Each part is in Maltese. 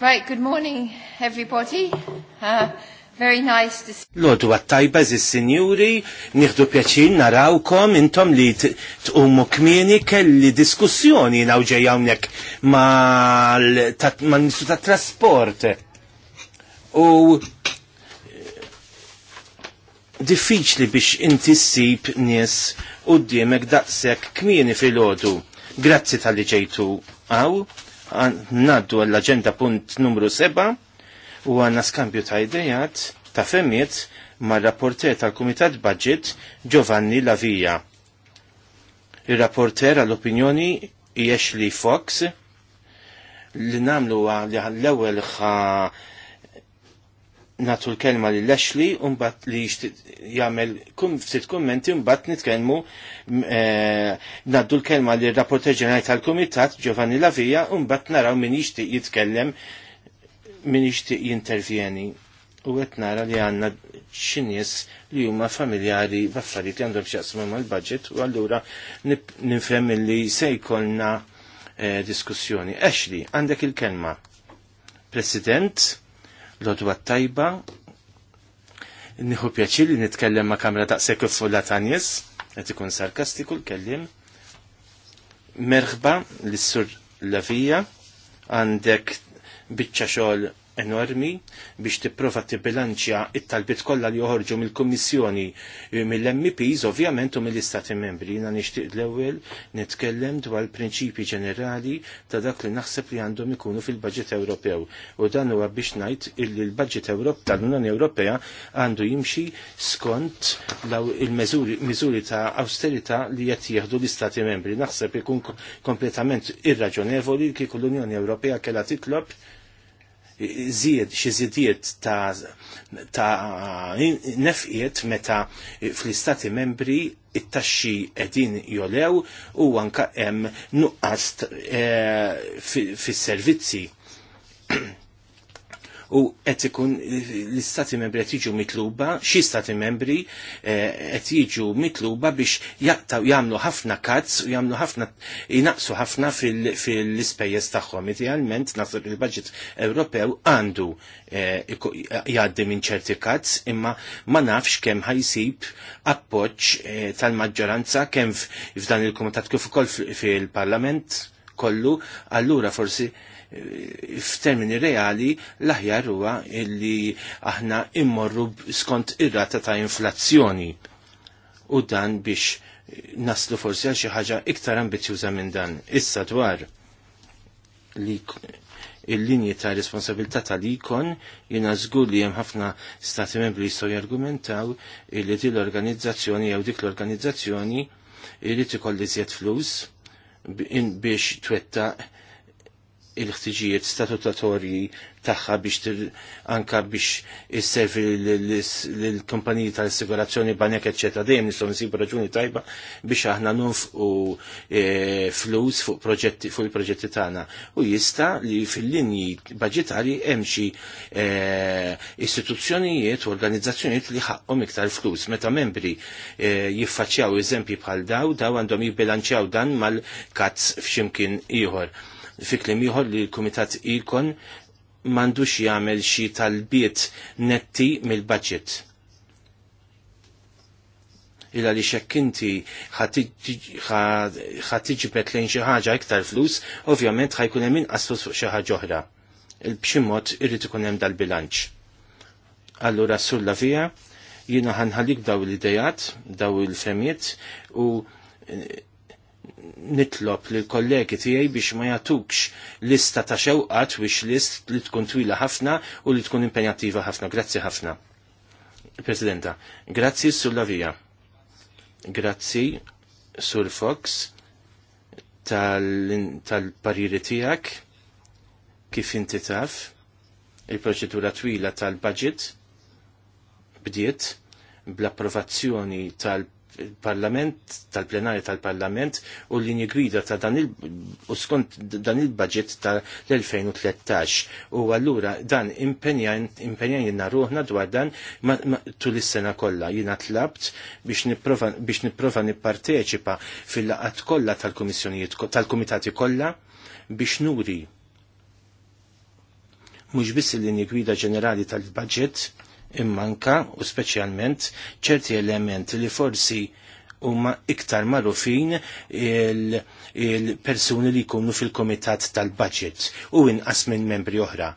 Right, good morning everybody. Uh, very nice to see Lodu għattajba ziz sinjuri nieħdu pjaċin narawkom intom li tqumu kmieni kelli diskussjoni naw ġej hawnhekk ma' nisu ta' trasport. U eh, diffiċli biex inti ssib nies u d-diemek daqsek kmieni fil-ħodu. Grazzi tal-li ġejtu għaw naddu għall-agenda punt numru 7 u għanna skambju ta' idejat ta' femmiet ma' rapporter tal-Kumitat Budget Giovanni Lavija. Il-rapporter għall-opinjoni Ashley Fox li namlu l-ewel xa natul kelma li l-Ashley unbat li jgħamil ftit kummenti unbat nitkelmu eh, naddu l-kelma li rapporter ġenerali tal-Komitat Giovanni Lavija unbat naraw min jixtieq jitkellem min jixtieq jintervjeni. U qed nara li għandna x'inies li huma familjari b'affarijiet li għandhom x'jaqsmu mal-budget u allura nifhem li se jkollna eh, diskussjoni. Ashley, għandek il-kelma. President, l-odwa tajba. Nħu pjaċir li nitkellem ma' kamra daqsek fulla tanjes, qed ikun sarkastiku l-kellim. Merħba l-sur Lavija, għandek biċċa xogħol enormi biex tipprova tibbilanċja it-talbit kollha li joħorġu mill-Kummissjoni eh, mill-MPs ovvjament u mill-Istati Membri. Jiena nixtieq l-ewwel nitkellem dwar prinċipji ġenerali ta' dak li naħseb li għandhom ikunu fil-Baġit Ewropew. U dan huwa biex ngħid illi l-Baġit Ewrop tal-Unjoni Ewropea għandu jimxi skont il-miżuri ta' austerità li qed jieħdu l-Istati Membri. Naħseb ikun kompletament irraġonevoli kieku l-Unjoni Ewropea kellha titlob zied, xi ziediet ta', ta nefqiet meta fl-istati membri it-taxxi qegħdin jolew u anke hemm nuqqas eh, fis-servizzi. u qed ikun l-istati membri qed jiġu mitluba, xi stati membri eh, qed jiġu mitluba biex jaqtaw jagħmlu ħafna kazz u jagħmlu ħafna jnaqsu ħafna fil-ispejjeż tagħhom. Idealment naħseb il-budget Ewropew għandu eh, jgħaddi minn ċerti kazz imma ma nafx kemm ħajsib appoġġ eh, tal-maġġoranza kemm f'dan il-Kumitat kif ukoll fil-Parlament kollu, allura forsi f'termini reali l-aħjar huwa illi aħna immorru skont ir-rata ta' inflazzjoni u dan biex naslu forsi għal xi ħaġa iktar ambizjuża minn dan. Issa dwar li il-linji ta' responsabilità tal-ikon jina żgur li hemm ħafna stati membri jistgħu jargumentaw li din l-organizzazzjoni jew dik l-organizzazzjoni irid ikolli żjed flus biex twettaq il-ħtiġijiet statutatorji tagħha biex anka biex isservi l-kumpaniji tal-assigurazzjoni banek eċċetera dejjem nistgħu nsibu raġuni tajba biex aħna nunfqu eh, flus fuq proġetti fuq il-proġetti tagħna. U jista' li fil-linji baġitarji hemm xi eh, istituzzjonijiet u organizzazzjonijiet li ħaqhom iktar flus meta membri eh, jiffaċċjaw eżempji bħal daw daw għandhom jibbilanċjaw dan mal-kazz f'ximkien ieħor Fiklim klim ieħor li l-Kumitat Ilkon m'għandux jagħmel xi talbiet netti mill-budget. Illa li xekk inti ħatiġbet lejn xi ħaġa iktar flus, ovvjament ħajkun hemm inqas flus fuq xi ħaġa oħra. B'xi mod irrid ikun hemm dal-bilanċ. Allura sulla vija, jina ħanħalik daw l-idejat, daw il-femiet u nitlob li kollegi tiegħi biex ma jatukx lista ta' xewqat biex list li tkun twila ħafna u li tkun impenjattiva ħafna. Grazzi ħafna. Presidenta, grazzi sulla Lavija. Grazzi sur Fox tal-pariri tal tiegħek kif inti taf il-proċedura twila tal-budget bdiet bl-approvazzjoni tal-budget tal-parlament, tal-plenari tal-parlament u l-linji gwida ta' dan il- skont dan il-budget tal-2013. U għallura dan impenjajna ruħna dwar dan tul is-sena kollha. Jina tlabt biex nipprova nipparteċipa fil-laqat kollha tal-komissjonijiet tal-kumitati kollha biex nuri mhux biss il-linji gwida ġenerali tal-budget immanka u speċjalment ċerti elementi li forsi huma iktar marufin il-persuni il li jkunu fil-komitat tal-budget u inqas minn membri oħra.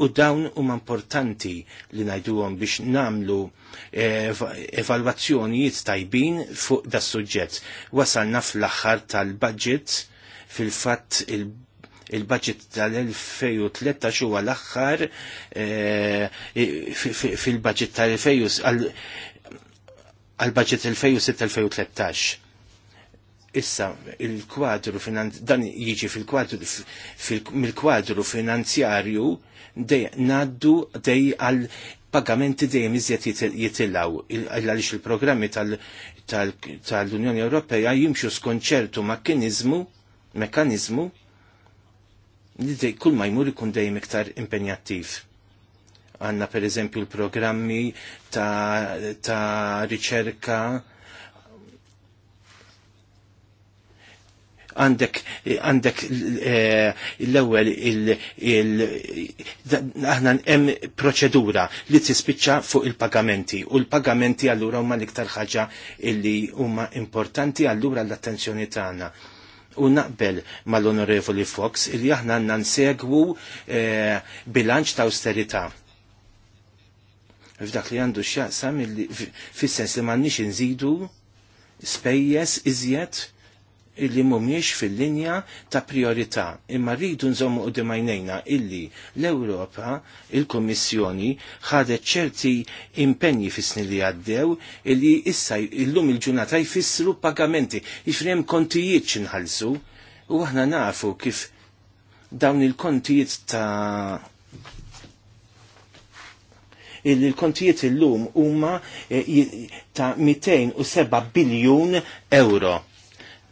U dawn huma importanti li ngħiduhom biex namlu eh, evalwazzjonijiet tajbin fuq da' suġġett. Wasalna fl-aħħar tal-budget fil-fatt il il-budget tal-2013 huwa l-aħħar eh, fil-budget tal-2000 għal-budget 2006-2013. Issa, il-kwadru dan jiġi fil-kwadru mill-kwadru finanzjarju dej naddu dej għal pagamenti dejjem iżjed jitillaw għaliex il-programmi tal-Unjoni Ewropea jimxu skont ċertu mekkanizmu nidej kull ma jmur ikun dejjem iktar impenjattiv. Għanna per eżempju l-programmi ta', ta riċerka għandek għandek eh, l-ewwel il aħna hemm proċedura li tispiċċa fuq il-pagamenti u l-pagamenti allura huma l-iktar ħaġa illi huma importanti allura l-attenzjoni tagħna u naqbel mal-Onorevoli Fox il aħna nansegwu nsegwu eh, bilanċ ta' austerita. F'dak li għandu x'jaqsam fis-sens li m'għandniex nżidu spejjeż iżjed illi mumiex fil-linja ta' priorità. Imma rridu nżommu u dimajnejna illi l-Europa, il-Kommissjoni, ħadet ċerti impenji fis-snin li għaddew illi issa illum il-ġunata jfissru pagamenti, jifrem kontijiet xinħalsu. U aħna nafu kif dawn il-kontijiet ta' il-kontijiet il-lum huma eh, ta' 207 biljun euro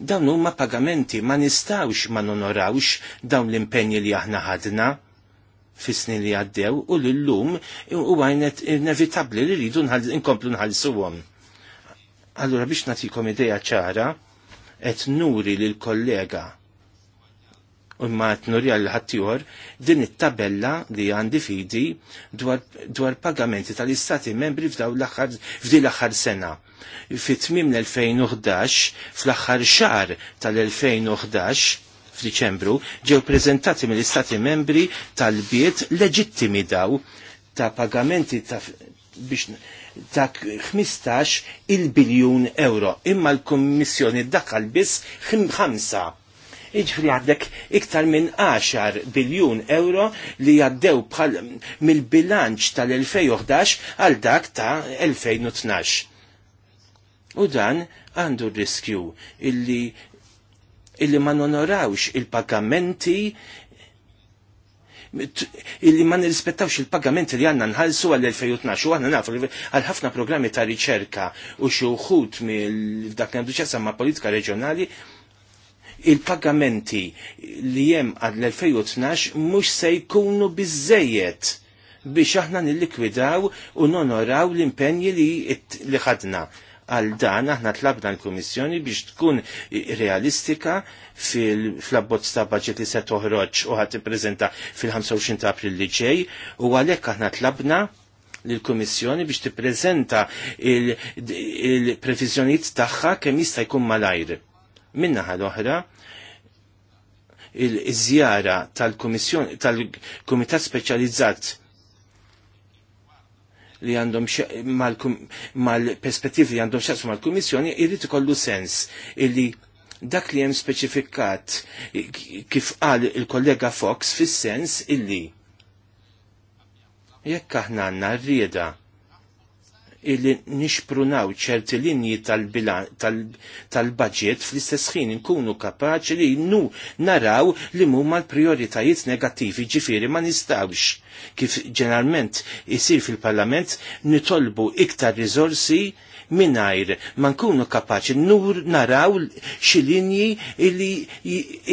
dawn huma pagamenti ma nistawx ma nonorawx dawn l-impenji li aħna ħadna fis-snin li għaddew u l-lum huwa inevitabli li rridu nkomplu nħallsuhom. Allura biex nagħtikom ideja ċara, qed nuri l kollega u t-nurja l-ħattijor din it-tabella li għandi fidi dwar, dwar pagamenti tal-istati membri f'daw l-axar f'di l-axar sena. Fit-tmim l-2011, fl-axar xar tal-2011, f'Diċembru, ġew prezentati mill-Istati membri tal-biet leġittimi daw ta' pagamenti ta' biex ta' 15 il-biljun euro. Imma l-Kommissjoni dakkal biss 5 iġfri għandek iktar minn 10 biljun euro li għaddew bħal mill-bilanċ tal-2011 għal dak ta' 2012. U dan għandu riskju illi illi ma nonorawx il-pagamenti illi ma nirrispettawx il-pagamenti li għanna nħalsu għall-2012 u għanna nafu għal ħafna programmi ta' riċerka u xuħut mill-dak għandu ċessa ma' politika reġjonali il-pagamenti li jem għad l-2012 mux se jkunu bizzejiet biex aħna nil-likwidaw u nonoraw l-impenji li ħadna. Għal dan aħna tlabna l-Komissjoni biex tkun realistika fil-abbozz ta' budget li se toħroġ u ħat prezenta fil-25 ta' april li ġej u għalhekk aħna tlabna l-Komissjoni biex tippreżenta il-previżjonijiet tagħha kemm jista' jkun malajr Minnaħa l-oħra, il-żjara tal-Kumitat tal Speċjalizzat li għandhom mal-perspettivi li għandhom xaqsu mal komissjoni irrid ikollu sens illi dak li hemm speċifikat kif qal il-kollega Fox fis-sens illi jekk aħna għandna rrieda illi nixprunaw ċerti linji tal-budget tal, tal fl-istess ħin nkunu kapaċi li nu naraw li mumma l-prioritajiet negattivi ġifiri ma nistawx kif ġeneralment isir fil-parlament nitolbu iktar rizorsi minnajr ma nkunu kapaċi nur naraw xi linji illi,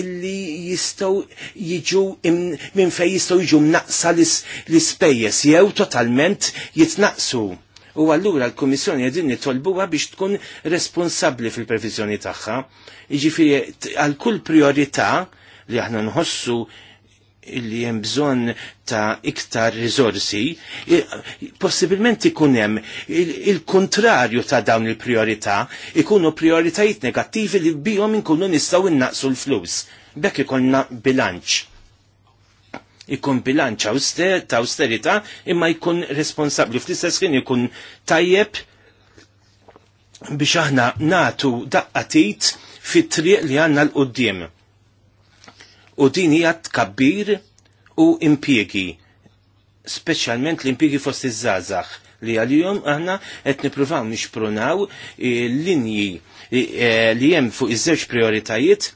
illi jistaw jiġu minn fej jistaw jiġu mnaqsa l ispejjeż jew totalment jitnaqsu U allura l-Komissjoni għedin nitolbuha biex tkun responsabli fil-previżjoni tagħha. Jiġifieri għal kull priorità li aħna nħossu li hemm bżonn ta' iktar riżorsi, possibilment ikun hemm il-kontrarju ta' dawn il-priorità, ikunu prioritajiet negattivi li bihom inkunu nistgħu innaqsu l-flus. Bekk ikollna bilanċ ikun bilanċ ta' austerita imma jkun responsabli fl-istess kien ikun tajjeb biex aħna natu daqqatit fit-triq li għanna l-qoddim. U din hija tkabbir u impjegi, speċjalment l-impjegi fost iż-żazax li għal-jum aħna qed nippruvaw nixprunaw eh, linji eh, li hemm fuq iż-żewġ prioritajiet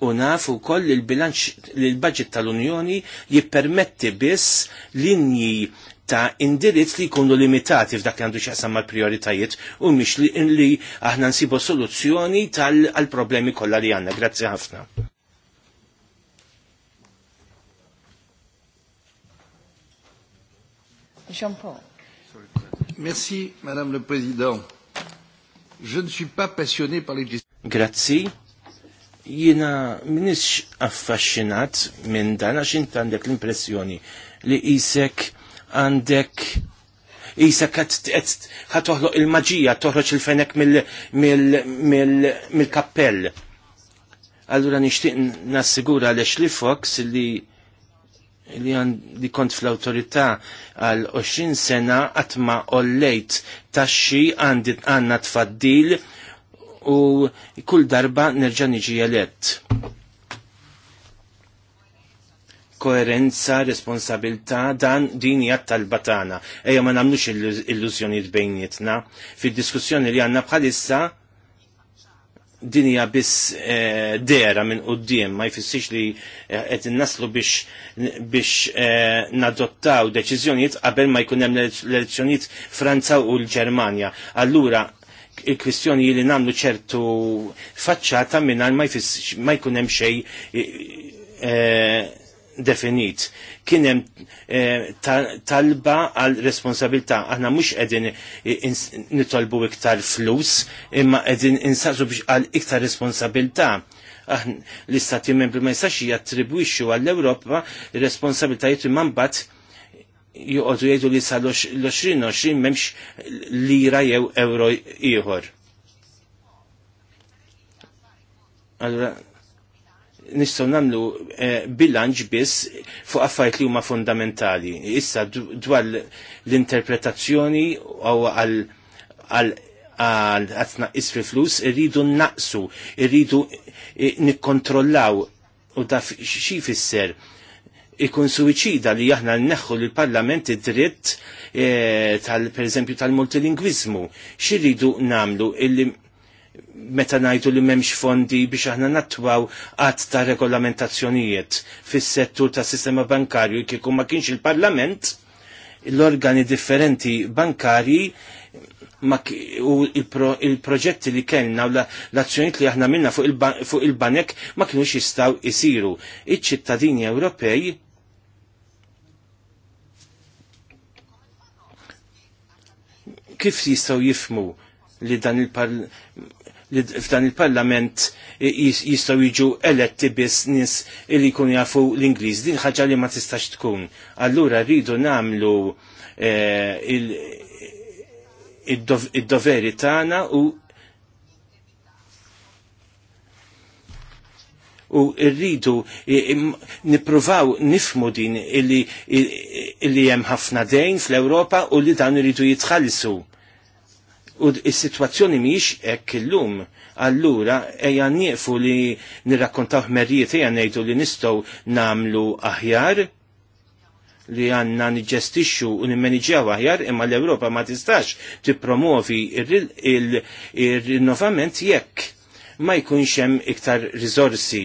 u nafu koll li l-bilanċ li l-budget tal-Unjoni jippermetti biss linji ta' indirizz li jkunu limitati f'dak li għandu xaqsam mal prioritajiet u mhix li, li aħna nsibu soluzzjoni tal-problemi kollha li għandna. Grazzi ħafna. Jean-Paul. Merci, Madame le Président. Je ne suis pas passionné par les... Grazie Jina minix affaxxinat minn dan għax int għandek l-impressjoni li isek għandek isek ħat toħloq il-maġija, toħroġ il-fenek mill-kappell. Allura nixtieq nassigura għaliex li Fox li li, għan, li kont fl-autorità għal 20 sena għatma ollejt taxxi għandit għanna tfaddil u kull darba nerġa' niġi elett. Koerenza, responsabilità, dan din hija talba tagħna. Ejja ma nagħmlux illużjonijiet bejnietna. Fid-diskussjoni li għandna bħalissa dinja biss e, dera minn qoddim, ma jfissix li eh, qed innaslu biex biex eh, nadottaw deċiżjonijiet qabel ma jkun hemm l-elezzjonijiet Franza u l-Ġermanja. Allura il-kwistjoni li namlu ċertu faċċata minnar ma jkun hemm xejn eh, eh, definit. Kien hemm eh, talba għal responsabilità. Aħna mhux qegħdin nitolbu iktar flus, imma qegħdin insaqsu biex għal iktar responsabilità l-istati membri ma jistax jattribwixxu għall-Ewropa responsabiltajiet imman bat juqotu jgħidu li sa l-20 memx lira jew euro ieħor. Allora, nistgħu nagħmlu eh, bilanċ biss fuq affarijiet li huma fundamentali. Issa dwar l-interpretazzjoni u għal għal għatna isfi flus, irridu naqsu, irridu eh, nikkontrollaw u daf xi fisser ikun suicida li aħna nneħħu l parlament id-dritt eh, tal per tal-multilingwizmu. Xirridu namlu illi meta najdu li memx fondi biex aħna natwaw għat ta' regolamentazzjonijiet fis-settur ta' sistema bankarju kieku ma kienx il-parlament l-organi differenti bankarji u il-proġetti li kellna u l-azzjoniet li aħna minna fuq il-banek ma kienux jistaw isiru. Iċ-ċittadini Ewropej kif jistgħu jifmu li dan il-parl li f'dan il-parlament jistgħu jiġu eletti biss nies li kun jafu l-Ingliż. Din ħaġa li ma tistax tkun. Allura rridu nagħmlu eh, id-doveri tagħna u u rridu nippruvaw nifmu din illi hemm ħafna dejn fl-Ewropa u li dan irridu jitħallsu u s-situazzjoni miex ekk l-lum, allura eja nieqfu li nirrakkontaw ħmerijiet eja nejtu li nistow namlu aħjar li għanna nġestixxu u nimmeniġjaw aħjar imma l-Ewropa ma tistax tippromovi il-rinnovament jekk ma jkunx hemm iktar riżorsi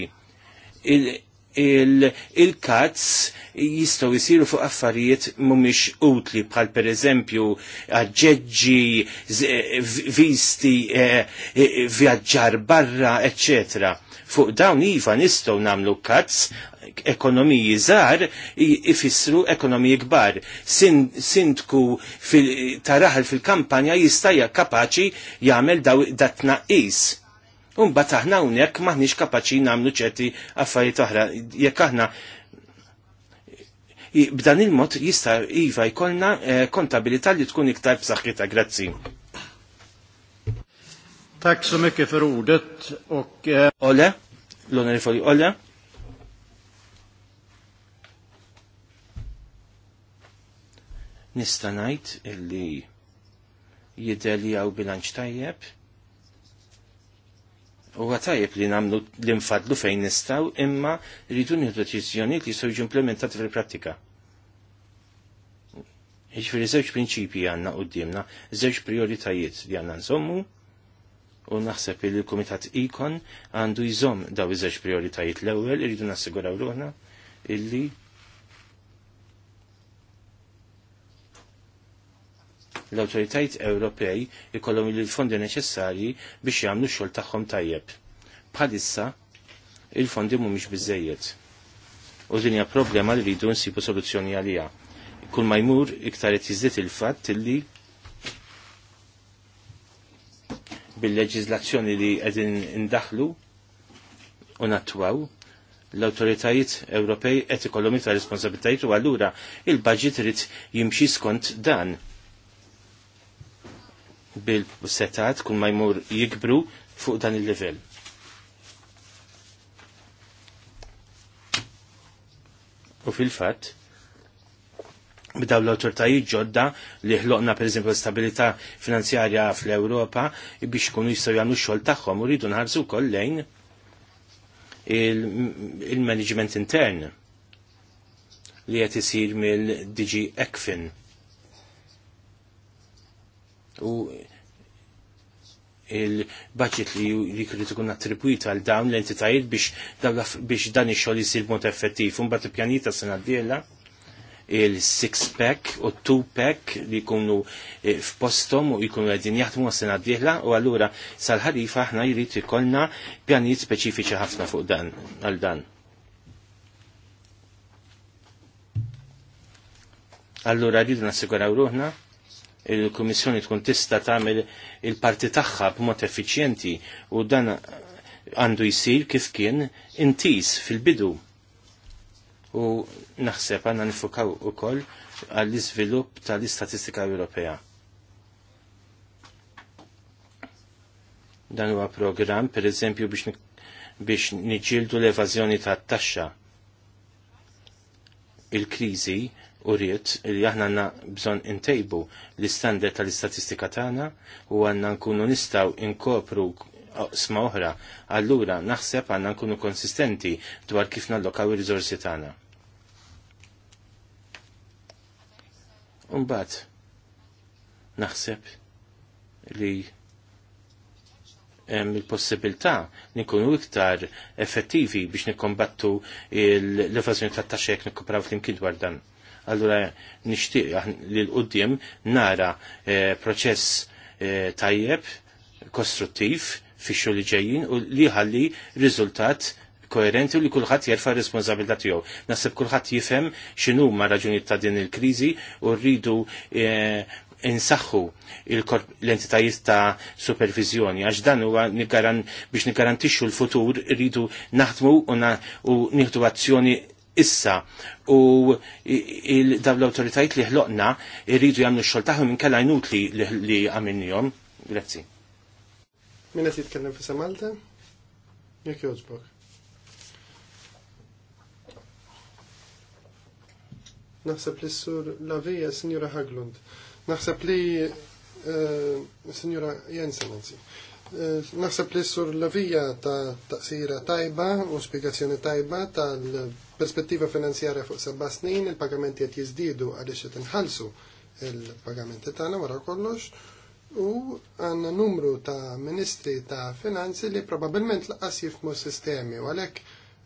il-kazz jistaw jisiru fuq affarijiet mumiex utli bħal per eżempju ġeġġi visti eh, eh, vjaġġar barra, eccetera. Fuq dawn iva nistaw namlu kazz ekonomiji żgħar ifissru ekonomiji kbar. Sindku taraħal fil-kampanja jista' kapaċi jagħmel dat tnaqqis Umba taħna unjek maħniġ kapaċi namlu ċerti affarijiet oħra. Jekk aħna b'dan il-mod jista' iva jkollna eh, kontabilità li tkun iktar b'saħħitha grazzi. Tak so mekke fer ordet och... Eh... Olle, lånerefolj, Olle. Nista' ngħid illi jidher li bilanċ tajjeb U għatajib li namlu l-infadlu fejn nistaw, imma rridu nieħdu deċiżjoni li jistaw implementati fil-prattika. Jiġifieri żewġ prinċipji għanna u d-dimna, żewġ prioritajiet li għanna nżommu, u naħseb li l-Komitat Ikon għandu jżomm daw iż-żewġ prioritajiet l-ewwel irridu nassiguraw ruħna illi l-autoritajt Ewropej ikollhom il-fondi neċessarji biex jagħmlu x-xogħol tagħhom tajjeb. Bħalissa il-fondi mhumiex biżejjed. U din hija problema li rridu nsibu soluzzjoni għaliha. Kull ma jmur iktar qed il-fatt illi bil-leġiżlazzjoni li qegħdin indaħlu u nattwaw l-autoritajiet Ewropej qed ikollhom iktar responsabbiltajiet u allura il-baġit irid jimxi skont dan bil-setat kun ma jmur jikbru fuq dan il-level. U fil-fat, b'daw l-autoritajiet ġodda li ħloqna per eżempju stabilità finanzjarja fl-Ewropa biex kunu jistgħu jagħmlu x-xogħol tagħhom u rridu nħarsu wkoll lejn il-management intern li qed isir mill-DG Ekfin u il-budget li jikrit ikun attribwit għal dawn l-entitajiet biex, dan ix-xogħol jisir mod effettiv. Imbagħad il-pjanita sena d-diela il-six-pack u two-pack li jkunu eh, f'postom u jkunu għedin jaħdmu għasena sena d-dieħla u għallura sal-ħarifa aħna jrid ikollna pjanijiet speċifiċi ħafna fuq dan għal dan. Allura rridu nassiguraw ruħna il-Kummissjoni tkun tista' tagħmel il-parti tagħha b'mod effiċjenti u dan għandu jsir kif kien intis fil-bidu. U naħseb għandna nifukaw ukoll għall-iżvilupp tal-istatistika Ewropea. Dan huwa programm, pereżempju biex biex niġildu l-evażjoni tat-taxxa il-kriżi u rrit li aħna għanna bżon intejbu l-istandard tal-istatistika tagħna u għanna nkunu nistaw inkopru sma oħra, allura naħseb għanna nkunu konsistenti dwar kif nallokaw ir rizorsi tagħna. Umbat, naħseb li il-possibilità nkunu iktar effettivi biex nikkombattu l-evazjoni tat taxxek nikkupraw flimkien dwar dan. Allura nixtieq li l-qudiem nara eh, proċess eh, tajjeb, kostruttiv fix li ġejjin u li ħalli riżultat koerenti u li kulħadd jerfa' responsabilità tiegħu. Naħseb kulħadd jifhem x'inhu ma raġunijiet ta' din il-kriżi u rridu eh, insaħħu l-entitajiet ta' supervizjoni, għax dan huwa biex nigarantixxu l-futur rridu naħdmu u nieħdu azzjoni issa u dawn l-autoritajt li ħloqna irridu jagħmlu x-xogħol tagħhom inkella inutli li għamilnihom. Grazzi. Min qed jitkellem fissa Malta? Jek jogħġbok. Naħseb li s-sur Lavija s-signora Haglund. Naħseb li s-signora eh, Jensen, għanzi. Eh, naħseb li s-sur Lavija ta' sira tajba u spiegazzjoni tajba tal perspettiva finanzjarja fuq seba' snin, il-pagamenti qed jiżdiedu għaliex qed inħallsu il-pagamenti tagħna wara kollox u għanna numru ta' ministri ta' finanzi li probabilment laqas jifmu sistemi u għalek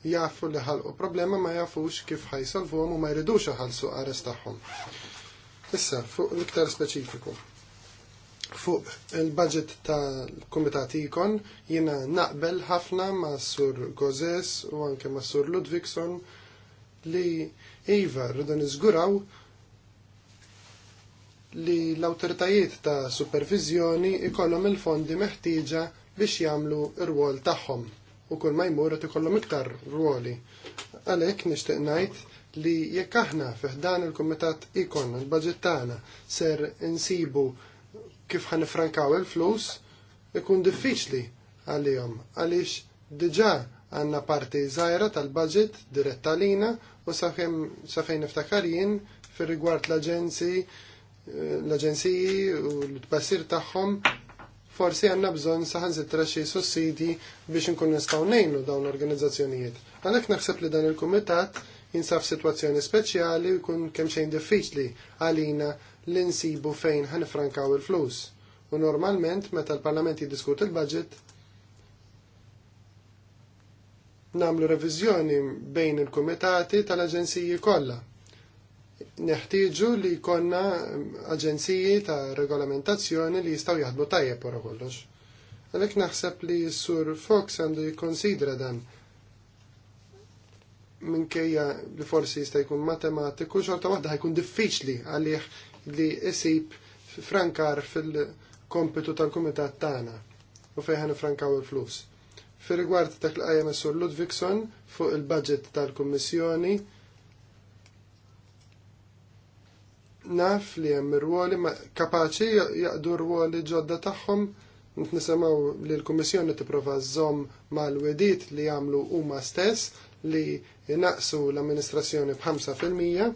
jafu li ħalqu problema ma jafux kif ħajsolvuhom u ma jridux ħalsu għares tagħhom. Issa, fuq l-iktar speċifiku. Fuq il-budget tal-Kumitat Ikon jiena naqbel ħafna ma' Sur Gozes u anke ma' Sur Ludvigson li iva rridu niżguraw li l-awtoritajiet ta' supervizjoni ikollhom il-fondi meħtieġa biex jagħmlu r-rwol tagħhom u kull ma jmur qed ikollhom iktar rwoli. Għalhekk nixtieq ngħid li jekk aħna fiħdan il-kumitat ikon il-baġit tagħna ser insibu kif ħanifrankaw il-flus, ikun diffiċli għalihom għaliex diġà Għanna parti zaħira tal-budget diretta lina u safejn niftakar jien fir rigward l-aġenzi l-aġenziji u l-tbassir tagħhom forsi għanna bżon saħan xi sussidi biex nkun nistgħu ngħinu dawn l-organizzazzjonijiet. Għalhekk naħseb li dan il-kumitat jinsaf situazzjoni speċjali u jkun kemm xejn diffiċli għalina li nsibu fejn ħanifrankaw il-flus. U normalment meta l-Parlament jiddiskut il-budget namlu revizjoni bejn il-komitati tal-aġenziji kollha. Neħtieġu li konna aġenziji ta' regolamentazzjoni li jistaw jaħdmu tajjeb wara kollox. Għalhekk naħseb li sur Fox għandu jikkonsidra dan minkejja li forsi jista' jkun matematiku xorta waħda ħajkun diffiċli għalih li isib frankar fil-kompitu tal-kumitat tagħna u fejn frankaw il-flus Fir-rigward dak li qajjem sur Ludvigson fuq il-budget tal-Kummissjoni naf li hemm ir-ruoli kapaċi jaqdu r-ruoli ġodda tagħhom nisimaw li l-Kummissjoni tipprova żomm mal-wedit li jagħmlu huma stess li jnaqsu l-amministrazzjoni b'5 fil-mija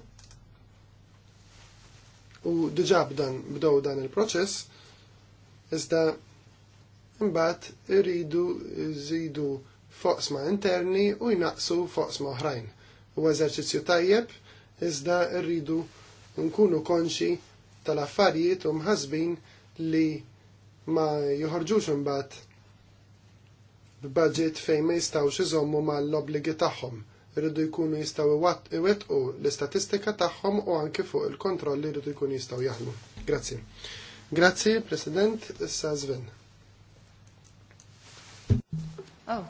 u diġà bdan bdow dan il-proċess iżda Mbagħad iridu żidu foqsma interni u jnaqsu foqsma oħrajn. U eżerċizzju tajjeb iżda rridu nkunu konxi tal-affarijiet u mħasbin li ma joħorġux imbagħad b'budget fejn ma jistgħux iżommu mal-obligi tagħhom rridu jkunu jistgħu iwettqu l-istatistika tagħhom u anke fuq il-kontrolli rridu jkunu jistgħu jaħdmu. Grazzi. Grazzi, President Sazven. Oh,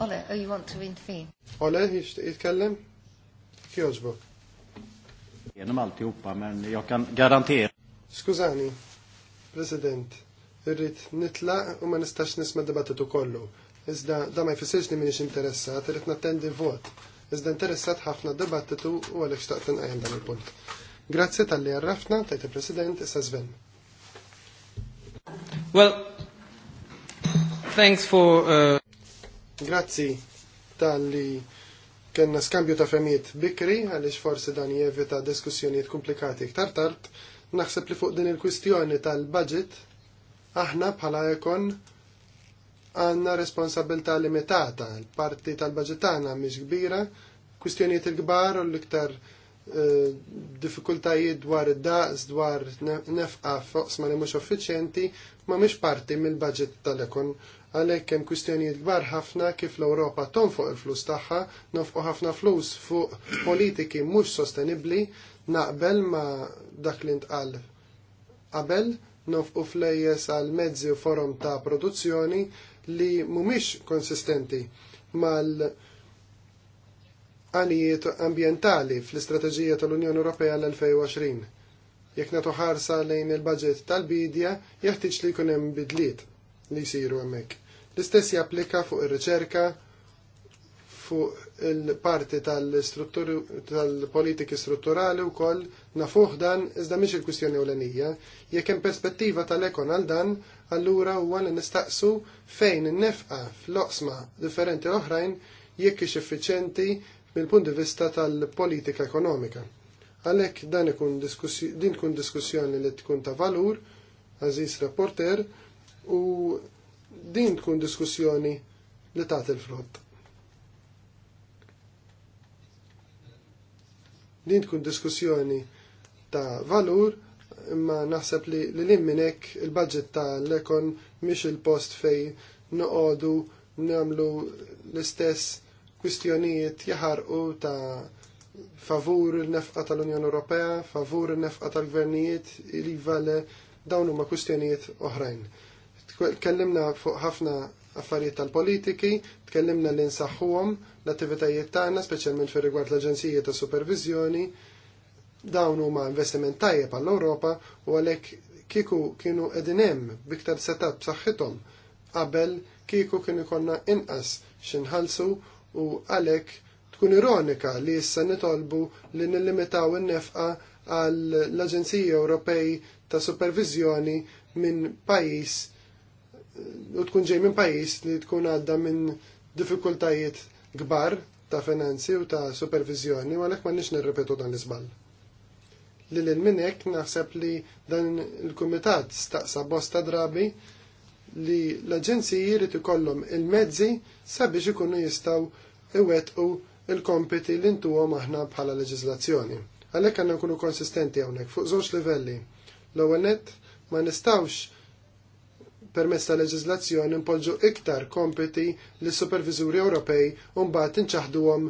Ole, oh, you want to intervene? Ole, jitkellem? Kjoġbok. Genom alltihopa, men jag kan garantera. Skużani, President, irrit nitlaq u ma nistax nisma debattitu kollu. Iżda da ma jfissirx li minix interessat, irrit nattendi vot. Iżda interessat ħafna debattitu u għalek xtaqt għajan dan il-punt. Grazie tal-li għarrafna, tajt president issa Sven. Well, thanks for... Uh... Grazzi tal-li kena skambju ta' femiet bikri, għalix forsi dan jevita diskussjoniet komplikati iktar tard. Naħseb li fuq din il-kwistjoni tal-budget, aħna bħala jekon għanna responsabilta limitata. l parti tal-budget għanna miex kbira, kwistjoniet il-gbar u l-iktar uh, diffikultajiet dwar id-daqs, dwar nefqa fuq ma li mux uffiċjenti, ma miex parti mill-budget tal-ekon għalhekk hemm kwistjonijiet kbar ħafna kif l-Ewropa tonfoq il-flus tagħha, nofqo ħafna flus fuq politiki mhux sostenibbli naqbel ma dak li ntqal qabel nofqo flejjes għal mezzi u forum ta' produzzjoni li mhumiex konsistenti mal għalijiet ambientali fl-istrateġija tal-Unjoni Ewropea l-2020 jekk nagħtu ħarsa lejn il-budget tal-bidja, jeħtieġ li jkun hemm bidliet li jsiru hemmhekk. L-istess japplika fuq ir-riċerka fuq il-parti tal-politiki strutturali u koll nafuħ dan iżda miex il-kwistjoni ewlenija. Jekk hemm perspettiva tal-ekon għal dan, allura huwa li nistaqsu fejn n nefqa fl-oqsma differenti oħrajn jekk ix effiċenti mill-punt di vista tal-politika ekonomika. Għalhekk dan ikun diskussjoni li tkun ta' valur, għażis rapporter, u din tkun diskussjoni li tagħti il frott Din tkun diskussjoni ta' valur imma naħseb li li minnek il-budget ta' l-ekon miex il-post fej noqodu namlu l-istess kwistjonijiet jaħarqu ta' favur il-nefqa tal-Unjoni Ewropea, favur il-nefqa tal-gvernijiet, il-vale dawn huma kwistjonijiet oħrajn. Tkellimna fuq ħafna affarijiet tal-politiki, tkellimna li nsaħħuhom l-attivitajiet tagħna, speċjalment fir rigward l-Aġenzija ta' Supervizjoni. Dawn huma investiment tajjeb għall-Ewropa u għalhekk kieku kienu qegħdin hemm biktar setup b'saħħithom qabel kieku kienu jkollna inqas xinħalsu u għalhekk tkun ironika li issa nitolbu li nillimitaw in-nefqa għall aġenziji Ewropej ta' Supervizjoni minn pajjiż u tkun ġej minn pajjiż li tkun għadda minn diffikultajiet kbar ta' finanzi u ta' supervizjoni u għalhekk nix nirrepetu dan l-iżball. Li l minn hekk naħseb li dan il-kumitat staqsa bosta drabi li l agenziji jrid ikollhom il-mezzi sabiex ikunu jistgħu iwettqu il-kompiti li ntuhom aħna bħala leġizlazzjoni. Għalhekk għandna konsistenti hawnhekk fuq żewġ livelli. L-ewwel ma nistawx permezz ta' leġizlazzjoni impoġġu iktar kompiti lis superviżuri Ewropej u mbagħad inċaħduhom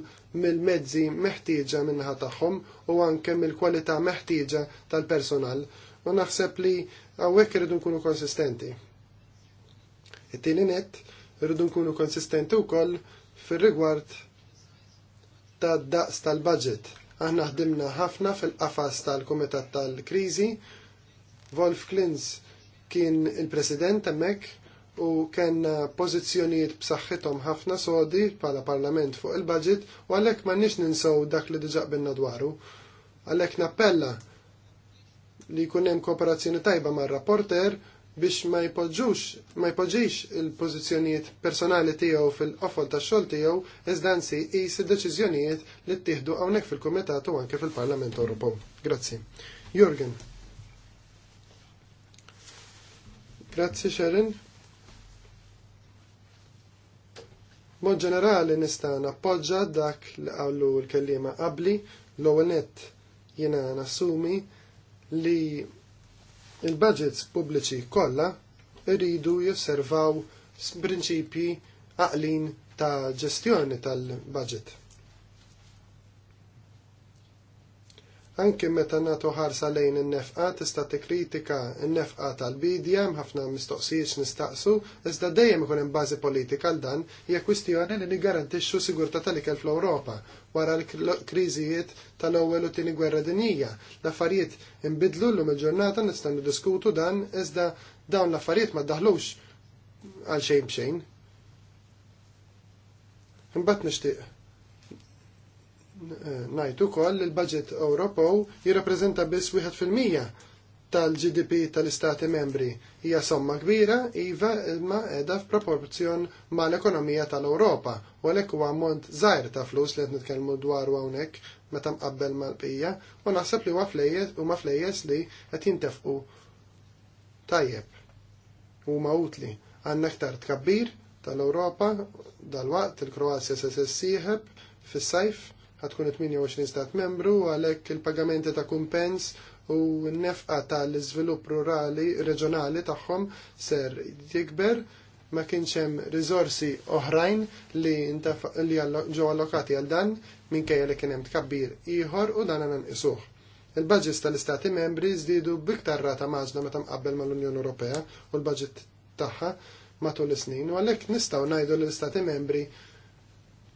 mill-mezzi meħtieġa min-naħa tagħhom u anke mill-kwalità meħtieġa tal-personal u naħseb li hawnhekk irridu nkunu konsistenti. It-tieni nett irridu nkunu konsistenti wkoll fir-rigward tad daqs tal-budget. Aħna ħdimna ħafna fil-qafas tal-Kumitat tal-Kriżi Wolf Klins kien il-President hemmhekk u kellna uh, pożizzjonijiet b'saħħithom ħafna sodi bħala Parlament fuq il-budget u għalhekk m'għandniex ninsaw dak li diġà qbilna dwaru. Għalhekk nappella li jkun hemm kooperazzjoni tajba mar-rapporter biex ma jpoġġux ma jpoġġix il-pożizzjonijiet personali tiegħu fil-qofol tax-xogħol tiegħu iżda ansi qis id-deċiżjonijiet li ttieħdu hawnhekk fil-Kumitat u anke fil-Parlament Ewropew. Grazzi. Jürgen. Grazzi Sharon. Mod ġenerali nista' nappoġġa dak li qalu l-kellima qabli l-ewwel nett jiena nassumi li il-budgets pubbliċi kollha iridu josservaw prinċipji għaqlin ta' ġestjoni tal-budget. Anki meta nagħtu ħarsa lejn in-nefqa tista' tikkritika n-nefqa tal-bidja hemm ħafna mistoqsijiet nistaqsu, iżda dejjem ikun hemm bażi politika għal dan hija kwistjoni li nigarantixxu sigurtà tal-ikel fl-Ewropa wara l-kriżijiet tal-ewwel u tieni gwerra dinjija. L-affarijiet inbidlu llum il-ġurnata nista' niddiskutu dan iżda dawn l-affarijiet ma ddaħlux għal xejn b'xejn. Imbagħad nixtieq Najtu ukoll li l-budget Ewropew jirrappreżenta biss wieħed fil-mija tal-GDP tal-Istati membri. Hija somma kbira iva imma qiegħda f'proporzjon mal-ekonomija tal-Ewropa u għalhekk huwa ammont żgħir ta' flus li qed nitkellmu dwaru hawnhekk meta mqabbel mal-bqija u naħseb li huwa flejjes huma flejjes li qed jintefqu tajjeb huma utli għandna aktar tkabbir tal-Ewropa dal-waqt il-Kroazja se sissieħeb fis-sajf ħatkun 28 stat membru għalhekk il-pagamenti ta' kumpens u n-nefqa tal-iżvilupp rurali reġjonali tagħhom ser jikber ma kienx hemm oħrajn li li ġew allokati għal dan minkejja li kien hemm tkabbir ieħor u dan għandna isuħ. Il-budgets tal-Istati membri zdidu biktar rata maġna meta mqabbel mal-Unjoni Ewropea u l-budget tagħha matul is-snin u għalhekk nistgħu ngħidu l istati membri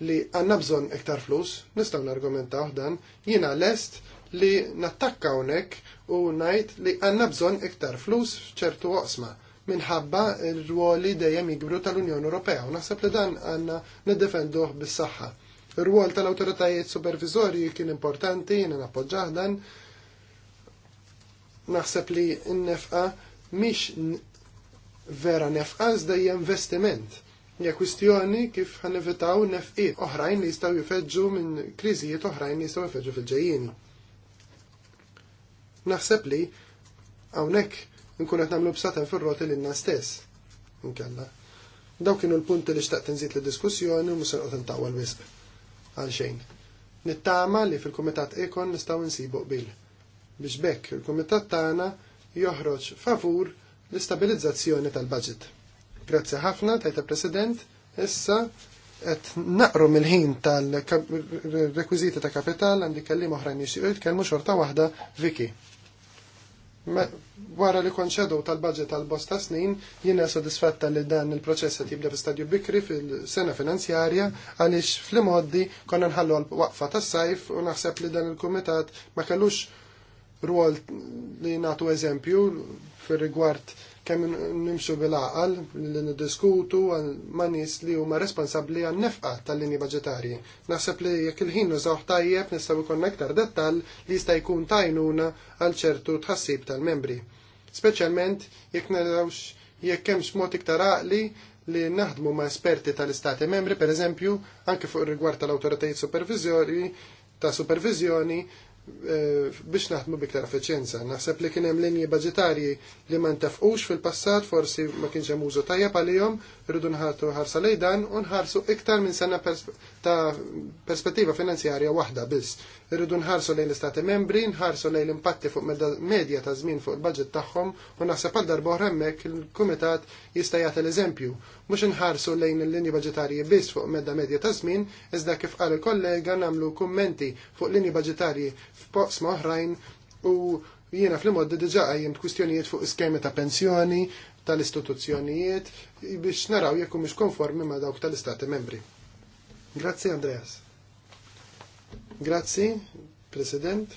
li għanna bżon iktar flus, nistaw n argumenta uħdan, jina lest li nattakka unek u najt li għanna bżon iktar flus ċertu oqsma minħabba r-ruoli dejjem jikbru tal-Unjoni Ewropea u naħseb li dan għanna niddefenduh bis-saħħa. Ir-ruol tal-awtoritajiet supervizorji kien importanti, jiena nappoġġah dan. Naħseb li n-nefqa mhix vera nefqa iżda investiment Hija kwistjoni kif ħanevitaw nefqiet oħrajn li jistgħu jifeġġu minn kriżijiet oħrajn li jistgħu jifeġġu fil-ġejjieni. Naħseb li hawnhekk nkun qed nagħmlu b'satan fir-roti lilna stess. Inkella. Daw kienu l-punti li xtaqt nżid l diskussjoni u mhux se noqgħod l-wisq għal xejn. Nittama li fil-Kumitat Ekon nistgħu nsibu qbil biex bekk il-Kumitat tagħna joħroġ favur l-istabilizzazzjoni tal-budget. Grazzi ħafna, tajta President. Issa, et naqru mill-ħin tal-rekwiziti ta' kapital għandi kellim oħrajn jixtiequ jitkellmu xorta waħda Viki. Wara li konċedu tal-budget tal-bosta snin, jiena sodisfatta li dan il-proċess qed jibda fil-stadju bikri fil-sena finanzjarja għaliex fl-imoddi konna nħallu għal-waqfa tas-sajf u naħseb li dan il-kumitat ma kellux ruol li nagħtu eżempju fir-rigward kemm nimxu bil-aqal li niddiskutu ma' nies li huma responsabbli għan nefqa tal-linji budgetarji. Naħseb li jekk il-ħin nużaw tajjeb nistgħu ikun aktar dettall li jista' jkun tajnuna għal ċertu tħassib tal-membri. Speċjalment jekk narawx jekk hemmx mod iktar aqli li naħdmu ma' esperti tal-istati membri, per eżempju, anke fuq rigward tal-autoritajiet supervizjoni, ta' supervizjoni, Eh, biex naħdmu biktar effiċjenza. Naħseb li kien hemm linji budgetarji li ma ntefqux fil-passat, forsi ma kienx hemm użu tajjeb għalihom rridu nħartu ħarsa lejdan u nħarsu iktar minn sena ta' perspettiva finanzjarja waħda biss. Rridu nħarsu lejn l-istati membri, nħarsu lejn l-impatti fuq medja ta' żmien fuq il-budget tagħhom u naħseb għal darba hemmhekk il-kumitat jista' jagħti l-eżempju. Mhux nħarsu lejn il-linji budgetarji biss fuq medda medja ta' żmien, iżda kif qal il-kollega nagħmlu kummenti fuq linji budgetarji f'poqsma oħrajn u jiena fl-mod diġa għajjem kwistjonijiet fuq iskemi ta' pensjoni, tal-istituzzjonijiet biex naraw jekk mhux konformi ma' dawk tal-Istati membri. Grazzi Andreas. Grazzi, President.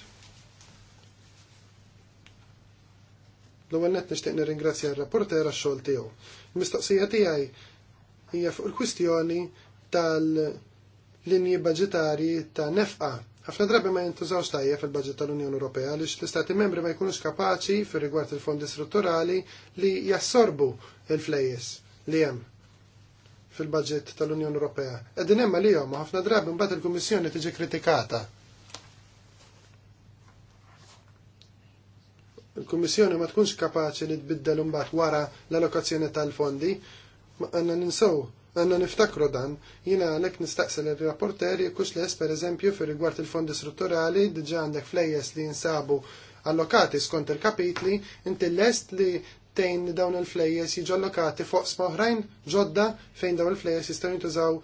L-ewwel nett nixtieq nirringrazzja r-rapporter għax-xogħol tiegħu. Il-mistoqsija tiegħi hija fuq il-kwistjoni tal- linji budgetari ta' nefqa ħafna drabi ma jintużawx tajjeb fil-budget tal-Unjoni Ewropea li l-Istati membri ma jkunux kapaċi fir rigward il-fondi strutturali li jassorbu il-flejjes li hemm fil-budget tal-Unjoni Ewropea. Eddin hemm li jom, ħafna drabi mbagħad il-Kummissjoni tiġi kritikata. Il-Kummissjoni ma tkunx kapaċi li tbiddel imbagħad wara l-allokazzjoni tal-fondi, għandna ninsew għanna niftakru dan, jina għalek nistaqsel il-rapporteri kux les per eżempju fir rigward il-fondi strutturali diġa għandek flejjes li jinsabu allokati skont il-kapitli, inti lest li tejn dawn il-flejjes jiġu allokati fuq smoħrajn ġodda fejn dawn il-flejjes jistaw jintużaw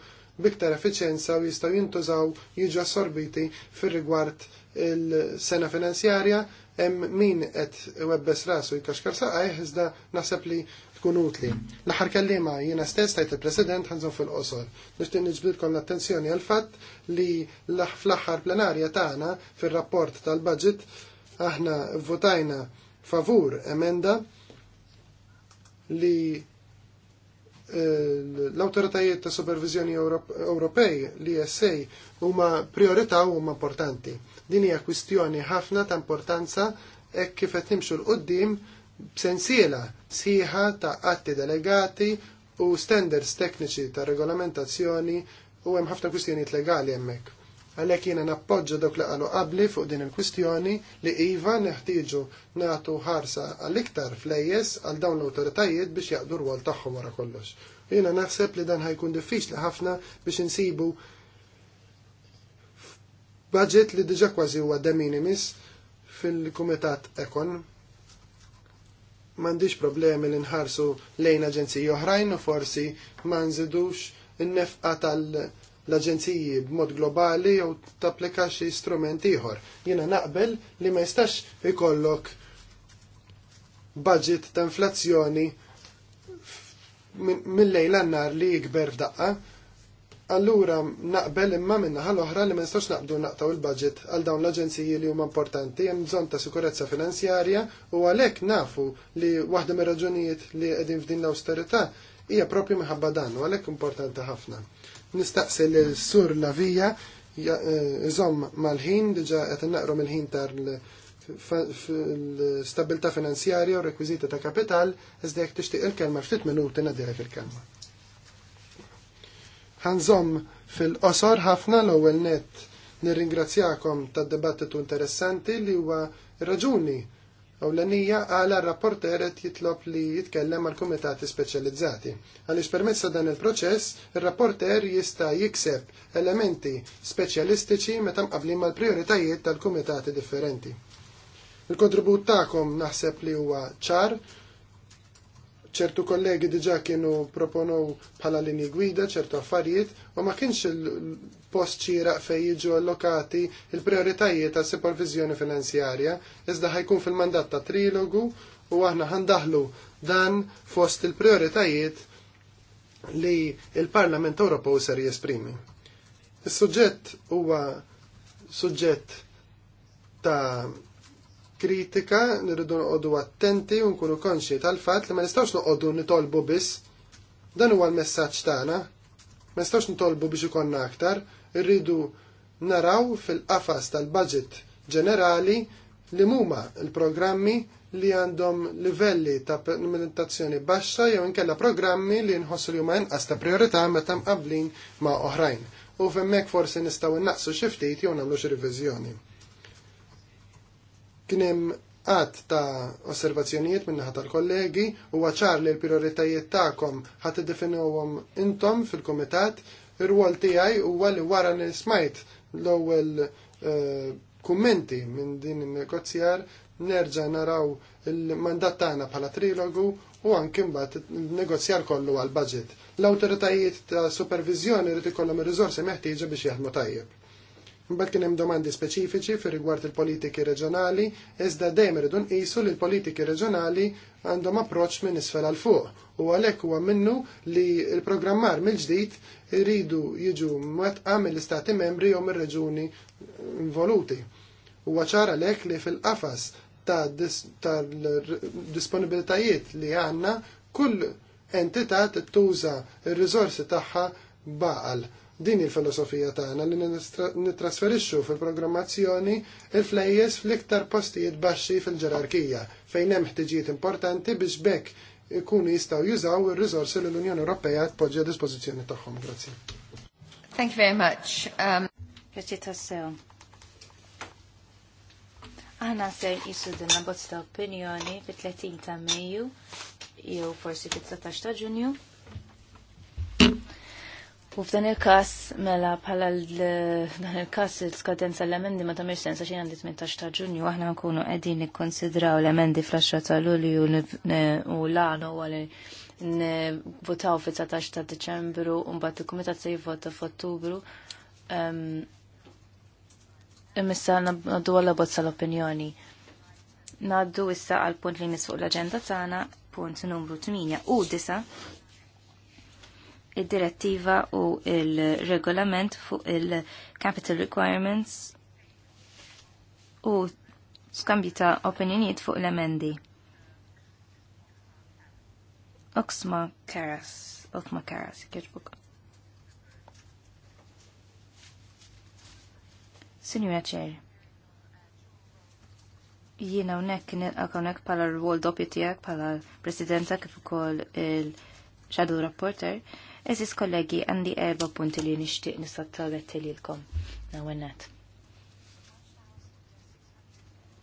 biktar effiċenza u jistaw jintużaw jiġu assorbiti fir rigward il-sena finanzjarja hemm min qed webbes rasu jkaxkar saqaj, iżda naħseb li tkun utli. L-aħħar kellima jiena stess tajt il-President ħanżon fil-qosor. Nixtieq niġbidkom l-attenzjoni għal fatt li fl-aħħar plenarja tagħna fir-rapport tal-budget aħna votajna favur emenda li Eh, l-autoritajiet ta' supervizjoni Ewropej, l-ISA, huma priorità u huma importanti. Din hija kwistjoni ħafna ta' importanza hekk kif qed nimxu l qudiem b'sensiela sieħa ta' atti delegati u standards tekniċi ta' regolamentazzjoni u hemm ħafna kwistjonijiet legali hemmhekk għalhekk jiena nappoġġa dok li qalu qabli fuq din il-kwistjoni li iva neħtieġu nagħtu ħarsa għall-iktar flejjes għal dawn l-awtoritajiet biex jaqdu rwol tagħhom wara kollox. Jiena naħseb li dan ħajkun diffiċli ħafna biex insibu budget li diġa kważi huwa de minimis fil-kumitat ekon. M'għandix problemi li nħarsu lejn aġenziji oħrajn u forsi ma nżidux in-nefqa tal- l-aġenziji b'mod globali jew tapplika xi strument ieħor. Jiena naqbel li ma jistax ikollok budget ta' inflazzjoni mill-lejl annar li jikber f'daqqa. Allura naqbel imma minna ħal-oħra li ma nistax naqdu naqtaw il-budget għal dawn l-aġenziji li huma importanti hemm bżonn ta' sikurezza finanzjarja u għalhekk nafu li waħda mir-raġunijiet li qegħdin f'din l-awsterità hija propju minħabba dan u għalhekk importanti ħafna nistaqsi l-sur Lavija eh, iżomm mal-ħin, diġa qed naqru mal ħin tar l-stabilta finanzjarja u rekwizita ta' kapital, iżda jekk tixtieq il-kelma ftit minuti nadilek il-kelma. Ħanżomm fil-qosor ħafna l-ewwel net nirringrazzjakom tad debattitu interessanti li huwa raġuni Ewlenija għala r-rapporter qed jitlob li jitkellem għal kumitati speċjalizzati. Għaliex permezz dan il-proċess, ir-rapporter jista' jikseb elementi speċjalistiċi meta mqablin mal-prioritajiet tal-kumitati differenti. Il-kontribut tagħkom naħseb li huwa ċar ċertu kollegi diġa kienu proponow bħala linji gwida ċertu affarijiet u ma kienx il-post ċira fej jiġu allokati il-prioritajiet ta' supervizjoni finanzjarja, iżda ħajkun fil-mandat ta' trilogu u aħna ħandaħlu dan fost il-prioritajiet li il-Parlament Ewropew ser jesprimi. Is-suġġett huwa suġġett ta' kritika, nirridu noqogħdu attenti u nkunu konxi tal-fatt li ma nistgħux noqogħdu nitolbu biss. Dan huwa l-messaġġ tagħna. Ma nistgħux nitolbu biex ikonna aktar, irridu naraw fil-qafas tal-budget ġenerali li huma l-programmi li għandhom livelli ta' implementazzjoni baxxa jew inkella programmi li nħossu li huma inqas ta' priorità meta mqablin ma' oħrajn. U f'hemmhekk forsi nistgħu innaqsu xi ftit jew nagħmlu xi riviżjoni. Kien hemm għat ta' osservazzjonijiet min-naħa tal-kollegi u għacħar li l-prioritajiet ta'kom ħat definuwom intom fil-komitat ir-rwol tijaj u għalli wara nismajt l-ewel eh, kummenti minn din il-negozjar nerġa naraw il-mandat tagħna bħala trilogu u anke mbagħad negozjar kollu għal budget. L-awtoritajiet ta' supervizjoni rid ikollhom ir-riżorsi meħtieġa biex jaħdmu tajjeb. Mbagħad kien hemm domandi speċifiċi fir rigward il-politiki reġjonali, iżda dejjem irridu nqisu li l-politiki reġjonali għandhom approċċ minn isfel għal fuq u għalhekk huwa minnu li l-programmar mill-ġdid iridu jiġu mwettqa mill-istati membri jew mir-reġuni involuti. Huwa ċar għalhekk li fil-qafas ta' disponibilitajiet li għandna kull entità tittuża r-riżorsi tagħha baqal Din il-filosofija tagħna li nittrasferixxu fil-programmazzjoni il-flejjes fl-iktar postijiet baxxi fil-ġerarkija fejn hemm ħtiġijiet importanti biex bekk ikunu jistgħu jużaw ir-riżorsi li l-Unjoni Ewropea tpoġġi a dispożizzjoni tagħhom. Grazzi. Thank you very much. Um... tassew. Aħna se jisu dinna bozz ta' opinjoni fit-30 ta' Mejju jew forsi fit-19 ta' Ġunju. U f'dan il-kas, mela bħala dan il-kas il-skadenza l-emendi ma tamir sensa xejn għandi 18 ta' ġunju, aħna nkunu qegħdin nikkonsidraw l-emendi fl-10 ta' Lulju u l-għanu għal votaw fit-19 ta' Deċembru u mbagħad il komitat se jivvota f'Ottubru. Imissa naddu għalla bozza l-opinjoni. Naddu issa għal punt li nisfuq l-agenda tagħna, punt numru 8 u 9 id-direttiva u il-regolament fuq il-capital requirements u skambju ta' opinioniet fuq l-emendi. Oxma Karas, Oxma Karas, kħedbuk. Signora ċer. jiena unnek nilqak unnek pala r-wol doppju tijak, pala presidenta kif ukoll il-shadow reporter. Eżis kollegi, għandi erba punti li nishtiq l-kom. Nawennet.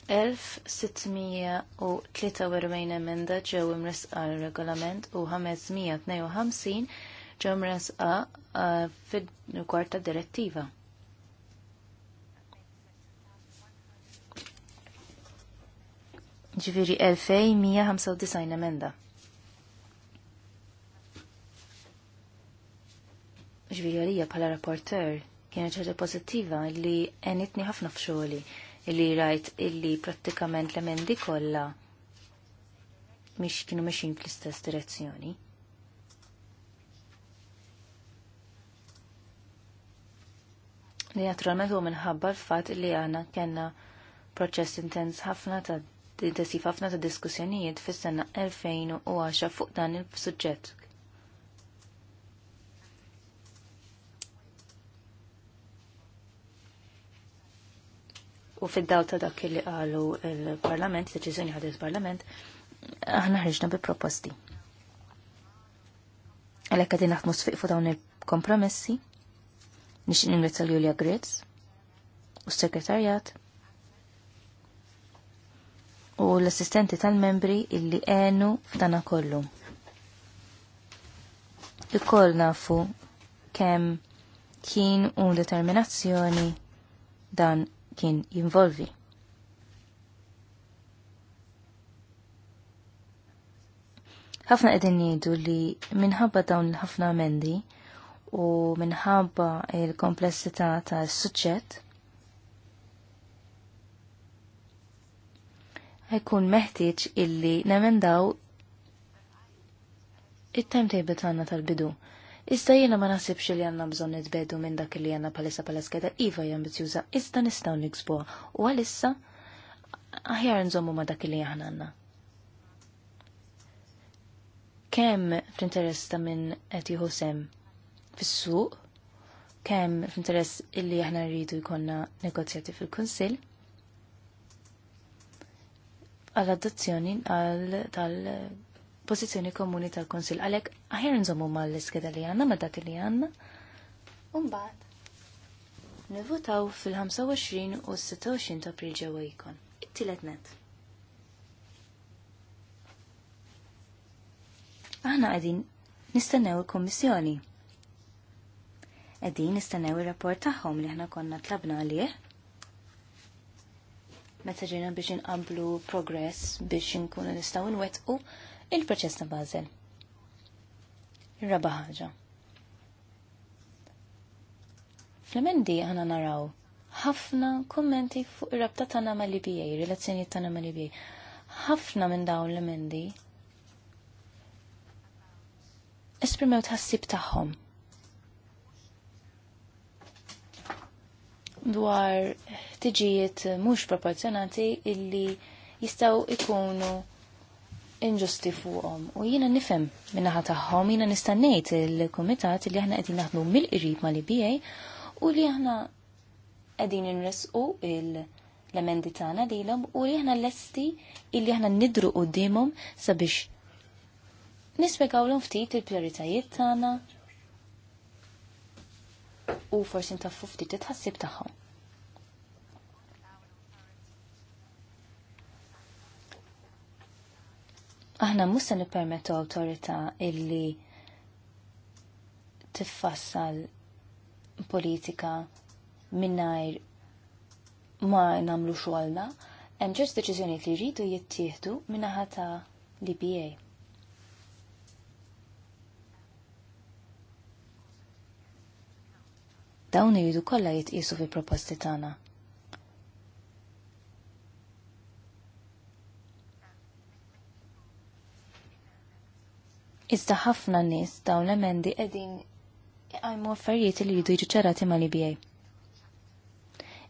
1643 emenda ġew imresqa regolament u 552 ġew imresqa uh, fil-kwarta direttiva. Ġviri 2195 emenda. ġvijalija pala bħala rapporter kienet ċerta pozittiva li enitni ħafna fxoli illi rajt illi prattikament l-emendi kollha miex kienu meċin fl-istess direzzjoni. Li naturalment u minħabba l-fat li għana kena proċess intens ħafna ta' intensif ħafna ta' diskussjonijiet fis-sena 2010 fuq dan il-suġġett. u fid-daw ta' dak li qalu il-Parlament, deċiżjoni ħadet il-Parlament, aħna ħriġna bi proposti. Għalhekk qegħdin naħdmu sfiqfu dawn il-kompromessi, nix ningrazzja Julia Grizz u s-Sekretarjat u l-assistenti tal-membri illi għenu f'dana kollu. Ikoll nafu kemm kien u determinazzjoni dan kien jinvolvi. ħafna qegħdin jgħidu li minħabba dawn ħafna amendi u minħabba il-komplessità ta' suċċett ħajkun meħtieġ illi nemendaw it-timetable tagħna tal-bidu. Issa jiena ma naħsibx li għandna bżonn nitbedu minn dak li għandna palissa pala skeda iva jambizjuza, ambizjuża, nistaw nistgħu u għalissa aħjar nżommu ma dak li aħna għandna. Kemm fl-interess ta' minn qed jieħu fis-suq, kemm fl illi aħna rridu jkollna negozjati fil-Kunsill, għal-adozzjoni għal tal pożizzjoni komuni tal-Konsil. Għalek, aħjar nżommu mal-iskeda li għanna, ma dati li għanna. Umbat, nivutaw fil-25 u 26 ta' april ġewwa Ittilet it net. Aħna qegħdin nistennew il-Kummissjoni. Qegħdin nistennew ir-rapport tagħhom li aħna konna tlabna għalih meta ġejna biex inqablu progress biex inkunu nistgħu nwettqu il-proċess ta' Basel. Ir-raba ħaġa. Fl-emendi għana naraw ħafna kommenti fuq ir-rabta tagħna mal-IBA, relazzjonijiet tagħna mal-IBA. Ħafna minn dawn l-emendi esprimew tħassib tagħhom. Dwar tiġijiet mhux proporzjonati illi jistgħu ikunu inġusti fuqhom u jiena nifhem minnaħa tagħhom jiena nista' ngħid il-kumitat li aħna qegħdin naħdmu mill-qrib mal bijaj u li aħna qegħdin inresqu l-emendi tagħna lilhom u li aħna lesti illi aħna nidru qudiemhom sabiex nispjegawlhom ftit il-prijoritajiet tagħna u forsi ntaffu ftit it-tħassib tagħhom. Aħna mhux se nippermettu awtorità illi tiffassal politika minnajr ma namlu xogħolna, hemm deċizjoni deċiżjonijiet li jridu jittieħdu minnaħa ta' l-IBA. dawn jridu kollha jitqisu fi proposti tagħna. Iżda ħafna nies dawn l-emendi qegħdin għajmu affarijiet li jridu jiġu ċerati ma' l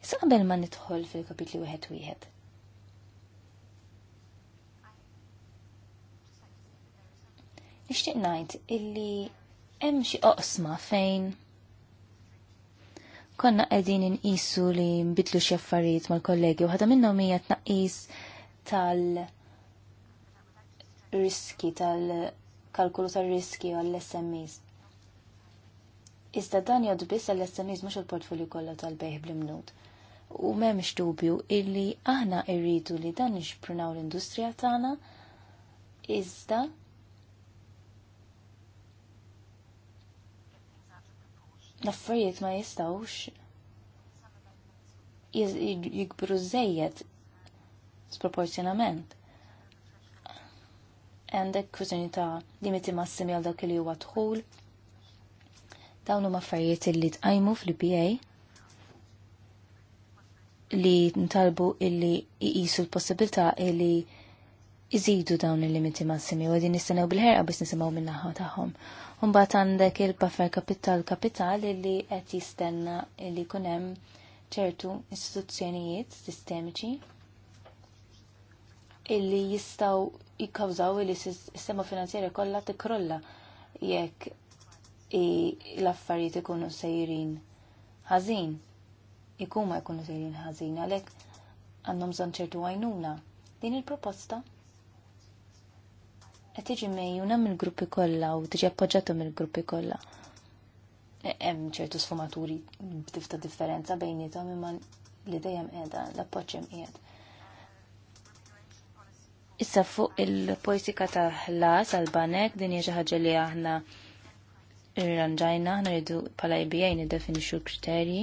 Issa qabel ma nidħol fil-kapitli wieħed wieħed. Nixtieq ngħid illi hemm xi oqsma fejn konna qegħdin inqisu li nbidlu xi affarijiet mal-kollegi u ħadha minnhom hija tnaqqis tal riski tal kalkulu tar-riski għall-SMEs. Iżda dan jgħad biss għall-SMEs mhux il-portfolju kollha tal-bejħ bl-imnut. U m'hemmx dubju illi aħna rridu li dan nixprunaw l-industrija tagħna iżda naffarijiet ma jistawx jikbru żejjed sproporzjonament għandek kwistjoni ta' limiti massimi għal dak li huwa dħul. Dawn huma affarijiet li tqajmu fl-IPA li ntalbu illi jqisu l-possibilità illi iżidu dawn il-limiti massimi u għedin nistenew bil-ħerqa biex nisimaw naħa tagħhom, Umbat għandek il-buffer kapital kapital li qed jistenna li kunem ċertu istituzzjonijiet sistemiċi illi jistaw jikkawżaw illi s-sistema finanzjarja kollha tikrolla jekk l-affarijiet ikunu sejrin ħażin. Ikun ma jkunu sejrin ħażin għalhekk għandhom bżonn ċertu għajnuna. Din il-proposta qed tiġi mejjuna mill-gruppi kollha u tiġi appoġġatu mill-gruppi kollha e, hemm ċertu sfumaturi b'tifta differenza bejnietom imma li dejjem qiegħda l-appoġġ hemm qiegħed. Issa fuq il poesika ta' ħlas għal-banek din hija xi ħaġa li aħna irranġajna aħna rridu bħala IBA niddefinixxu kriterji.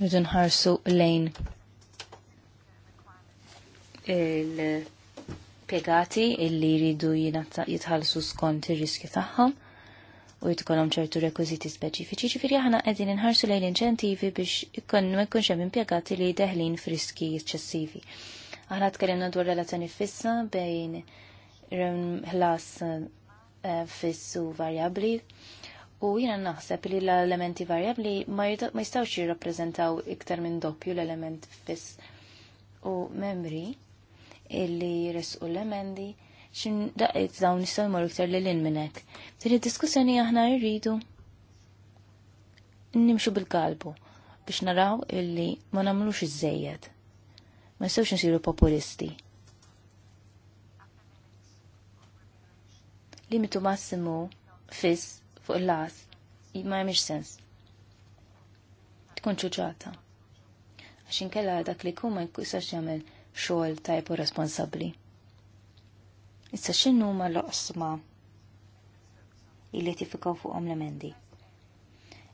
Rridu nħarsu lejn il-pjegati illi jridu jitħallsu skont ir-riski tagħhom u jitkolom ċertu rekwiziti speċifiċi, ċifiri ħana għedin inħarsu lejn inċentivi biex ma jkunx hemm impjegati li deħlin friski eċċessivi. Aħna tkellimna dwar relazzjoni fissa bejn ħlas eh, fiss u varjabli u jiena naħseb li l-elementi varjabli ma jistawx jirrappreżentaw iktar minn doppju l-element fiss u membri illi jresqu l-emendi xin daqqiet dawn nistgħu jmorru iktar lil lin minn hekk. Din id-diskussjoni aħna rridu nimxu bil-kalbu biex naraw illi ma nagħmlux iż Ma nistgħux nsiru populisti. Limitu massimu fiss fuq il-las ma jemix sens. Tkun ċuċata. Għaxin kella dak li kuma jkusax jagħmel xogħol tajpu responsabbli. Issa xinnu ma l-oqsma illi tifikaw fuqhom l-emendi.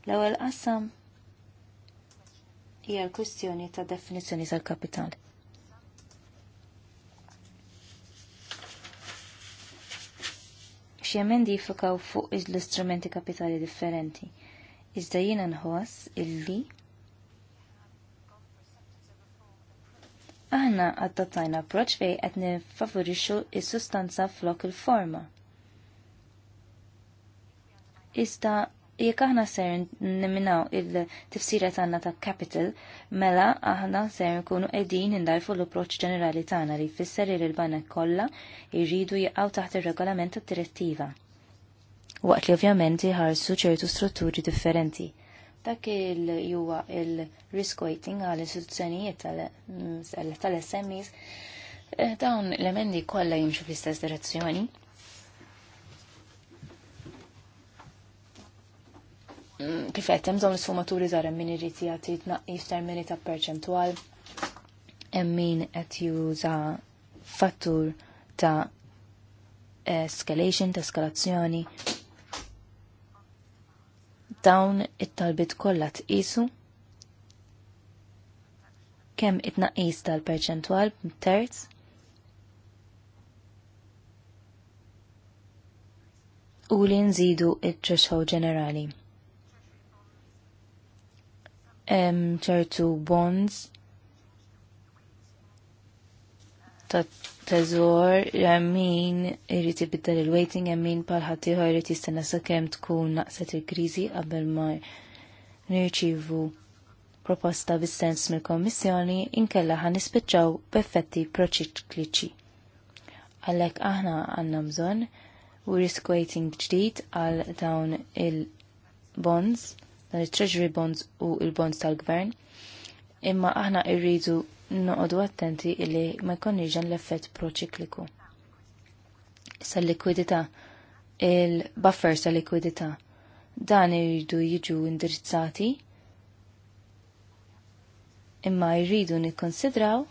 L-ewwel qasam hija l-kwistjoni ta' definizzjoni tal-kapital. X'emendi jifikaw fuq l-istrumenti kapitali differenti. Iżda jiena nħoss illi Aħna għattatajna approċ fej qed nifavorixxu il sustanza flok il-forma. Ista jekk aħna ser niminaw il-tifsira tagħna ta' capital, mela aħna ser nkunu qegħdin indarfu l-approċċ ġenerali tagħna li jfisser li l-banek kollha jridu jaqgħu taħt ir-regolament tad-direttiva. Waqt li ovvjament jħarsu ċertu strutturi differenti dak il juwa il-risk weighting għal istituzzjonijiet mm, tal-SMEs eh, dawn l-emendi kollha jimxu fl-istess direzzjoni. Mm, Kifet, hemm dawn l-sfumaturi żgħar hemm min irid jagħti tnaqqis termini ta' perċentwal, hemm min qed juża fattur ta' escalation, ta' eskalazzjoni dawn it-talbit kollha tqisu kemm it tal-perċentwal terz u li nżidu it-threshold ġenerali. Hemm ċertu bonds ta' teżor min irrid ibiddel il-waiting hemm min bħal ħaddieħor irid jistenna sakemm tkun naqset il-kriżi qabel ma nirċivu proposta bis-sens mill-Kommissjoni inkella ħan nispiċċaw b'effetti proċikliċi. Għalhekk aħna għandna bżonn u risk waiting ġdid għal dawn il-bonds, dan il-treasury bonds u il-bonds tal-gvern, imma aħna irridu noqogħdu attenti li ma jkunniġan l-effett proċikliku. Issa l-likwidità, il-buffer sal likwidità dan irridu jiġu indirizzati imma jridu nikkonsidraw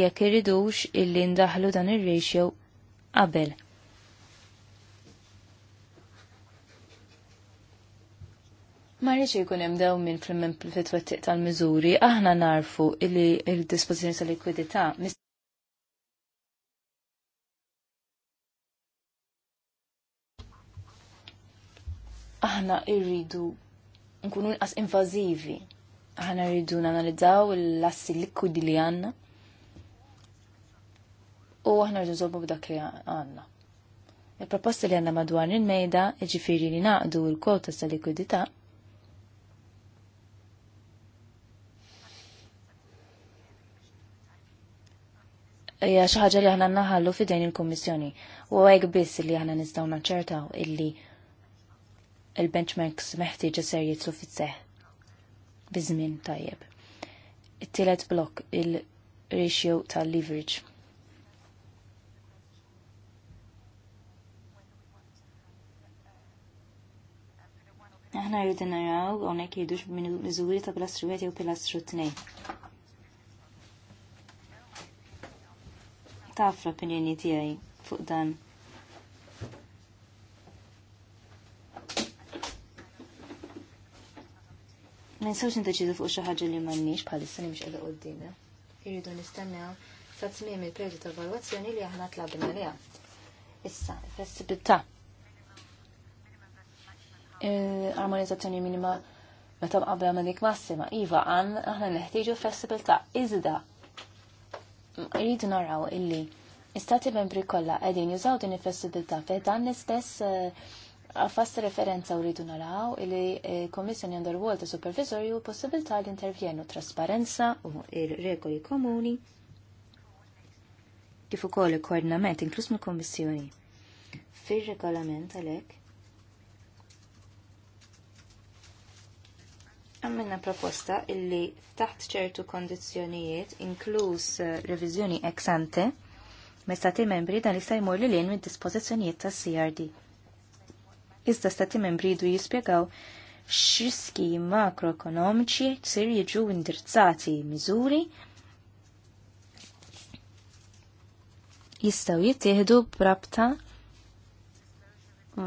jekk irridux illi ndaħlu dan ir-ratio qabel Ma jikun ikun hemm dawn minn fit twettiq tal-miżuri, aħna narfu li l-dispożizzjoni tal-likwidità aħna irridu nkunu inqas invażivi. Aħna rridu nanalizzaw l-assi likwidi li għandna. U aħna rridu nżommu b'dak li għandna. Il-proposta li għandna madwar il-mejda, ġifiri li naqdu l-kwota tal-likwidità, hija xi ħaġa li aħna naħallu f'idejn il-Kummissjoni. U hekk biss li aħna nistgħu naċċertaw illi il-benchmarks meħtieġa ser jitlu fis-seħ biżmien tajjeb. It-tielet blok il-ratio tal-leverage. Aħna rridu naraw hawnhekk jgħidux minn miżuri ta' pilastru wieħed jew pilastru tnejn taf l-opinjoni tiegħi fuq dan. Ma nsawx nindeċidu fuq xi ħaġa li m'għandniex bħalissa li mhux qiegħda qudiemna. Irridu nistennew sa tmiem il-periodu ta' valwazzjoni li aħna tlabna liha. Issa, flessibilità. E, armonizzazzjoni minima meta qabel ma dik massima, iva għan aħna neħtieġu flessibilità iżda rridu naraw illi istati membri kollha qegħdin jużaw din il-flessibilità fejn dan l-istess eh, fast referenza u rridu naraw illi eh, Komissjoni Underworld ta' Supervisorju possibilità li intervjenu trasparenza u regoli komuni kif ukoll il-koordinament inkluż mill-Kommissjoni. Fir-regolament għalhekk għamilna proposta illi taħt ċertu kondizjonijiet, inkluż eh, reviżjoni ex ante, me stati membri dan jista' jmur li lejn mid-dispożizzjonijiet tas CRD. Iżda stati membri du jispjegaw x'iski makroekonomiċi tsir jiġu indirizzati miżuri jistaw jittieħdu brabta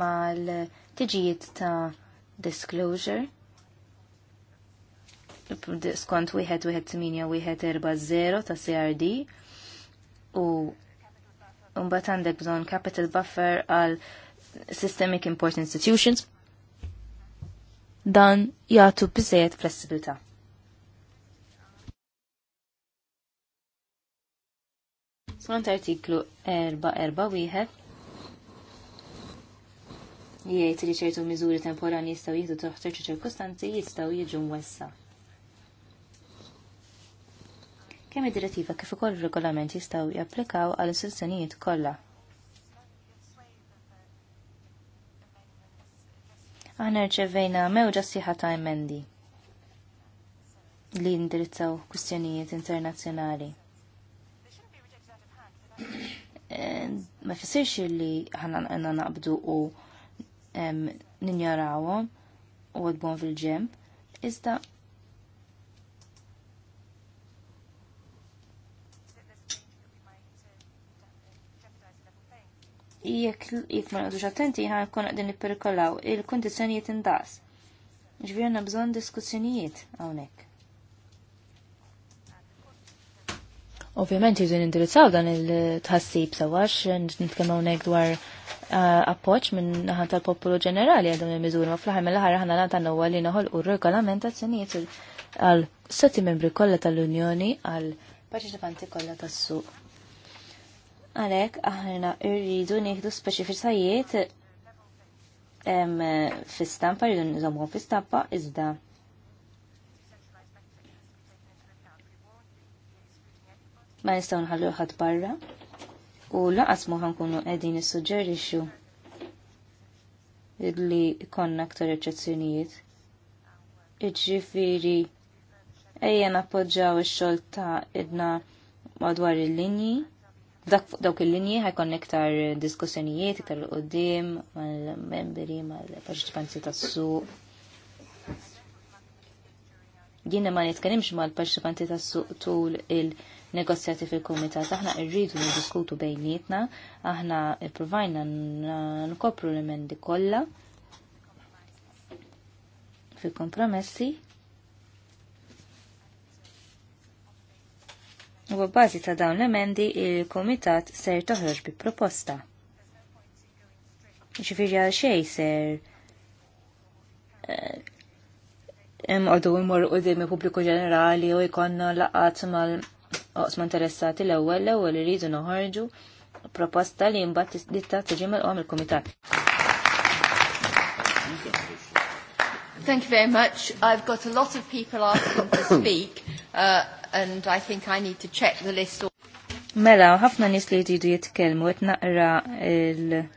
mal-tiġijiet ta' disclosure skont wieħed wieħed tminja wieħed erba' zero ta' CRD u mbagħad għandek bżonn capital buffer għal systemic important institutions dan jagħtu biżejjed flessibilità. Skont artiklu 441 jgħid li ċertu miżuri temporani jistgħu jieħdu taħt ċertu ċirkustanzi jistgħu jiġu mwessa kemm id-direttiva kif ukoll ir-regolament jistgħu japplikaw għal istituzzjonijiet kollha. Aħna rċevejna mewġa sħiħa ta' emendi li indirizzaw kwistjonijiet internazzjonali. Eh, ma fissirx li ħana naqbdu u ninjarawhom u għadbon fil ġem iżda jekk jekk ma nqodux attenti jiena nkun qegħdin nipperikolaw il-kundizzjonijiet indaqs. Ġifier għandna bżonn diskussjonijiet hawnhekk. Ovvjament jiżin indirizzaw dan il-tħassib sewax, nitkellmu hawnhekk dwar uh, appoġġ minn naħan tal-popolu ġenerali għal dawn il-miżuri, ma fl-aħħar mill-aħħar aħna nagħta nawwa li noħolqu regolamentazzjonijiet għal setti membri kollha tal-Unjoni għal parċiċipanti kollha tas-suq Għalek, aħna rridu nieħdu speċifiċajiet fil-stampa, rridu nżommu fil-stampa, iżda ma nistaw nħallu ħadd barra u laqas mu ħankunu qegħdin nissuġġerixxu li konna ktar eċezzjonijiet. Iġġifieri ejja nappoġġaw ix-xogħol ta' idna madwar il-linji dawk il-linji ħajkon iktar diskussjonijiet, iktar l-qoddim, mal-membri, mal-parċipanti tas-suq. Jiena ma nitkellimx mal-parċipanti tas-suq tul il-negozjati fil-komitat, aħna rridu niddiskutu bejnietna, aħna ipprovajna nkopru l-emendi kollha fil-kompromessi. U bbażi ta' dawn l-emendi il-Komitat ser toħroġ bi proposta. Ġifieri għal xej ser imqodu eh, imur u dimi pubbliku ġenerali u jkonna laqat mal oqsma interessati l-ewwel l ewel rridu noħorġu proposta li mbagħad ditta l-għom il-kumitat. Thank you very much. I've got a lot of people asking to speak. Uh, and I think I need to check the list. Mela, ħafna nis li jridu jitkellmu qed naqra il-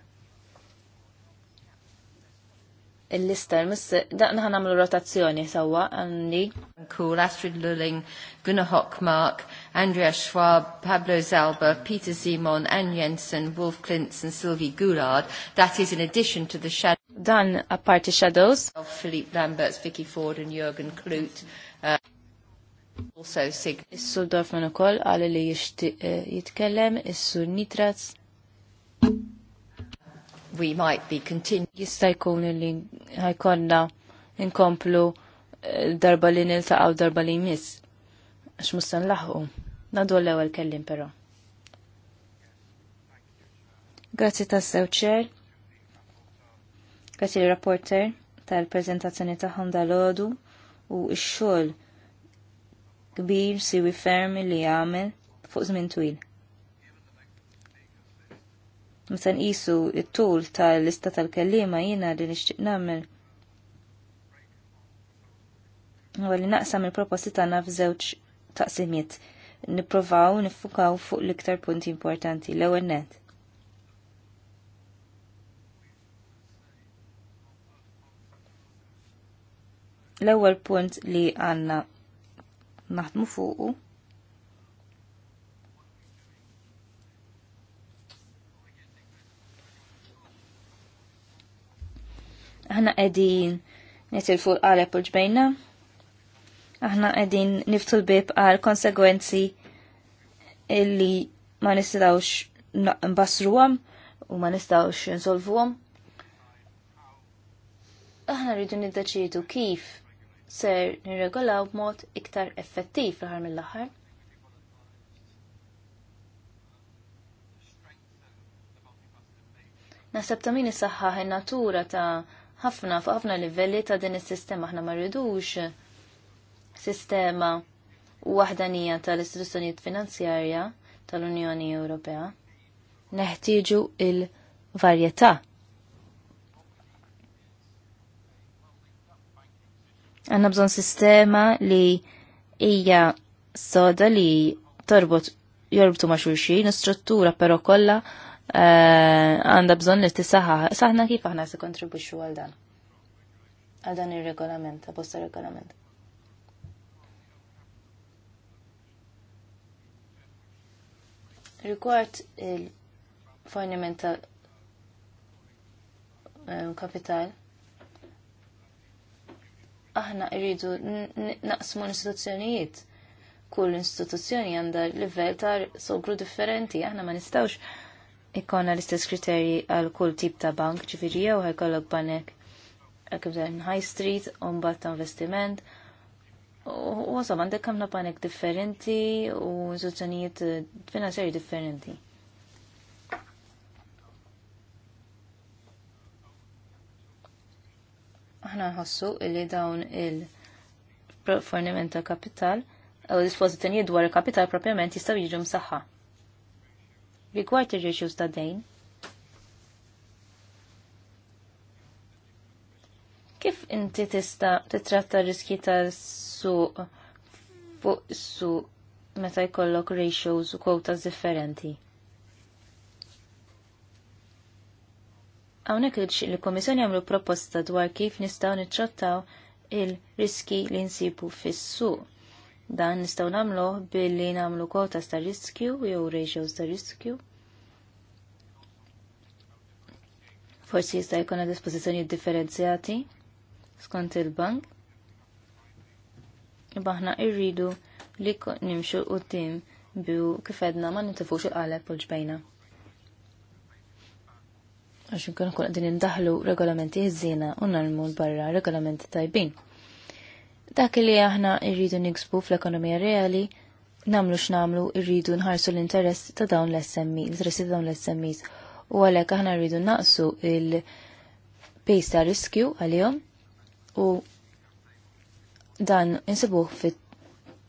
il-lister, mis daqna ħan għamlu rotazzjoni sawa, għanni. Cool, Astrid Lulling, Gunnar Hockmark, Andrea Schwab, Pablo Zalba, Peter Simon, Ann Jensen, Wolf Klintz and Sylvie Goulard. That is in addition to the shadows. Dan apparti shadows. Of Philippe Lambert, Vicky Ford and Jürgen Klute. Uh... Also sig. Issu Dorfman ukoll għal li eh, jitkellem, issu Nitraz. We might be continue. Jista' jkun li ħajkonna inkomplu eh, darba li niltaqgħu darba li jmiss. Għax mustan laħqu. Nadu l-ewwel kellim però. Grazzi tas-sew ċer. Grazzi l-rapporter tal-prezentazzjoni tagħhom dal-għodu u x-xogħol kbir siwi fermi li jagħmel fuq żmien twil. Meta nqisu t tul tal-lista tal-kellima jiena li nixtieq nagħmel huwa li naqsam il-proposti tagħna f'żewġ taqsimiet. Nipprovaw nifukaw fuq l-iktar punti importanti l-ewwel net. L-ewwel punt li għandna naħdmu fuqu. Aħna qegħdin nitilfu l-qalep u ġbejna. Aħna qegħdin niftu l-bib għal konsegwenzi illi ma nistgħux nbassruhom u ma nistgħux insolvuhom. Aħna rridu niddeċiedu kif ser nirregolaw b'mod iktar effettiv fl aħħar mill-aħħar. Nasab ta' min is-saħħaħ in-natura ta' ħafna fuq ħafna livelli ta' din is-sistema aħna ma rridux sistema waħdanija tal-istituzzjonijiet finanzjarja tal-Unjoni Ewropea. Neħtieġu il-varjetà Għanna bżon sistema li hija soda li torbot jorbtu ma' xulxin, struttura però kollha eh, għandha bżon li tisaħħa. Saħna kif aħna se kontribuċu għal dan? Għal dan ir-regolament, apposta regolament. Rigward il-forniment eh, kapital, kapital, aħna rridu naqsmu l-istituzzjonijiet. Kull istituzzjoni għandha livell ta' sogru differenti, aħna ma nistawx ikkonna l-istess kriterji għal kull tip ta' bank, ġifiri jew ħajkollok banek kibżen High Street, unbat ta' investiment, u għasab għandek kamna banek differenti u istituzzjonijiet finanzjari differenti. aħna nħossu illi dawn il fornimenta kapital u l-dispożizzjonijiet dwar il-kapital propjament jistgħu jiġu msaħħa. Rigward ir-ratios ta' dejn, kif inti tista titratta riski ta' suq fuq suq meta jkollok ratios u kwotas differenti? Hawnhekk il komissjoni għamlu proposta dwar kif nistgħu niċċottaw il-riski li nsibu fis Dan nistgħu namlu billi nagħmlu kota ta' riskju jew ratios sta riskju. Forsi jista' jkun dispożizzjonijiet differenzjati skont il-bank. Baħna irridu li nimxu tim biu kif edna ma nintifuxu il u l-ġbejna għax nkun kun għadin indaħlu regolamenti jizzina u nalmu l-barra regolamenti tajbin. Dak li aħna irridu niksbu fl-ekonomija reali, namlu x'namlu irridu nħarsu l-interess ta' dawn l-SMI, l-interessi ta' dawn l-SMIs, u għalek aħna rridu naqsu il pace ta' riskju għalihom u dan insibuh fit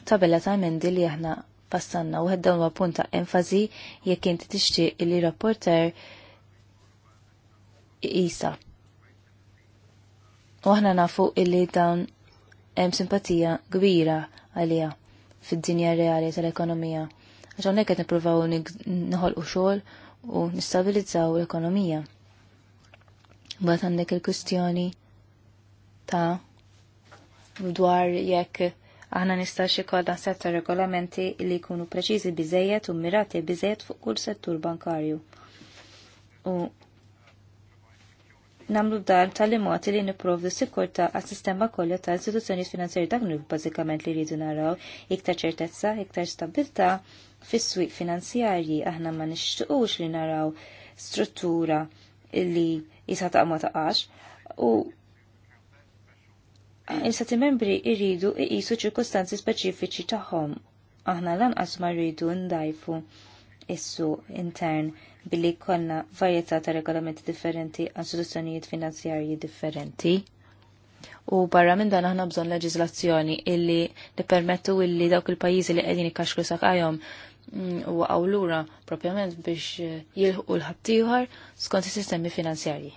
tabella ta' emendi li aħna passanna u għeddawn huwa punta enfazi jekk inti tixtieq li rapporter isa. U aħna nafu illi dawn hemm simpatija kbira għalija fid-dinja reali tal-ekonomija. Għax hawnhekk qed nippruvaw noħolqu xogħol u nistabilizzaw l-ekonomija. Mbagħad għandek il-kwistjoni ta' dwar jekk aħna nistax ikollna setta regolamenti li jkunu preċiżi biżejjed u mirati biżejjed fuq kull settur bankarju. U namlu dan tal-imoti li niprovdu sikurta għas sistema kollha ta' istituzzjoni finanzjari dak nu bażikament li rridu naraw iktar ċertezza, iktar stabilità fis-swieq finanzjarji aħna ma nixtiqux li naraw struttura li jisata ma taqax u il-sati membri irridu iqisu ċirkostanzi speċifiċi tagħhom. Aħna lanqas ma rridu ndajfu issu intern billi konna varjetà ta' regolamenti differenti għan soluzzjonijiet finanzjarji differenti. U barra minn dan aħna bżonn leġizlazzjoni illi permettu illi dawk il-pajjiżi li qegħdin ikaxkru saqajhom mm, u għawlura propjament biex eh, jilħu l ħabtiħar skont sistemi finanzjarji.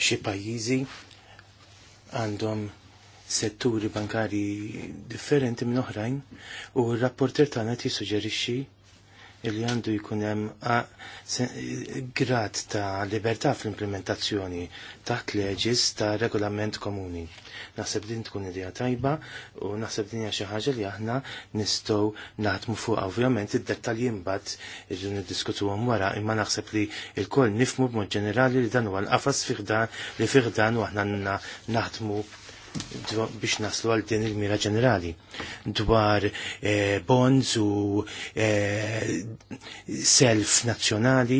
Xi pajjiżi għandhom setturi bankari differenti minn oħrajn u r-rapporter tagħna tissuġġerixxi li għandu jkun hemm grad ta' libertà fl-implementazzjoni taħt leġis ta' regolament komuni. Naħseb din tkun idea tajba u naħseb din hija xi ħaġa li aħna nistgħu naħdmu fuq ovvjament id-dettalji mbagħad irridu niddiskutuhom wara, imma naħseb li l-koll nifmu b'mod ġenerali li dan huwa l-qafas fiħdan li fiħdan u aħna naħdmu biex naslu għal din il-mira ġenerali dwar eh, bonds u eh, self nazzjonali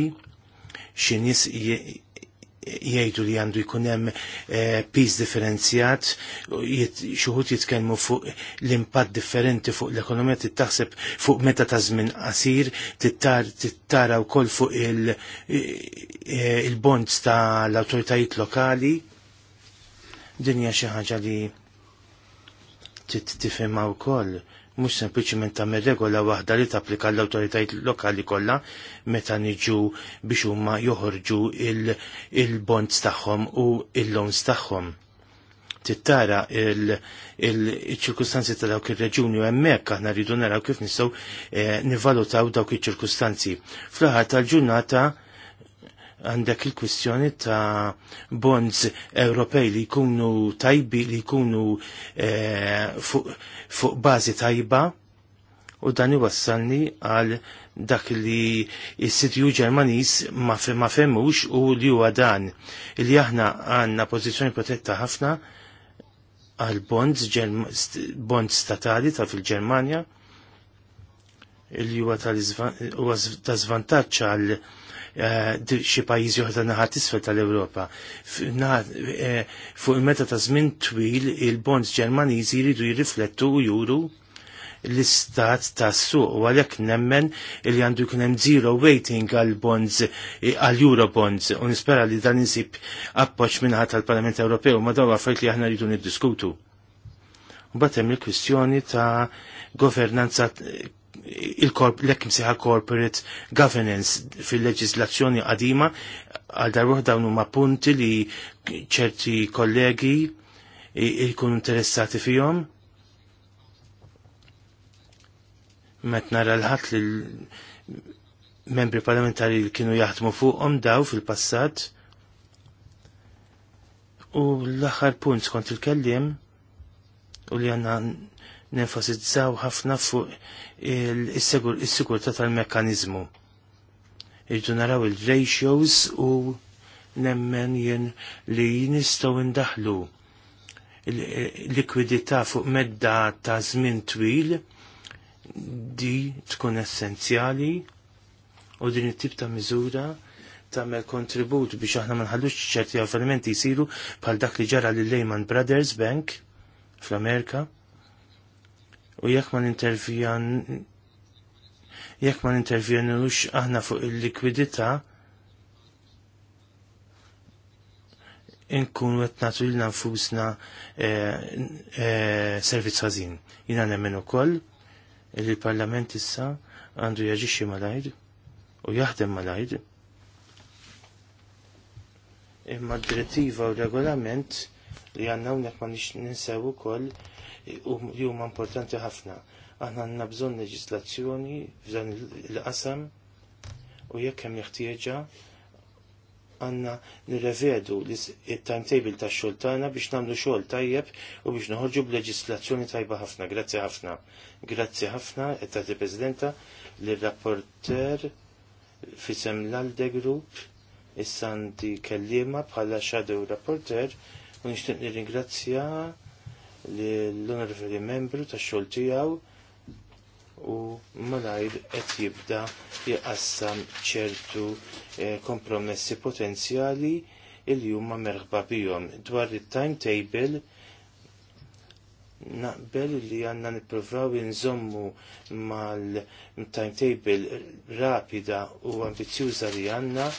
xinis jgħidu li għandu jkunem eh, pis differenzjat, xuħut jitkellmu fuq l-impatt differenti fuq l-ekonomija, tittaħseb fuq meta ta' żmien qasir, tittara wkoll fuq eh, il-bonds il ta' l-awtoritajiet lokali Dinja xi ħaġa li titifhimha wkoll mhux sempliċiment tagħmel regola waħda li tapplika l-awtoritajiet lokali kollha meta niġu biex huma joħorġu il-bonds tagħhom u il-loans tagħhom. Tittara il-ċirkustanzi ta' dawk ir-reġuni u hemmhekk aħna rridu naraw kif nistgħu eh, nivvalutaw dawk iċ-ċirkustanzi. Fl-aħħar tal-ġurnata għandek il-kwistjoni ta' bonds Ewropej li jkunu tajbi, li jkunu e, fuq fu bazi tajba u dan iwassalni għal dak li s-sitju ġermanis ma, fe, ma femmux u li huwa dan li aħna għanna pożizzjoni protetta ħafna għal bonds, bonds statali ta' fil-Ġermanja li huwa ta' zvantaċ għal Eh, xi pajjiżi oħra naħat isfel tal-Ewropa. Eh, fuq il-meta ta' żmien twil il-bonds Ġermaniżi jridu jirriflettu u juru l-istat ta' suq u għalhekk nemmen li għandu jkun hemm zero waiting għal bonds eh, għal Eurobonds u nispera li dan nisib appoġġ minħat tal-Parlament Ewropew ma daw affarijiet li aħna rridu niddiskutu. U hemm il-kwistjoni ta' governanza il-korp l-ekkim siħa corporate governance fil-leġislazzjoni qadima għal darruħ dawn huma punti li ċerti kollegi jkunu interessati fihom. Met nara l-ħadd li membri parlamentari li kienu jaħdmu fuqhom daw fil-passat. U l-aħħar punt skont il-kelliem u li għanna nefasizzaw ħafna fuq il-sigurta tal-mekkanizmu. Irdu naraw il-ratios u nemmen jen li jinistaw indaħlu likwidità fuq medda ta' żmien twil di tkun essenzjali u din it-tip ta' miżura tagħmel kontribut biex aħna ma nħallux ċerti avvenimenti jsiru bħal dak li ġara lil Lehman Brothers Bank fl-Amerika u jekk ma nintervjan jekk ma nintervjenux aħna fuq il-likwidità inkun qed nagħtu lil nfusna e, e, servizz għazin. Jina nemmen ukoll li l-Parlament issa għandu jaġixxi malajd u jaħdem malajd Imma d-direttiva u regolament li għandna hawnhekk ma nix ninsew ukoll Um, li huma importanti ħafna. Aħna għandna bżonn leġislazzjoni f'dan il-qasam u jekk hemm jeħtieġa għanna nirrevedu il-timetable ta' xoltana biex namlu xol tajjeb u biex noħorġu b'leġislazzjoni tajba ħafna. Grazzi ħafna. Grazzi ħafna, ettati prezidenta, l-rapporter fisem l-Alde Group, issanti kellima bħala shadow rapporter, u nishtiq nirringrazzja li l-onorevoli membru ta' xogħol tiegħu u malajr qed jibda jqassam ċertu eh, kompromessi potenzjali il huma merħba bihom dwar it-timetable naqbel li għanna nippruvaw nżommu mal-timetable rapida u ambizjuża li għanna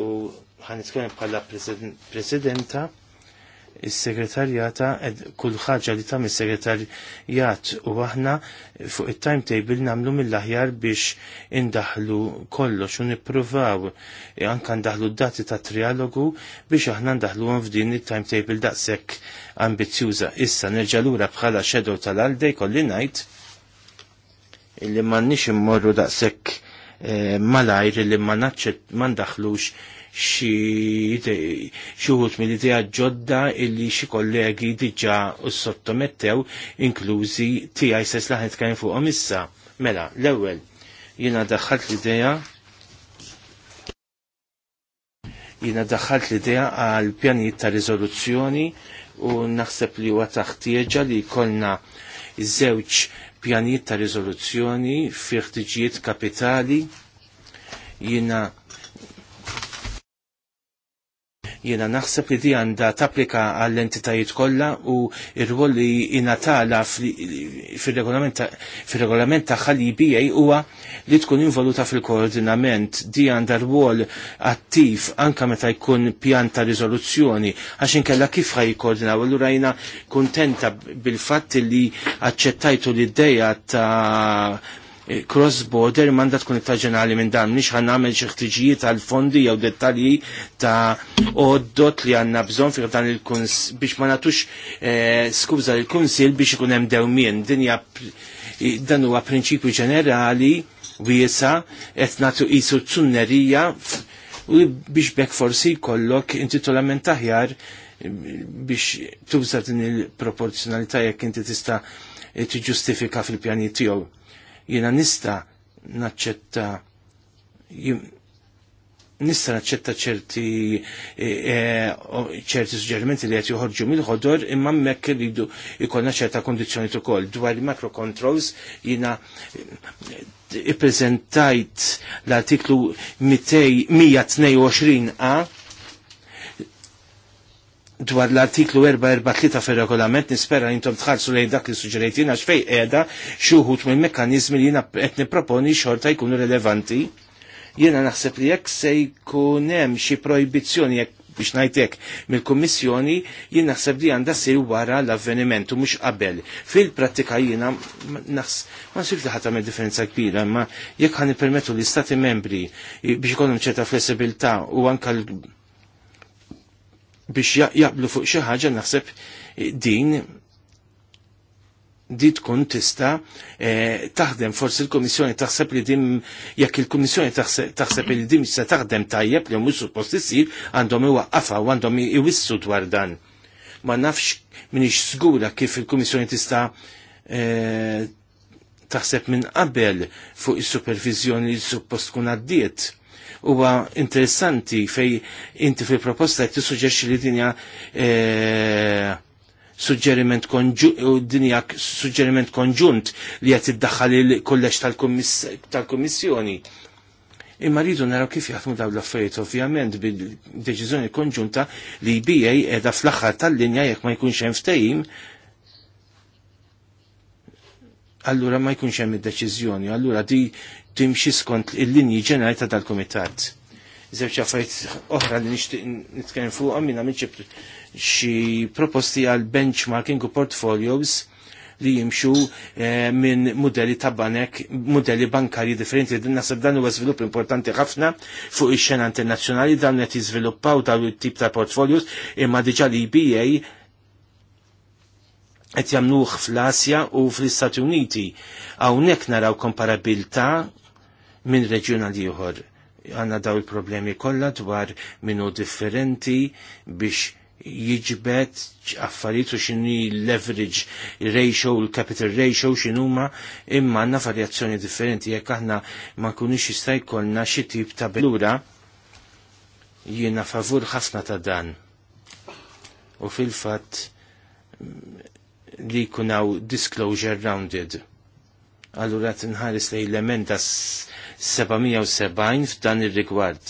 u ħanitkellem bħala presidenta Is-segretarjata kull ħaġa li tam segretarjat u aħna fuq it-timetable namlu mill-aħjar biex indaħlu kollox u nippruvaw e, anka ndaħlu d-dati ta' trialogu biex aħna ndaħluhom f'din it-timetable daqshekk ambizjuża. Issa nerġa' lura bħala xedow tal-għaldej kolli ngħid illi m'għandniex immorru daqshekk e, malajr illi ma naċċet ma ndaħlux xi wħud mill-idea ġodda illi xi kollegi diġà sottomettew inklużi tiegħi stess laħet kien fuqhom issa. Mela, l-ewwel jiena daħħalt l-idea jiena daħħalt l-idea għal pjanijiet ta' riżoluzzjoni u naħseb li huwa taħtieġa li jkollna żewġ pjanijiet ta' riżoluzzjoni fi ħtiġijiet kapitali jiena Jena naħseb li di għanda tapplika għall-entitajiet kollha u ir-rwol li inatala fil-regolament ta' li jbijaj huwa li tkun involuta fil-koordinament di għanda rwol attiv anka meta jkun pjanta rizoluzzjoni għax inkella kif ħaj jkoordinaw allura jina kuntenta bil-fatt li aċċettajtu l ideja ta' cross-border manda tkun iktar ġenerali minn dan, nix ħan għamil xi ħtiġijiet għal fondi jew dettalji ta' oddot li għandna bżonn fih dan il-kuns biex ma nagħtux eh, skuża lill-kunsil biex ikun hemm dewmien. Dinja dan huwa prinċipju ġenerali wiesa qed nagħtu qisu tsunnerija u biex bekk forsi jkollok intitolament aħjar biex tuża din il-proporzjonalità jekk inti tista' tiġġustifika fil-pjanijiet tiegħu. Jiena nista naċċetta nista naċċetta ċerti e, e, ċerti suġġerimenti li qed joħorġu mill-ħodor imma mekk iridu jkollna ċerta kondizjoni ukoll dwar il-macro controls jiena e, ippreżentajt l-artiklu 122a dwar l-artiklu 443 fil-regolament nispera jintom tħarsu lejn dak li suġġerejtina xfej edha xuħut mill mekkanizmi li jina qed niproponi xorta jkunu relevanti. Jiena naħseb li jekk se jkun hemm xi projbizzjoni jekk biex najtek mill-Kommissjoni jien naħseb li għandha ssir wara l-avvenimentu mhux qabel. Fil-prattika jiena naħs ma nsirx li il differenza kbira, imma jekk ħan permettu l-Istati membri biex ikollhom ċerta flessibilità u anke biex jaqblu fuq xi ħaġa naħseb eh, din di tkun tista eh, taħdem forsi l-Komissjoni taħseb li dim jekk il-Komissjoni taħseb li dim se taħdem tajjeb li mhux suppost isir għandhom iwaqqafa u għandhom iwissu dwar dan. Ma nafx minix sgura kif il-Komissjoni tista eh, taħseb minn qabel fuq is-supervizjoni li suppost tkun għaddiet huwa interessanti fej inti fil-proposta jek tissuġġerxi li dinja e, konġu, dinja suġġeriment konġunt li qed iddaħħal il kollex tal-Kummissjoni. Imma rridu naraw kif jaħdmu dawn l-affarijiet ovvjament bid deċiżjoni konġunta li bija qiegħda fl-aħħar tal-linja jekk ma jkunx hemm ftehim allura ma jkunx hemm id-deċiżjoni, allura di timxi skont il-linji ġenerali ta' dal-komitat. Zewċ affarijiet oħra li nixtieq nitkellem fuq minna minċib xi proposti għal benchmarking u portfolios li jimxu eh, minn modelli ta' banek, modelli bankari differenti. Din nasab dan huwa żvilupp importanti ħafna fuq ix-xena internazzjonali dan qed jiżviluppaw dawn it-tip ta' portfolios imma diġà li BA qed jagħmluh fl-Asja u fl-Istati Uniti. Hawnhekk naraw komparabilità minn reġjuna għal ieħor. Għandna daw il-problemi kollha dwar minnu differenti biex jiġbet affarijiet u x'inhi leverage ratio, il capital ratio x'inhuma imma għandna varjazzjoni differenti jekk aħna ma kunix jista' jkollna xi tip ta' belura jiena favur ħafna ta' dan. U fil-fatt li kunaw disclosure rounded. Allura tinħares li l-emenda 770 f'dan ir-rigward.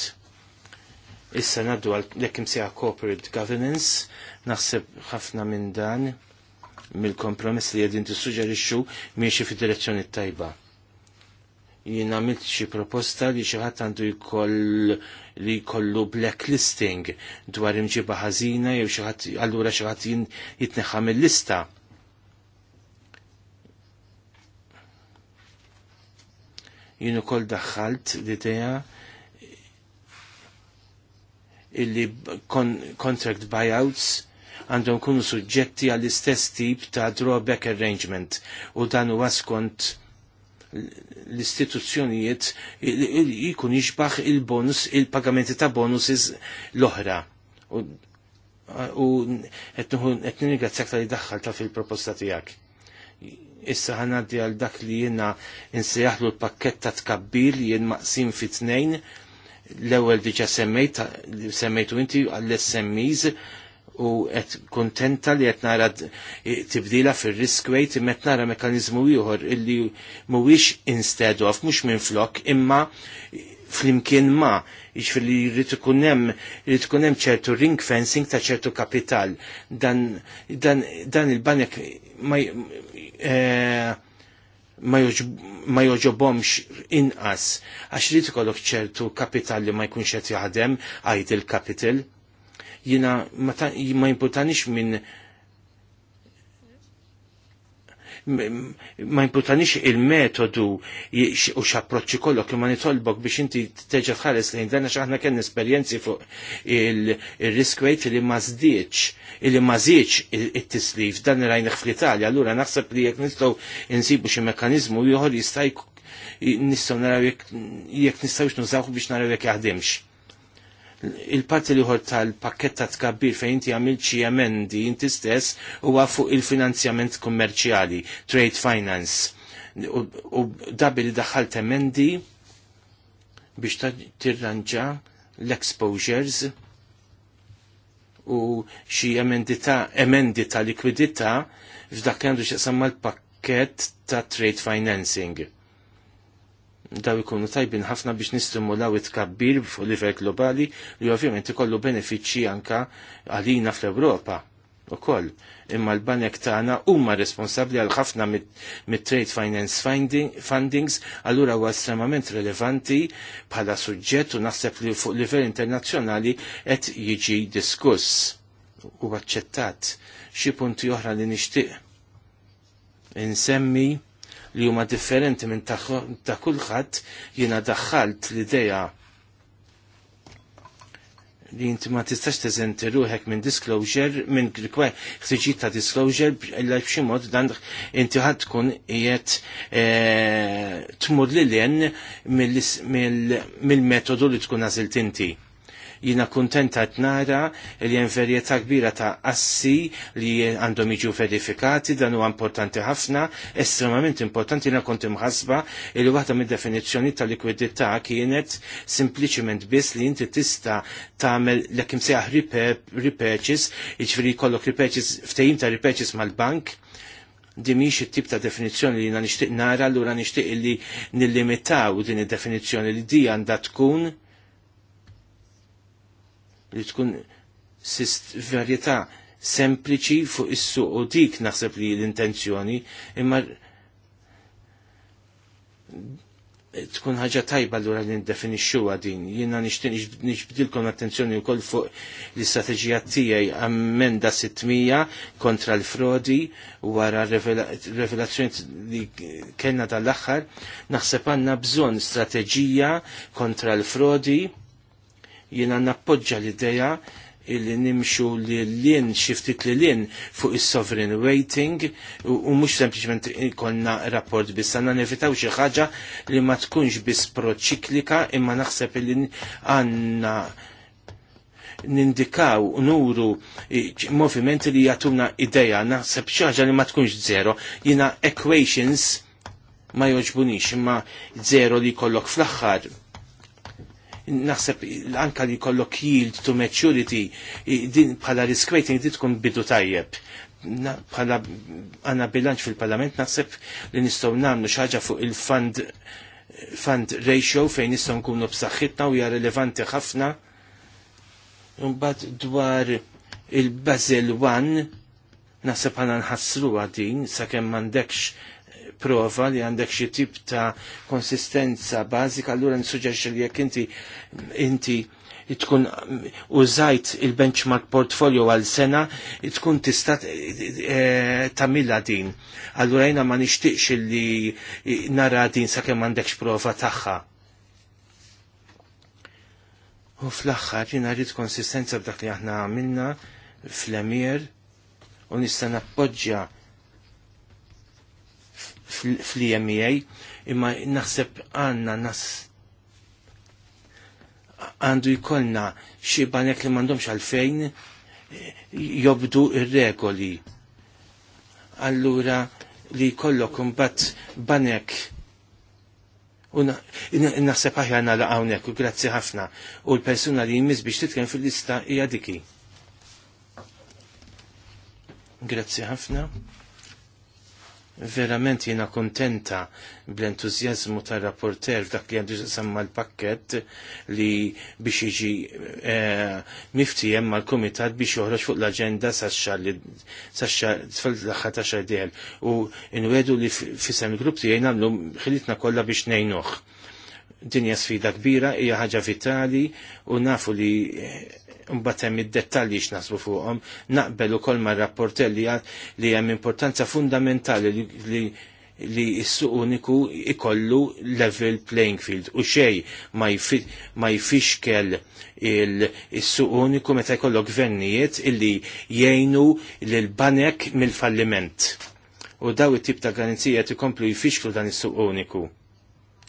Issa naddu għal jekk imsejħa corporate governance, naħseb ħafna minn dan mill-kompromess li qegħdin tissuġġerixxu miexi fid-direzzjoni tajba jien għamilt xi proposta li xi ħadd għandu jkoll li jkollu blacklisting dwar imġiba ħażina jew xi ħadd allura xi ħadd jitneħħa mill-lista. jien ukoll daħħalt l-idea illi contract buyouts għandhom kunu suġġetti għall-istess tip ta' drawback arrangement u dan huwa skont l-istituzzjonijiet jikun jixbaħ il-bonus, il-pagamenti ta' bonuses l-oħra. U qed nirringrazzjak tal-li daħħal ta' issa ħanaddi għal dak li jena insejaħlu l-pakket ta' tkabbir li jien maqsim fit tnejn l-ewel diġa semmejt, semmejtu inti għall-SMEs u għet kontenta li għet nara tibdila fil risk weight met nara mekanizmu ieħor illi mhuwiex instead of mhux minn flok imma flimkien ma iġfir li rrit ikun hemm ċertu ring fencing ta' ċertu kapital dan, dan, dan il-banek ma eh, joġobomx inqas għax li tkollok ċertu kapital li ma jkunx qed jaħdem għajd il-kapital jina ma jimputanix minn ma jimputanix il-metodu u xapproċi kollok ma nitolbok biex inti teġa tħares lejn dan għax aħna kellna esperjenzi fuq il-risk rate li ma żdieċ li ma żdieċ it-tislif dan rajnaħ fl-Italja, allura naħseb li jekk nistgħu insibu xi mekkaniżmu ieħor jista' nistaw naraw jekk nistgħu nużawh biex naraw jekk jaħdimx il-parti liħor tal-pakketta tkabbir fejn inti għamil ċi emendi inti stess huwa fuq il-finanzjament kummerċjali, trade finance. U, dabbi li daħħal emendi biex tirranġa l-exposures u xi emendi ta' emendi ta' likwidità f'dak għandu x'aqsam mal-pakkett ta' trade financing daw ikunu tajbin ħafna biex nistimulaw it-kabbir fuq livell globali li ovvjament ikollu benefiċċji anka għalina fl-Ewropa ukoll. Imma l-banek tagħna huma responsabbli għal ħafna mit-trade finance finding, fundings, allura huwa estremament rilevanti bħala suġġett u naħseb li fuq livell internazzjonali qed jiġi diskuss u aċċettat xi punti oħra li nixtieq. Insemmi li huma differenti minn ta' kulħadd jiena daħħalt l-idea li inti ma tistax teżenti ruħek minn disclosure, minn ħtiġi ta' disclosure, illa b'xi mod dan inti ħad tkun qiegħed eh, tmur lil mill-metodu li tkun għażilt inti. Jina kontenta t-nara li jen verjeta kbira ta' assi li għandhom iġu verifikati, dan huwa importanti ħafna, estremament importanti jina konti mħasba li waħda mid definizzjoni ta' likwidità kienet simpliciment biss li inti tista tagħmel l-ekim seħ repurchase, iġveri kollok ripeċis, ftejim ta' repurchase mal-bank, dimix it-tip ta' definizjoni li jina nixtieq nara allura nixtieq li nillimitaw din id-definizzjoni li di għandha tkun li tkun sist varjetà sempliċi fuq is-suq u dik naħseb li l-intenzjoni imma tkun ħaġa tajba l-ura li nindefinixxu għadin. Jiena nixtieq nixbdilkom attenzjoni wkoll fuq l-istrateġija tiegħi ammenda 600 kontra l-frodi wara revelazzjoni li kellna tal-aħħar naħseb għandna bżonn strateġija kontra l-frodi Jiena nappoġġa l-idea illi nimxu li l-lin, xiftit li l-lin fuq is sovereign waiting u mux sempliciment konna rapport biss. Għanna nevitaw xi ħaġa li ma tkunx biss proċiklika imma naħseb li għanna nindikaw nuru movimenti li jatuna ideja naħseb xi ħaġa li ma tkunx zero. Jina equations ma joġbunix imma zero li kollok fl-axħar naħseb anka li kollok yield to maturity din bħala risk rating di tkun bidu tajjeb. Bħala għanna bilanċ fil-parlament naħseb li nistgħu nagħmlu xaġa fuq il-fund fund ratio fejn nistgħu nkunu b'saħħitna u hija relevanti ħafna. Mbagħad dwar il-Basel 1 naħseb għana nħassru għadin sakemm m'għandekx prova li għandek xi tip ta' konsistenza bażika, allura nsuġġerġi li jekk inti inti tkun um, użajt il-benchmark portfolio għal sena, tkun tista e, tamilla din. Allura jina ma nishtiqx li nara din sakemm għandekx prova tagħha. U fl-axħar jina rrit konsistenza b'dak li aħna għamilna fl-emir u nista' nappoġġja fl-EMEA, imma naħseb għanna nas għandu jkollna xi banek li m'għandhomx għalfejn eh, jobdu ir-regoli. Allura li jkollok imbagħad banek Naħseb naħseb aħjar la hawnhekk u grazzi ħafna u l-persuna li jmiss biex titkellem fil-lista hija diki. Grazzi ħafna verament jena kontenta bl-entuzjazmu ta' rapporter f'dak li għandu samma l-pakket li biex iġi e, eh, mifti jemma l-komitat biex joħroġ fuq l-agenda sa' li tfal ta' xardel u nwedu li fissam il-grupp ti jgħin għamlu xilitna kolla biex nejnuħ. Dinja sfida kbira, hija ħaġa vitali u nafu li mbagħad hemm id-dettalji x'naħsbu fuqhom, naqbel ukoll mar-rapporter li hemm importanza fundamentali li li s-suq uniku ikollu level playing field u xej ma jfixkel il-suq uniku meta jkollok gvernijiet illi jgħinu l-banek mill-falliment. U daw it-tip ta' garanzija ikomplu jfixklu dan is-suq uniku.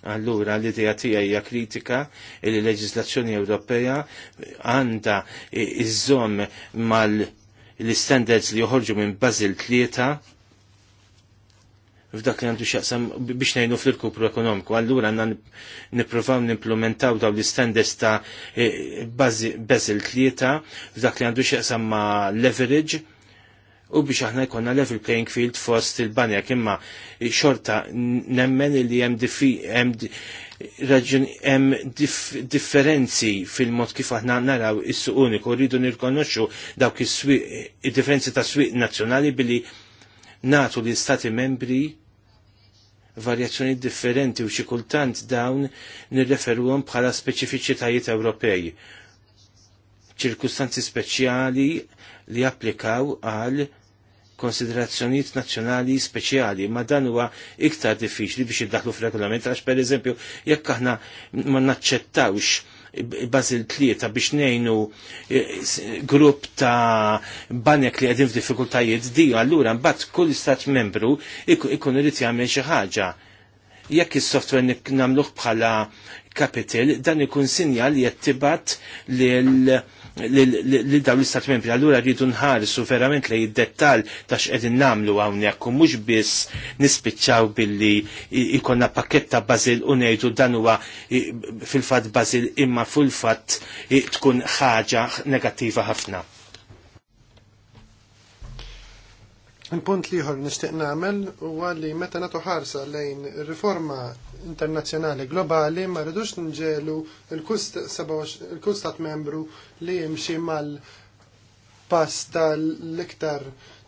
Allura l-idea tija hija kritika li l leġislazzjoni Ewropea għandha iżżomm mal l-standards li joħorġu minn Basil tlieta f'dak li għandu xaqsam biex najnu fl-irkupru ekonomiku. Allura għanna niprofaw nimplementaw daw l-standards ta' Basil tlieta f'dak li għandu xaqsam ma' leverage u biex aħna jkollna level playing field fost il-banja imma xorta nemmen li hemm jem differenzi fil-mod kif aħna naraw is uniku rridu nirkonnoċu dawk is id-differenzi ta' swieq nazzjonali billi natu li stati membri varjazzjoni differenti u xi kultant dawn nirreferuhom bħala speċifiċitajiet Ewropej ċirkustanzi speċjali li applikaw għal konsiderazzjonijiet nazzjonali speċjali, ma dan huwa iktar diffiċli biex jiddaħlu fil-regolament għax pereżempju jekk aħna ma naċċettawx Bazil tlieta biex nejnu e, grupp ta' banek li għedin f'diffikultajiet di, allura mbagħad kull stat membru ikun irid jagħmel xi ħaġa. Jekk is-software nagħmluh bħala capital, dan ikun sinjal li jattibat lil li dawn l-istat membri allura rridu nħarsu verament li id-dettal ta' x'qegħdin nagħmlu hawnhekk u mhux biss nispiċċaw billi ikonna pakketta bażil u ngħidu dan huwa fil-fatt bażil imma fil-fatt tkun ħaġa negattiva ħafna. Il-punt liħor nishtiq namel huwa li meta nagħtu ħarsa lejn riforma internazzjonali globali ma rridux nġelu il kustat membru li jimxi mal-pass tal-iktar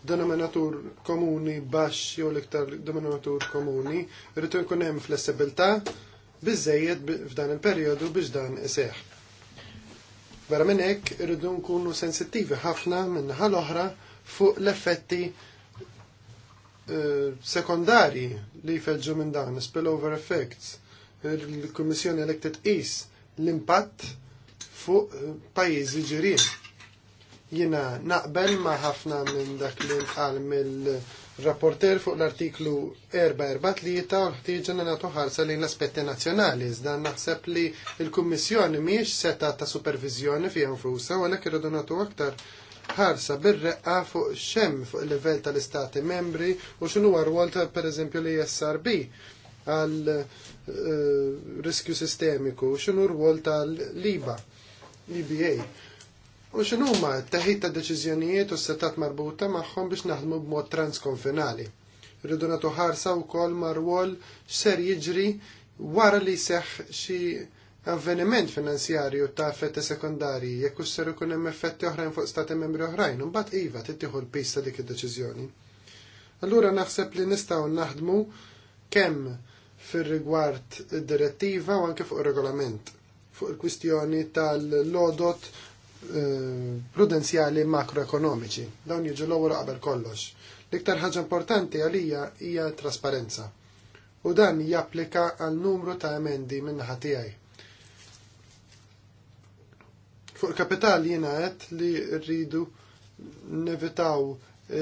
denominatur komuni baxx jew l-iktar denominatur komuni, rritu jkun hemm flessibilità biżejjed f'dan il-perjodu biex dan iseħħ. Vera minn hekk irridu nkunu sensittivi ħafna minn l oħra fuq l-effetti eh, sekondari li jfeġġu minn dan, spillover effects. Il-Kummissjoni elected is l-impatt fuq eh, pajjiżi ġirin. Jiena naqbel ma ħafna minn dak li nqal mill-rapporter fuq l-artiklu 4 u jitta ħtieġa li nagħtu ħarsa lejn l-aspetti nazzjonali. Iżda naħseb li l-Kummissjoni mhijiex seta ta' supervizjoni fiha nfrusa, għalhekk irridu nagħtu aktar ħarsa bir-reqqa fuq xem fuq il-livell tal-istati membri u xinu għarwol ta' pereżempju li SRB għal eh, riskju sistemiku, u x'inhu rwol tal-LIBA, EBA. U x'inhuma t taħit ta' deċiżjonijiet u s-setat marbuta magħhom biex naħdmu b'mod transkonfinali. Rridu nagħtu ħarsa wkoll kol marwol x'ser jiġri wara li seħ xi avveniment finanzjarju ta' effetti sekundarji jekk usser ikun hemm effetti oħrajn fuq stati membri oħrajn, imbagħad iva tittieħu l-pista dik id-deċiżjoni. Allura naħseb li nistgħu naħdmu kemm fir-rigward id-direttiva u anke fuq ir-regolament fuq il-kwistjoni tal-lodot eh, prudenzjali makroekonomiċi. Dawn jiġu l-ewwel qabel kollox. L-iktar ħaġa importanti għalija hija trasparenza. U dan japplika għal numru ta' emendi minn tiegħi Fuq il-kapital jiena qed li rridu nevitaw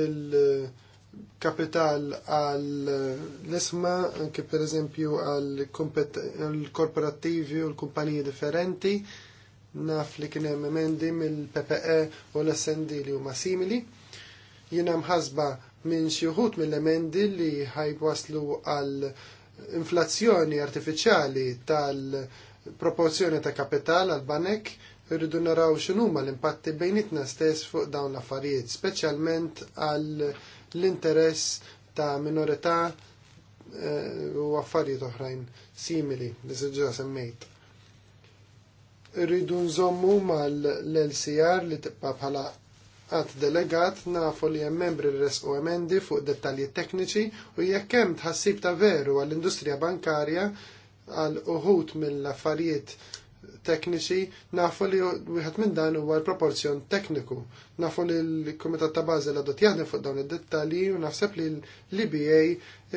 il-kapital għal nisma isma anke per eżempju għal korporattivi u l-kumpaniji differenti, naf li kien hemm emendi mill-PPE u l-SND li huma simili. Jiena mħasba minn xi wħud mill-emendi li ħajwaslu għal inflazzjoni artifiċjali tal-proporzjoni ta' kapital għal banek irridu naraw x'inhuma l-impatti bejnitna stess fuq dawn l-affarijiet, speċjalment għall l-interess ta' minorità eh, u affarijiet oħrajn simili li seġġa semmejt. Irridu nżommu mal-LCR li tibqa' bħala għat delegat nafu li hemm membri res u emendi fuq dettalji tekniċi u jekk hemm tħassib ta' veru għall-industrija bankarja għal uħut mill-affarijiet tekniċi nafu li wieħed minn dan huwa l-proporzjon tekniku. Nafu li l-Kumitat ta' Bażel għadot jaħdem fuq dawn id-dettalji u naħseb li l-IBA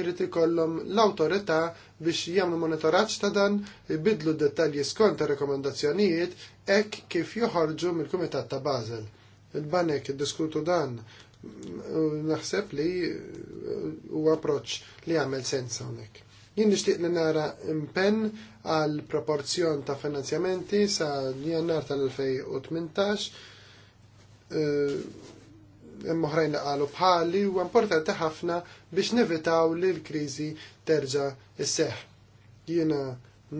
irrid ikollhom l-awtorità biex jagħmlu monitoraġġ ta' dan, ibidlu d-dettalji skont ta' rekomendazzjonijiet hekk kif joħorġu mill-Kumitat ta' Bażel. Il-banek iddiskutu dan naħseb li huwa approċċ li għamel sens hawnhekk. Jien nixtieq li nara impenn għal proporzjon ta' finanzjamenti sa jannar tal-2018 eh, hemm oħrajn li qalu bħali u importanti ħafna biex nevitaw li l-kriżi terġa' isseħ. Jiena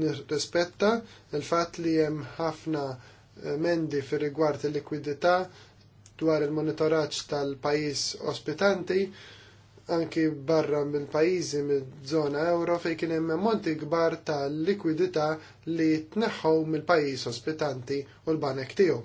nirrispetta il-fatt li hemm ħafna mendi fir rigward il-likwidità dwar il-monitoraġġ tal-pajjiż ospitanti anki barra mill-pajizi mill-żona euro fejn kien hemm monti kbar ta' likwidità li tneħħu mill-pajjiż ospitanti u l-banek tiegħu.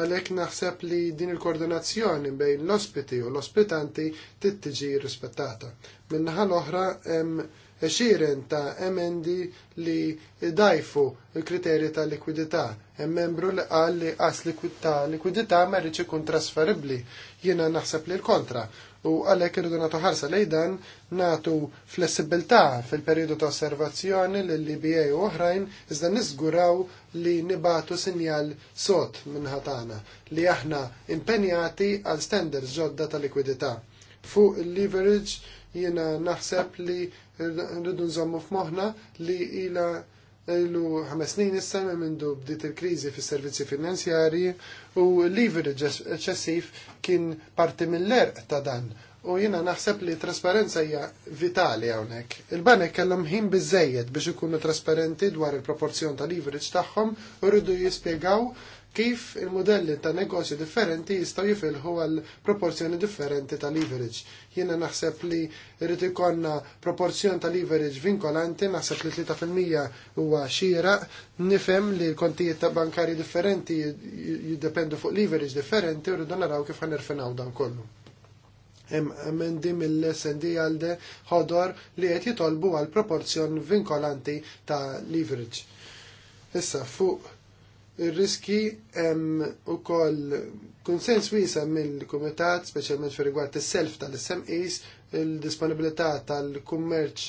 Għalhekk naħseb li din il-koordinazzjoni bejn l-ospiti u l-ospitanti tittiġi rispettata. Min-naħa l-oħra hemm xiren ta' emendi li dajfu il-kriterji ta' likwidità. Hemm membru li qal li qas ta' likwidità ma rridx ikun trasferibbli. Jiena naħseb li l-kontra u għalhekk irridu nagħtu ħarsa lejn dan nagħtu flessibilità fil-perjodu ta' osservazzjoni lill iba u oħrajn iżda niżguraw li nibatu sinjal sot minnħatana li aħna impenjati għal standards ġodda ta' likwidità. Fuq il-leverage jiena naħseb li rridu nżommu f'moħħna li ila lu ħames snin issa mindu bdiet il-kriżi fis-servizzi finanzjarji u l-leverage eċċessiv kien parti mill-erq ta' dan u jina naħseb li trasparenza hija vitali hawnhekk. Il-banek kellhom ħin biżejjed biex ikunu trasparenti dwar il-proporzjon tal leverage tagħhom u rridu jispjegaw kif il-modelli ta' negozju differenti jistaw jifilħu għal proporzjoni differenti ta' leverage. Jiena naħseb li rrid ikonna proporzjon ta' leverage vinkolanti, naħseb li 3% huwa xira, nifhem li l-kontijiet ta' bankari differenti jiddependu fuq leverage differenti rridu naraw kif ħanirfinaw dan kollu. emendi mill-SND għalde ħodor li qed jitolbu għal proporzjon vinkolanti ta' leverage. Issa fuq Ir-riski hemm ukoll konsens wiesa mill-kumitat, speċjalment fi rigward is-self tal-SMEs, il-disponibilità tal-kummerċ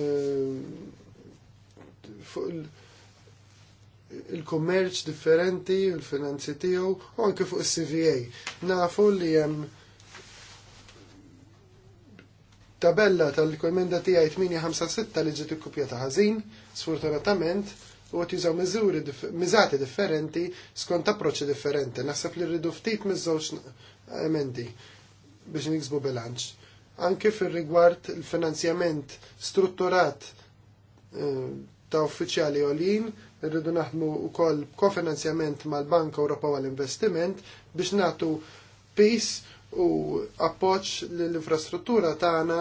eh, il-kummerċ differenti, il-finanzi tiegħu, u anke fuq is-CVA. Nafu li hemm tabella tal-komenda tiegħi 856 li ġiet ikkupjata ħażin, sfortunatament, u għat jużaw miżuri, miżati differenti skont approċċi differenti. Naħseb li rridu ftit miż-żewġ emendi biex niksbu bilanċ. Anke fil-rigward il-finanzjament strutturat eh, ta' uffiċjali olin, rridu naħdmu u kofinanzjament mal-Banka Ewropa għal-Investiment biex natu pis u appoċ l-infrastruttura tagħna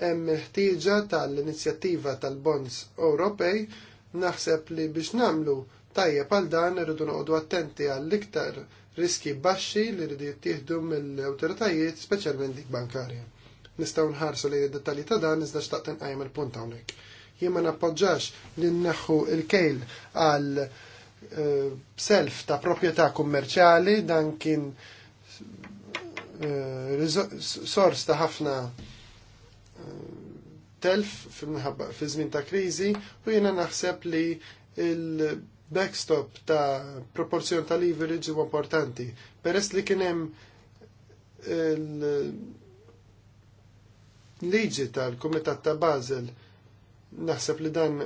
hemm ħtieġa tal-inizjattiva tal-bonds Ewropej naħseb li biex namlu tajjeb għal dan rridu noqogħdu attenti għall iktar riski baxxi li rridu jittieħdu mill-awtoritajiet speċjalment dik bankarja. Nistgħu nħarsu lejn id-dettalji ta' dan iżda xtaqt inqajjem il-punt hawnhekk. Jien ma nappoġġax li nneħħu l-kejl għal eh, self ta' proprjetà kummerċjali dan kien eh, sors ta' ħafna telf fi żmien ta' kriżi u jiena naħseb li il-backstop ta' proporzjon ta' leverage u importanti. Peress li kien hemm il-liġi tal-Kumitat ta' Basel naħseb li dan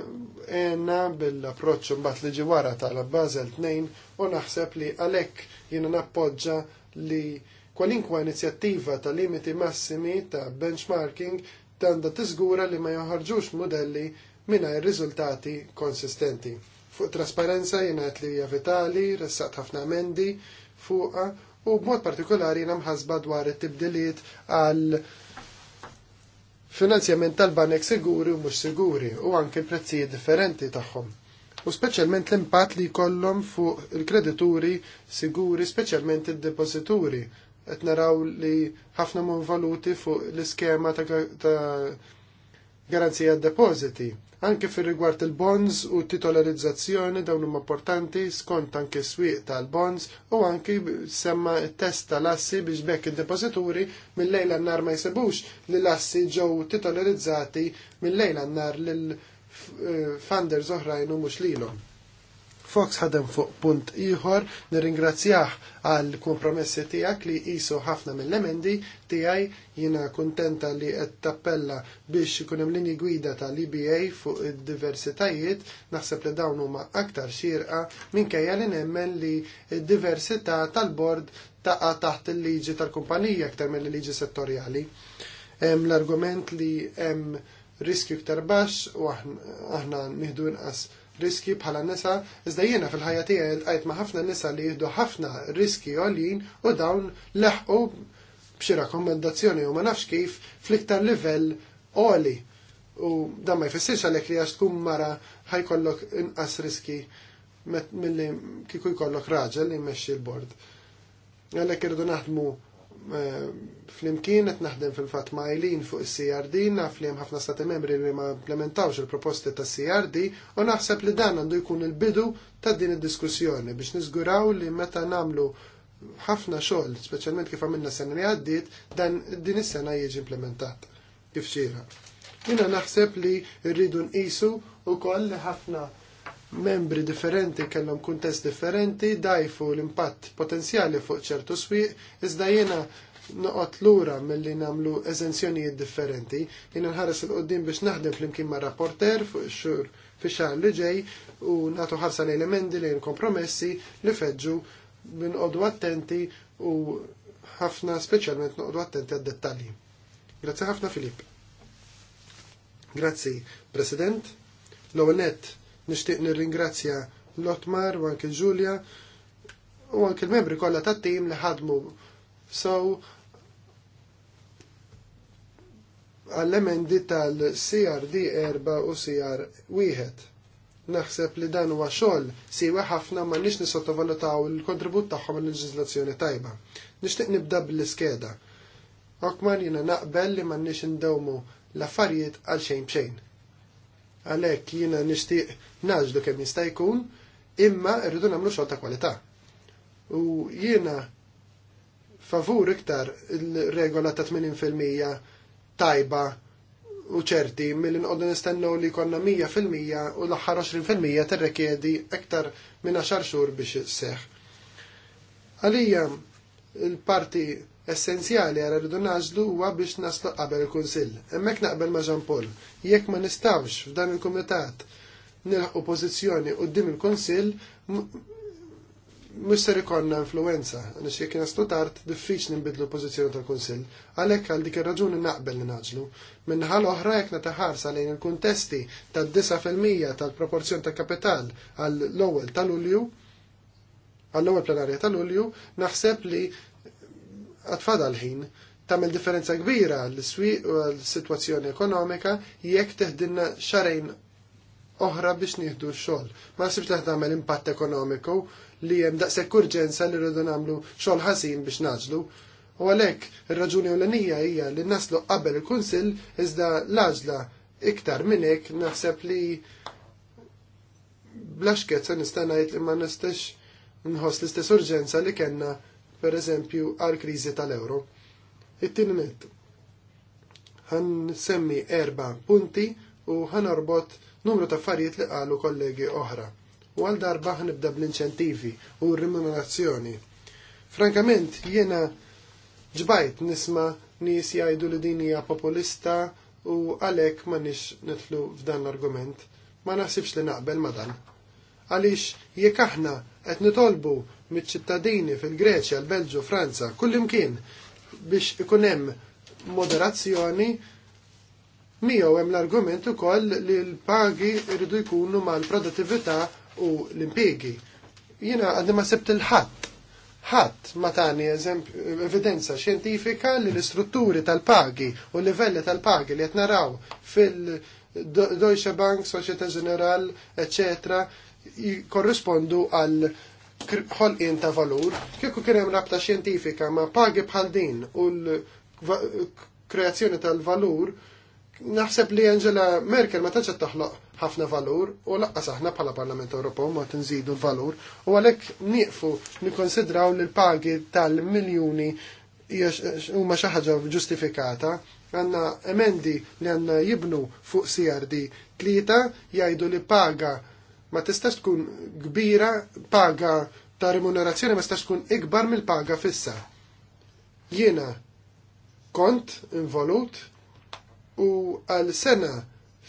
ena bil-approċċ mbagħad li ġi wara tal-Basel 2 u naħseb li għalhekk jiena nappoġġa li kwalinkwa inizjattiva ta' limiti massimi ta' benchmarking għandha tiżgura li ma joħarġux modelli mingħajr riżultati konsistenti. Fuq trasparenza jingħad li hija vitali, ressaqt ħafna mendi fuqha u b'mod partikolari jiena mħasba dwar it-tibdiliet għal finanzjament tal-banek siguri u mhux siguri u anke prezzijiet differenti tagħhom u speċjalment l-impatt li jkollhom fuq il-kredituri siguri, speċjalment id depozituri qed naraw li ħafna mu valuti fuq l-iskema ta' garanzija depositi. Anke fir rigward il-bonds u titolarizzazzjoni dawn huma importanti skont anke swieq tal-bonds u anke semma test tal-assi biex bekk id depozituri mill-lejla nar ma jsebux li l-assi ġew titolarizzati mill-lejla nar lil eh, funders oħrajn u mhux lilhom. Fox ħadem fuq punt ieħor nirringrazzjah għal kompromessi tiegħek li isu ħafna mill-emendi tiegħi jiena kuntenta li qed tappella biex ikun hemm linji gwida tal iba fuq id-diversitajiet naħseb li dawn huma aktar xirqa' minkejja li nemmen li d-diversità tal-bord taqa taħt il-liġi tal-kumpanija aktar mill-liġi settorjali. Hemm l-argument li hemm riskju iktar baxx u aħna nieħdu inqas riski bħala nisa, iżda jiena fil-ħajja tiegħi ltqajt ma' ħafna nisa li jieħdu ħafna riski għolin u dawn leħqu b'xi rakkomandazzjoni u ma nafx kif fl-iktar livell għoli. U dan ma jfissirx għalhekk li għax tkun mara ħajkollok inqas riski milli kieku jkollok raġel li jmexxi l-bord. Għalhekk irdu naħdmu flimkien qed naħdem fil-fatt ma' Eileen fuq is-CRD, naf li hemm ħafna stati membri li ma implementawx il-proposti tas CRD u naħseb li dan għandu jkun il-bidu ta' din id-diskussjoni biex niżguraw li meta nagħmlu ħafna xogħol, speċjalment kif għamilna sena li għaddiet, dan din is-sena jiġi implementat kif xieraq. Jiena naħseb li rridu nqisu wkoll li ħafna membri differenti kellhom kuntest differenti dajfu l-impatt potenzjali fuq ċertu swieq, iżda jiena noqgħod lura milli nagħmlu eżenzjonijiet differenti. Jien nħares il qoddim biex naħdem flimkien ma' rapporter fuq xhur fi xahar li ġej u nagħtu ħarsa li elementi lejn kompromessi li feġġu binqodu attenti u ħafna speċjalment noqdu attenti għad-dettalji. Grazzi ħafna Filip. Grazzi, President. L-ewwel nett Nixtieq nirringrazzja l-Otmar u anke Julia u anke l-membri kollha tat-tim li ħadmu sew għall-emendi tal-CRD 4 u CR wieħed Naħseb li dan huwa xogħol siwa ħafna ma nix nisottovalutaw il-kontribut tagħhom il leġiżlazzjoni tajba. Nixtieq nibda bl-iskeda. Okmar jiena naqbel li ma nix ndewmu l-affarijiet għal xejn bxejn. Għalhekk jiena nixtieq naġdu kemm jista' jkun, imma rridu nagħmlu xogħol ta' kwalità. U jiena favur iktar il-regola ta' 80% tajba u ċerti mill nqoddu nistennew li konna 100% u l-aħħar 20% tirrekjedi iktar minn 10 xhur biex seħ. Għalija l parti essenzjali għara rridu naġlu huwa biex naslu qabel il-Kunsill. Hemmhekk naqbel ma' Jean Paul, jekk ma nistawx f'dan il-Kumitat nilħu pożizzjoni qudiem il-Kunsill mhux ser ikollna influenza għaliex jekk naslu tard diffiċli nbidlu pożizzjoni tal-Kunsill. Għalhekk għal dik ir-raġuni naqbel li naġlu. Minnaħa l-oħra jekk nataħarsa lejn il-kuntesti tad-9% tal-proporzjon ta' kapital għall-ewwel tal-Ulju għall-ewwel plenarja tal-Ulju, naħseb li għatfada l-ħin tamel differenza kbira l-swiq u l-situazzjoni ekonomika jekk teħdinna xarajn oħra biex nieħdu xol. xogħol Ma sibx li tagħmel impatt ekonomiku li hemm daqshekk urġenza li rridu nagħmlu xogħol ħażin biex naġlu. U għalhekk ir-raġuni l-nija hija li naslu qabel il-Kunsill iżda l-għaġla iktar minn hekk naħseb li bla se nista' ngħid li ma nistax nħoss l-istess urġenza li kellna per eżempju għal kriżi tal-euro. it tinnet Għan semmi erba punti u ħanorbot numru ta' affarijiet li qalu kollegi oħra. U għal darba ibda bl-inċentivi u rimunerazzjoni. Frankament, jiena ġbajt nisma nies jgħidu li din hija populista u għalhekk nix nidħlu f'dan l-argument. Ma naħsibx li naqbel ma dan. Għaliex jekk aħna qed nitolbu miċ-ċittadini fil-Greċja, l-Belġu, Franza, kullimkien biex ikun hemm moderazzjoni miegħu hemm l-argument ukoll li l-pagi irridu jkunu mal-produttività u l impiegi Jiena għandi ma sebt il-ħadd. Ħadd ma tani evidenza xjentifika li l-istrutturi tal-pagi u l-livelli tal-pagi li qed naraw fil- Deutsche Bank, Societe General, etc. korrispondu għal ħolqien ta' valur, kieku kien hemm rabta xjentifika ma' pagi bħal din u l-kreazzjoni tal-valur, naħseb li Angela Merkel ma tantx taħloq ħafna valur u laqqas aħna bħala Parlament Ewropew ma tinżidu l-valur u għalhekk nieqfu nikkonsidraw li l-pagi tal-miljuni huma xi ħaġa ġustifikata għanna emendi li għanna jibnu fuq CRD tlieta jgħidu li paga ma tistax tkun kbira paga ta' remunerazzjoni ma tistax tkun ikbar mill-paga fissa. Jiena kont involut u għal sena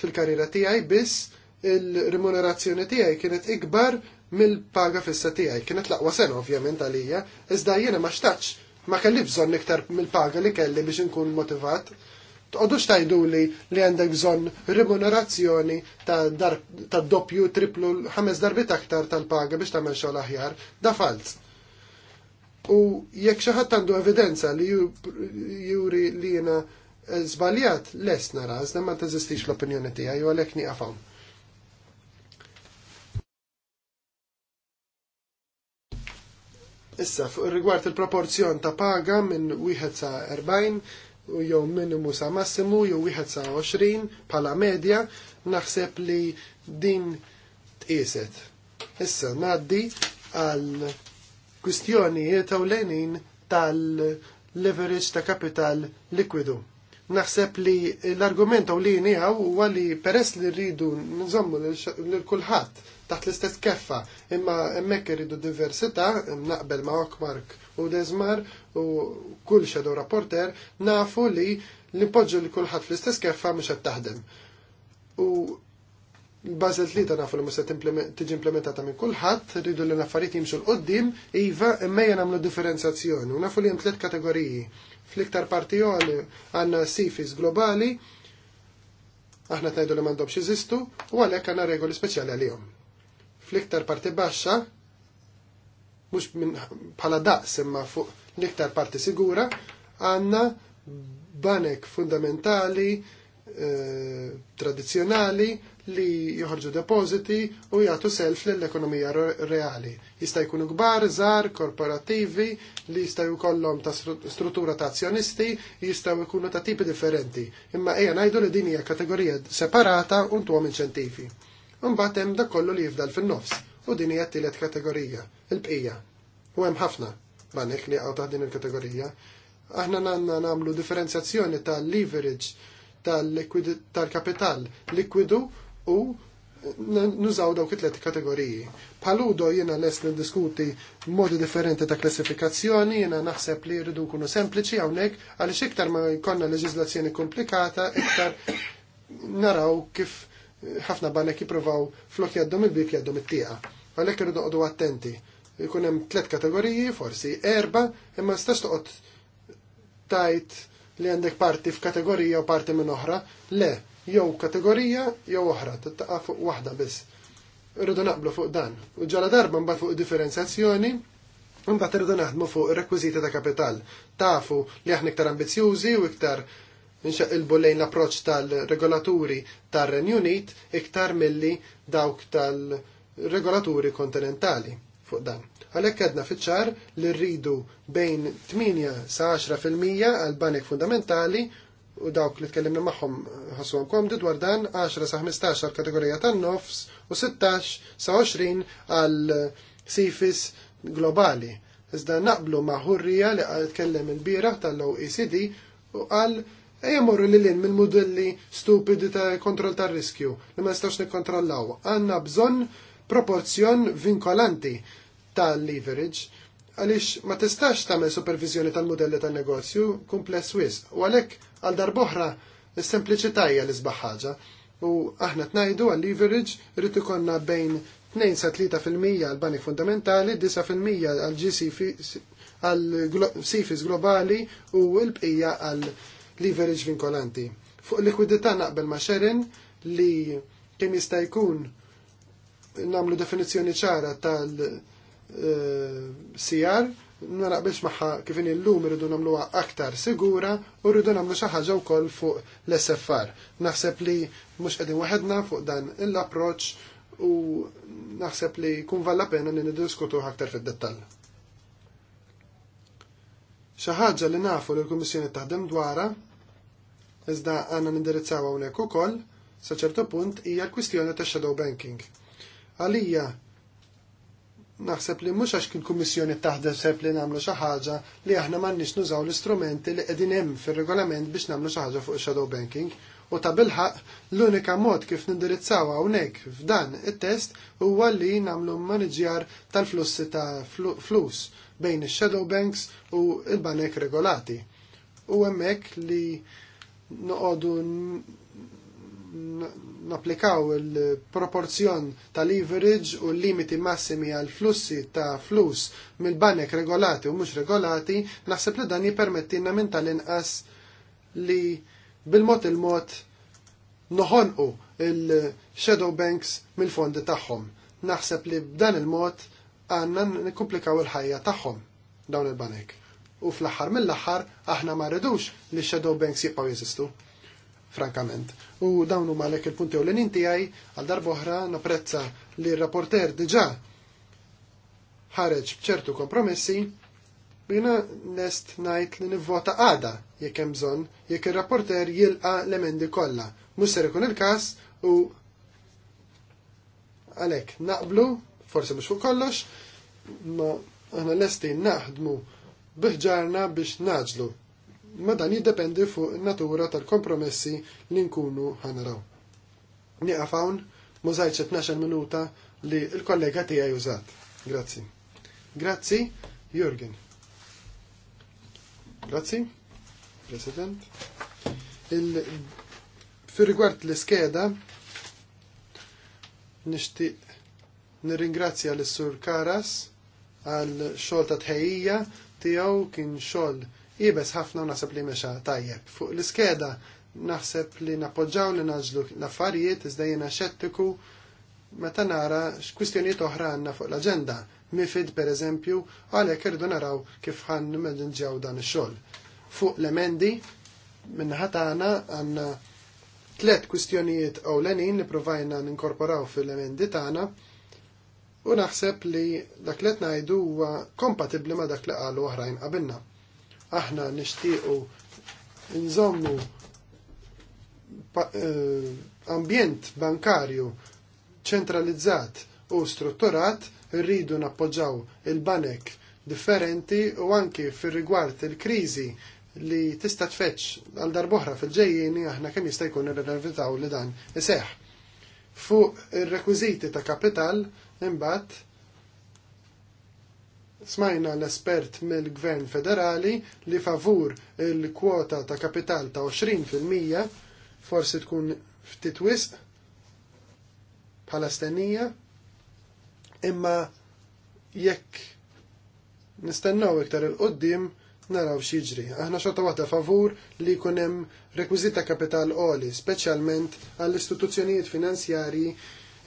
fil-karriera tiegħi biss il-remunerazzjoni tiegħi kienet ikbar mill-paga fissa tiegħi. Kienet laqwa sena ovvjament għalija, iżda jiena ma xtax ma kelli bżonn iktar mill-paga li kelli biex inkun motivat. Għodux tajdu li li għandek bżon remunerazzjoni ta', ta doppju, triplu, ħames darbit aktar tal-paga biex tagħmel xogħol aħjar, da falz. U jekk xi ħadd għandu evidenza li juri li jena żbaljat lest naraz, ma teżistix l-opinjoni tiegħi u għalhekk nieqafhom. Issa, fuq rigward il-proporzjon ta' paga minn wieħed sa' 40, u jew minimu sa massimu jew wieħed sa 20 bħala medja naħseb li din tqiset. Issa ngħaddi għal kwistjonijiet ewlenin tal-leverage ta' kapital likwidu Naħseb li l-argument u li nijaw huwa li peress li rridu nżommu l-kulħadd taħt l-istess keffa, imma hemmhekk rridu diversità, naqbel ma' Okmark u Dezmar u kull xedu rapporter, nafu li li poġġu li kulħadd fl-istess keffa mhux qed taħdem. U Bazel ta nafu li musa tiġi implementata minn kulħadd, rridu li l-affarijiet jimxu l-qoddim, iva imma jgħan nagħmlu differenzjazzjoni. U nafu li hemm tliet kategoriji fl-iktar parti għanna sifis globali, aħna tajdu li mandomx iżistu, u għalek għanna regoli speċjali għalihom. Fl-iktar parti baxxa, mux bħala daqs imma fuq l-iktar parti sigura, għanna banek fundamentali, eh, tradizjonali, li joħorġu depositi u jagħtu self lill-ekonomija reali. Jista' jkunu kbar, żgħar, korporattivi li jista' jkollhom ta' struttura ta' azzjonisti, jistgħu jkunu ta' tipi differenti. Imma ejja ngħidu li din hija kategorija separata u ntuhom inċentivi. Imbagħad hemm dak kollu li jifdal fin-nofs u din hija t-tielet kategorija, il-bqija. U hemm ħafna banek li għaw din il-kategorija. Aħna nanna namlu differenzjazzjoni tal-leverage tal-kapital likwidu u nużaw dawk it-tlet kategoriji. Paludo jiena lest li diskuti modi differenti ta' klassifikazzjoni, jiena naħseb li jridu kunu sempliċi hawnhekk għaliex iktar ma jkollna leġislazzjoni komplikata, iktar naraw kif ħafna banek jippruvaw flok jaddom il-bib jaddom it-tieqa. Għalhekk irridu qogħdu attenti. Ikun hemm tliet kategoriji, forsi erba, imma stax toqgħod tajt li għandek parti f'kategorija u parti minn oħra. Le, jew kategorija jew oħra, tittaqa fuq waħda biss. Irridu naqblu fuq dan. U ġala darba mbagħad fuq differenzjazzjoni, mbagħad irridu naħdmu fuq ir-rekwiżiti ta' kapital. Tafu li aħna iktar ambizjużi u iktar inxaqilbu lejn l-approċ tal-regolaturi tar-Renju Unit iktar milli dawk tal-regolaturi kontinentali fuq dan. Għalhekk għedna fiċ-ċar li rridu bejn 8 sa 10% għal banek fundamentali u dawk li tkellimna magħhom ħassuhom kom dwar dan 10 sa 15 għal kategorija tan-nofs u 16 sa 20 għal sifis globali. Iżda naqblu ma' ħurrija li tkellem il-bira tal-OECD u qal ejja morru li in minn mudelli stupidi ta' kontroll tar riskju li ma nistax nikkontrollaw. Għandna bżonn proporzjon vinkolanti tal-leverage għaliex ma tistax tagħmel supervizjoni tal-modelli tan-negozju kumpless wisq u għalhekk għal darb'oħra is sempliċitajja l li u aħna tnajdu għal leverage rritu konna bejn 2 3% għal bani fundamentali, 9% għal GC għal sifis globali u l-bqija għal leverage vinkolanti. Fuq likwidità naqbel ma' xerin li kem jista' jkun namlu definizzjoni ċara tal- Eh, sijar, naraq biex maħħa kifin il-lum rridu namluwa aktar sigura u rridu namlu xaħġa wkoll fuq l-SFR. Naħseb li mhux qegħdin waħedna fuq dan l-approċ u naħseb li kun valla pena li nidiskutu aktar fid-dettall. Xi ħaġa li nafu li l-Kummissjoni taħdem dwarha iżda għandna nindirizzawa hawnhekk ukoll sa ċertu punt hija l-kwistjoni ta' shadow banking. Għalija naħseb li mhux għax kien kummissjoni taħdeseb li nagħmlu xi ħaġa li aħna m'għandniex nużaw l-istrumenti li qegħdin hemm fir-regolament biex nagħmlu xi ħaġa fuq shadow banking u ta' bilħaq l-unika mod kif nindirizzaw hawnhekk f'dan it-test huwa li nagħmlu maniġjar tal-flussi ta' flus bejn ix-shadow banks u l-banek regolati. U hemmhekk li noqogħdu Naplikaw il-proporzjon ta' leverage u l-limiti massimi għal flussi ta' flus mill-banek regolati u mhux regolati, naħseb li dan jipermettina minn tal-inqas li bil-mod il-mod noħonqu il-shadow banks mill-fondi tagħhom. Naħseb li b'dan il-mod għandna nikkomplikaw il-ħajja tagħhom dawn il-banek. U fl-aħħar mill-aħħar aħna ma rridux li shadow banks jibqgħu jeżistu frankament. U dawn huma għalhekk il-punti u l ninti tiegħi għal darboħra napprezza li r-rapporter diġà ħareġ bċertu kompromessi bina lest ngħid li nivvota għada jekk hemm bżonn jekk ir-rapporter jilqa l-emendi kollha. Musser ikun il-każ u għalhekk naqblu, forsi mhux fuq kollox, ma aħna lesti naħdmu biħġarna biex naġlu ma dan jiddependi fuq natura tal-kompromessi li nkunu ħanaraw. Nieqaf hawn mużajċ 12 minuta li l-kollega tiegħi użat. Grazzi. Grazzi, Jürgen. Grazzi, President. Il... rigward l-iskeda, nixtieq nirringrazzja l-Sur Karas għal xogħol ta' tħejjija tiegħu kien xogħol ibes ħafna u naħseb li meċa tajjeb. Fuq l-iskeda naħseb li napoġġaw li naġlu l-affarijiet iżda jiena xettiku meta nara x'kwistjonijiet oħra għandna fuq l-aġenda. Mifid per eżempju, għalhekk irdu naraw kif ħan meġinġaw dan ix Fuq l-emendi minnaħa tagħna għandna tliet kwistjonijiet ewlenin li provajna ninkorporaw fil-emendi tagħna u naħseb li dak li ngħidu huwa kompatibbli ma' dak li qalu oħrajn għabinna aħna nixtiequ nżommu eh, ambjent bankarju ċentralizzat u strutturat rridu nappoġġaw il-banek differenti u anki fir rigward il-kriżi li tista' tfetx għal darbohra fil-ġejjieni aħna kemm jista' jkun irrevitaw li dan iseħħ. Fuq ir-rekwiżiti ta' kapital imbagħad smajna l-espert mill-Gvern Federali li favur il-kwota ta' kapital ta' 20% forsi tkun ftit wisq bħala stennija imma jekk nistennaw iktar il-qoddim naraw xieġri. Aħna xorta waħda favur li kunem rekwizita kapital oli, specialment għall-istituzzjonijiet finanzjari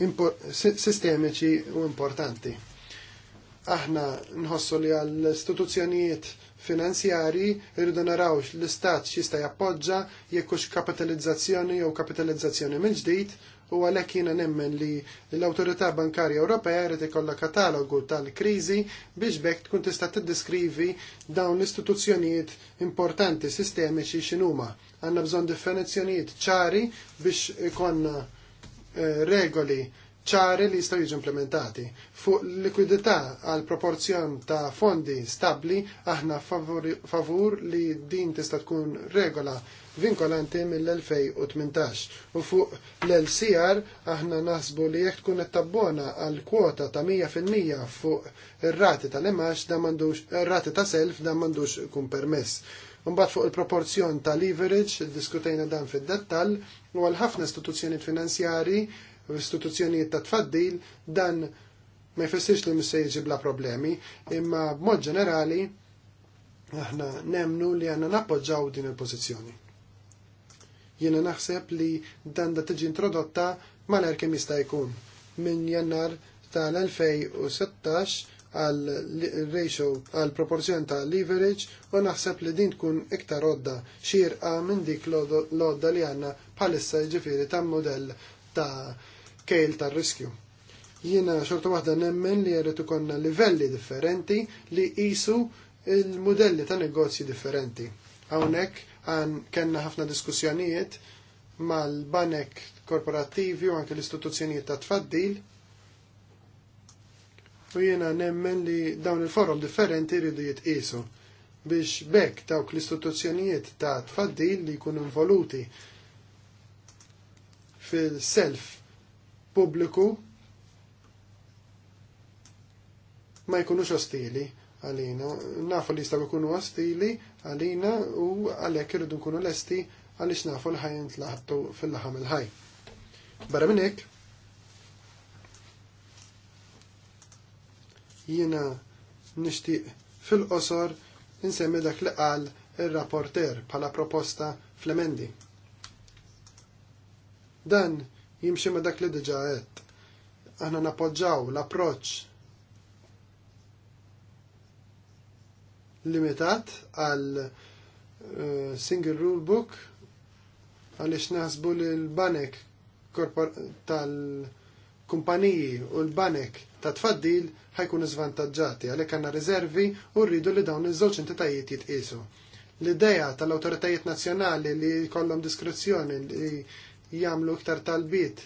sistemiċi u importanti aħna nħossu li għall-istituzzjonijiet finanzjari irridu naraw l-istat xista jappoġġa jekkux kapitalizzazzjoni jew kapitalizzazzjoni mill-ġdid u għalhekk jiena nemmen li l-Awtorità Bankarja Ewropea jrid ikollha katalogu tal-kriżi biex bekk tkun tista' tiddiskrivi dawn l-istituzzjonijiet importanti sistemiċi x'inhuma. Għandna bżonn definizzjonijiet ċari biex ikonna eh, regoli ċari li jistgħu jiġu implementati. Fuq likwidità għal proporzjon ta' fondi stabli aħna favur li din tista' tkun regola vinkolanti mill-2018 u fuq l-LCR aħna naħsbu li jekk tkun tabbona għal kwota ta' 100% fuq ir-rati tal-imax da mandux ir-rati ta' self da mandux kun permess. Mbagħad fuq il-proporzjon ta' leverage diskutejna dan fid-dettall u għal ħafna istituzzjoni finanzjari u istituzzjonijiet ta' tfaddil dan ma jfessirx li mis bla problemi, imma b'mod ġenerali aħna nemnu li għanna nappoġġaw din il-pożizzjoni. Jiena naħseb li dan da tiġi introdotta malar kemm jista' jkun minn jannar tal-2016 għal ratio għal proporzjon ta' leverage u naħseb li din tkun iktar odda xirqa minn dik l-odda li għanna bħalissa ġifiri ta' modell ta' Kejl tar-riskju. Jiena xorta waħda nemmen li jrid ikonna livelli differenti li qisu il-modelli ta' negozji differenti. Hawnhekk għan kellna ħafna diskussjonijiet mal-banek korporattivi u anke l-istituzzjonijiet ta' tfaddil u jiena nemmen li dawn il-forum differenti rridu jitqisu biex bekk dawk l-istituzzjonijiet ta' tfaddil li jkunu involuti fil-self pubbliku ma jkunux ostili għalina. Nafu li jistaw ikunu ostili għalina u għalek irridu nkunu lesti għalix nafu l-ħajn tlaħtu fil laħam il-ħaj. Barra minnek, jina nishtiq fil-qosor insemmi dak li qal il-rapporter pala proposta fl-emendi. Dan jimxi ma dak li diġa għedt. Aħna napoġġaw l-approċċ limitat għal eh, single rule book għaliex naħsbu li l-banek tal-kumpaniji u l-banek ta' tfaddil ħajkun iżvantaġġati għalhekk għandna riservi u rridu li dawn iż-żewġ entitajiet jitqisu. L-idea tal-awtoritajiet nazzjonali li jkollhom diskrezzjoni li Jamlu iktar talbiet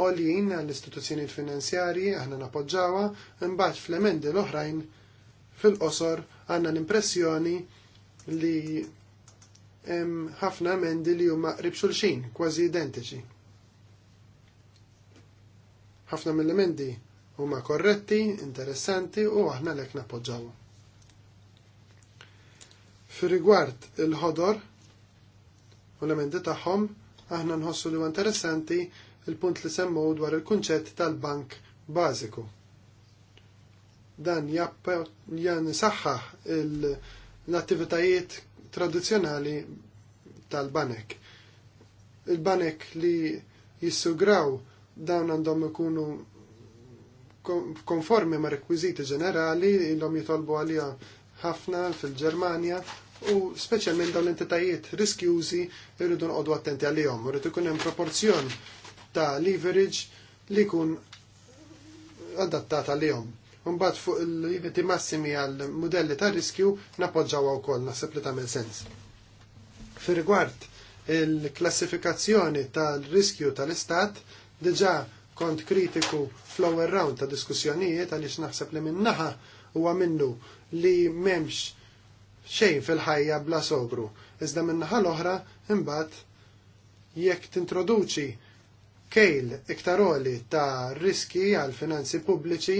għoljien għall-istituzzjonijiet finanzjarji aħna napoġġawa imbagħad fl-emendi l-oħrajn fil-qosor għandna l-impressjoni li hemm ħafna emendi li huma qrib xulxin, kważi identiċi. Ħafna mill-emendi huma korretti, interessanti u aħna lek napoġġaw. Fi rigward il-ħodor u l-emendi tagħhom aħna nħossu li interessanti il-punt li semmu dwar il-kunċett tal-bank bażiku. Dan jan saħħaħ l-attivitajiet tradizjonali tal-banek. Il-banek li jissugraw dawn għandhom ikunu konformi ma' rekwiziti ġenerali, il-lom jitolbu għalija ħafna fil-Germania u speċjalment dawn l-entitajiet riskjużi irridu nqodu attenti għalihom. Irrid ikun hemm proporzjon ta' leverage li jkun adattat għalihom. Mbagħad fuq il-limiti massimi għal mudelli ta' riskju napoġġaw wkoll naħseb li tagħmel sens. Fir-rigward il-klassifikazzjoni tal-riskju tal-istat diġà kont kritiku fl round ta' diskussjonijiet għaliex naħseb li minnaħa huwa minnu li m'hemmx xejn fil-ħajja bla sogru. Iżda minnaħa l-oħra imbagħad jekk tintroduċi kejl iktar ta' riski għal finanzi pubbliċi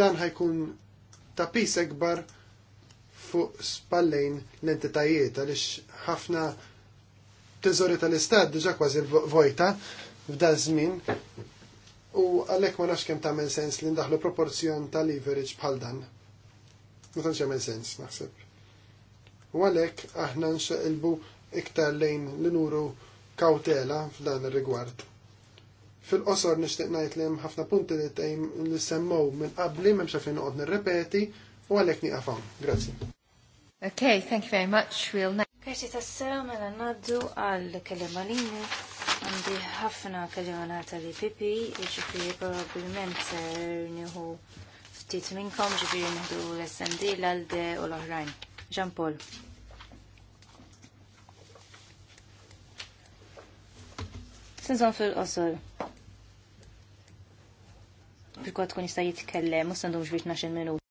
dan ħajkun ta' pis ekbar fuq spallejn l-entitajiet għaliex ħafna teżori tal-istat diġa kważi vojta f'dan żmien u għalhekk ma nafx kemm tagħmel sens li ndaħlu proporzjon ta' leverage bħal dan. Ma tantx jagħmel sens naħseb. U għalhekk aħna nxaqilbu iktar lejn li nuru kawtela f'dan ir-rigward. Fil-qosor nixtieq ngħid li hemm ħafna punti li tgħim li semmow minn qabli m'hemmx għalfejn noqgħod nirrepeti u għalhekk nieqafhom. Grazzi. Okay, thank you very much. We'll Grazie tassew mela naddu għal kelima li għandi ħafna kelima li pipi, ġifiri probabilment nieħu ftit minnkom ġifiri nieħdu l-SND l-Alde u l-oħrajn. Jean Paul. Sinżon fil-qosor. Fil-kwa tkun jista' jitkellem, mhux għandhomx biex naxin minut.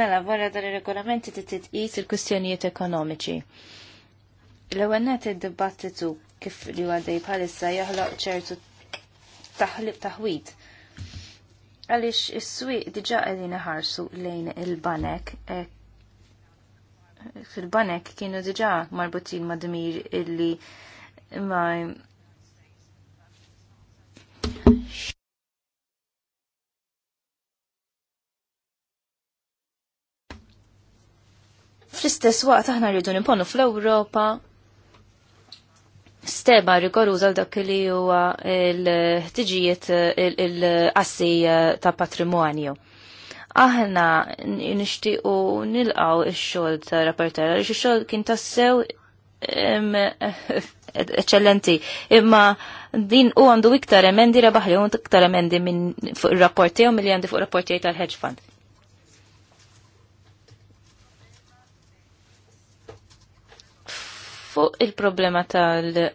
Mela, wara dar ir-regolamenti titqis il-kwistjonijiet ekonomiċi. L-ewwel net id-dibattitu kif li għaddej bħalissa jaħloq ċertu taħlib taħwit għaliex is-swieq diġà qegħdin ħarsu lejn il-banek e, fil-banek kienu diġà marbutin ma' dmir illi ma' fl-istess waqt aħna rridu nimponu fl-Ewropa stema rigoruża l dak li huwa l-ħtiġijiet il-qassi eh, ta' patrimonju. Aħna nixtiequ nilqaw ix-xogħol ta' rapporter għaliex ix-xogħol kien tassew eċċellenti. imma din u għandu iktar emendi rabaħli u iktar emendi minn fuq il-rapport tiegħu milli għandi fuq rapporti tal-hedge fund. fuq il-problema tal-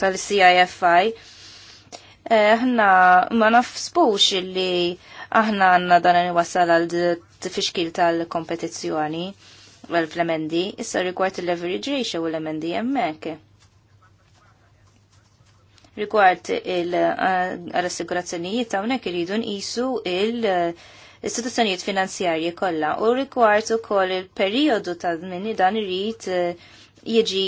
tal-CIFI. Eh, ħna ma nafspux li aħna għanna dan wasal għal t-fixkil tal-kompetizjoni għal fl-emendi, issa rigward il-leverage ratio u l-emendi jemmek. Rigward il-rassigurazzjonijiet ta' il, eh, iridu nqisu il-, -il istituzzjonijiet finanzjarji kollha u rigward ukoll il-perjodu ta' minn dan irid eh, jiġi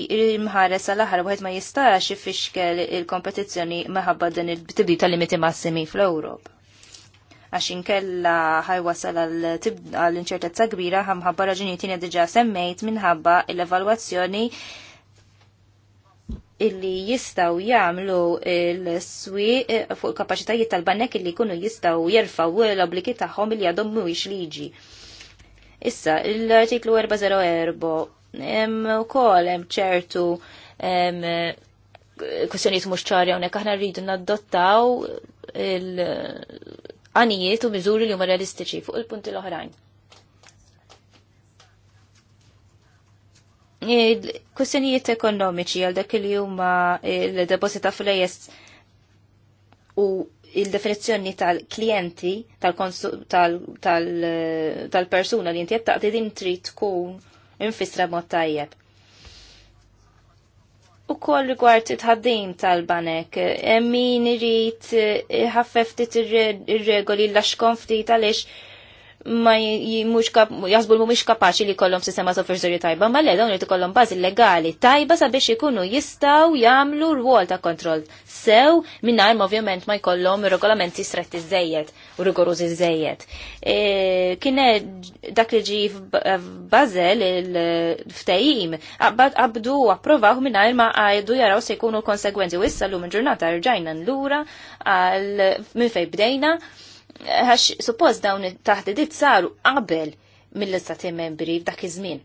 mħares għal aħħar wieħed ma jistax ifixkel il-kompetizzjoni meħabba din il-tibdi tal-limiti massimi fl-Ewropa għax inkella ħajwasal għal inċertezza kbira ħamħabba raġunijiet jiena diġà semmejt minħabba l-evalwazzjoni illi jistaw jamlu l-swi eh, fuq il-kapacitajiet tal-bannek illi kunu jistaw jerfaw l obliki taħħom illi għadhom mhuwiex liġi. Issa, l-artiklu 404 u kolem hemm ċertu kwestjonijiet mhux ċari hawnhekk aħna rridu nadottaw il-għanijiet u miżuri li huma realistiċi fuq il-punti l-oħrajn. Kustenijiet ekonomiċi għal dak li huma l deposita fl ejes u il-definizzjoni tal-klienti, tal-persuna li inti taqdi din trit kun infisra mod tajjeb. U koll rigward it-ħaddim tal-banek, eh, min irrit ħaffef ftit ir-regoli l axkonfti tal għaliex ma jimux jasbu mu mux kapaxi li kollom sistema sofferżuri tajba, ma le dawn li kollom bazi legali tajba sabiex ikunu jistaw jamlu rwol ta' kontroll sew minnajm ovvjament ma jkollom regolamenti stretti zzejiet u rigorużi zzejiet. E, kine dak li ġi bazel il-ftejim għabdu approvaw minnajm ma għajdu jaraw se jkunu konsegwenzi u issa l-lum ġurnata rġajna l-lura minn fej bdejna għax suppost dawn it-taħdidiet saru qabel mill-istati membri f'dak iż-żmien.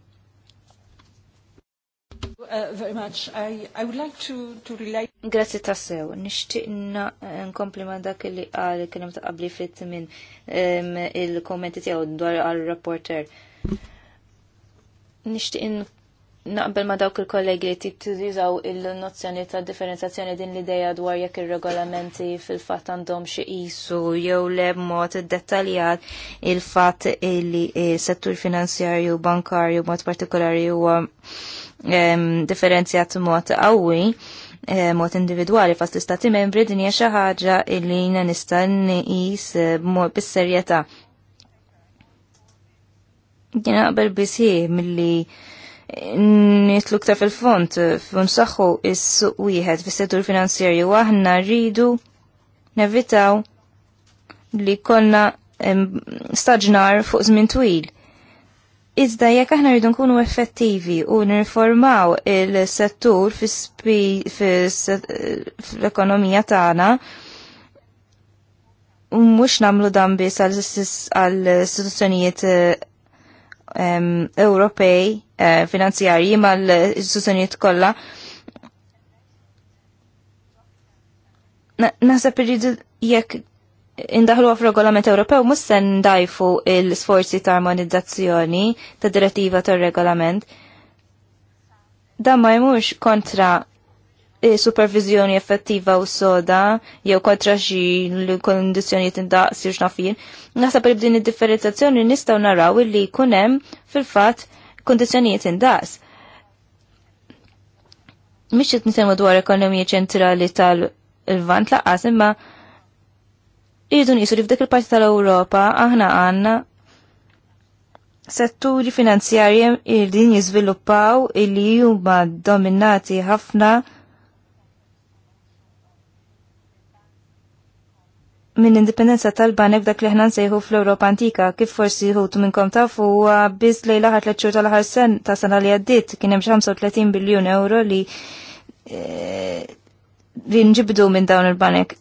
Uh, Grazzi ta' sew, nishtiq tassew. Eh, nkompli ma dak li għal kienem ta' qabli fit minn ehm, il-kommenti tijaw dwar għal-rapporter. Nishtiq naqbel ma dawk il-kollegi li tittużaw il-nozzjoni ta' differenzazzjoni din l-ideja dwar jekk ir-regolamenti fil-fatt għandhom xi qisu jew le mod dettaljat il-fatt li settur finanzjarju bankarju mod partikolari huwa differenzjat mod qawwi mod individwali fast istati membri din hija xi ħaġa li jiena nista' nqis eh, b'mod bis-serjetà. Jiena qabel bisih milli nitlu ktar fil-font, f'nsaħħu is-suq wieħed fis-settur u aħna rridu nevitaw li konna staġnar fuq żmien twil. Iżda jekk aħna rridu nkunu effettivi u nirformaw il-settur fl-ekonomija tagħna, mux namlu dan biss għal-istituzzjonijiet Ewropej eh, finanzjarji mal-istituzzjonijiet kollha. Naħseb jekk indaħlu għaf regolament Ewropew mussen se ndajfu l-sforzi ta' armonizzazzjoni ta' direttiva ta' regolament. Dan ma jmux kontra Eh, supervizjoni effettiva u soda jew kontra xi l tinda indaqs nafin. Naħseb li b'din id-differenzjazzjoni nistgħu naraw li jkun hemm fil-fatt kondizzjonijiet indaqs. Mhix qed nisemmu dwar ekonomija ċentrali tal-Vant laqas imma jridu nisu li f'dik il-parti tal-Ewropa aħna għandna setturi finanzjarji irdin jiżviluppaw illi huma dominati ħafna minn indipendenza tal-banek dak li ħna nsejħu fl-Ewropa antika, kif forsi ħutu minnkom tafu u biss li laħat l ċur tal-ħar sen ta' sena li għaddit kien hemm 35 biljun euro li eh, li nġibdu minn dawn il-banek.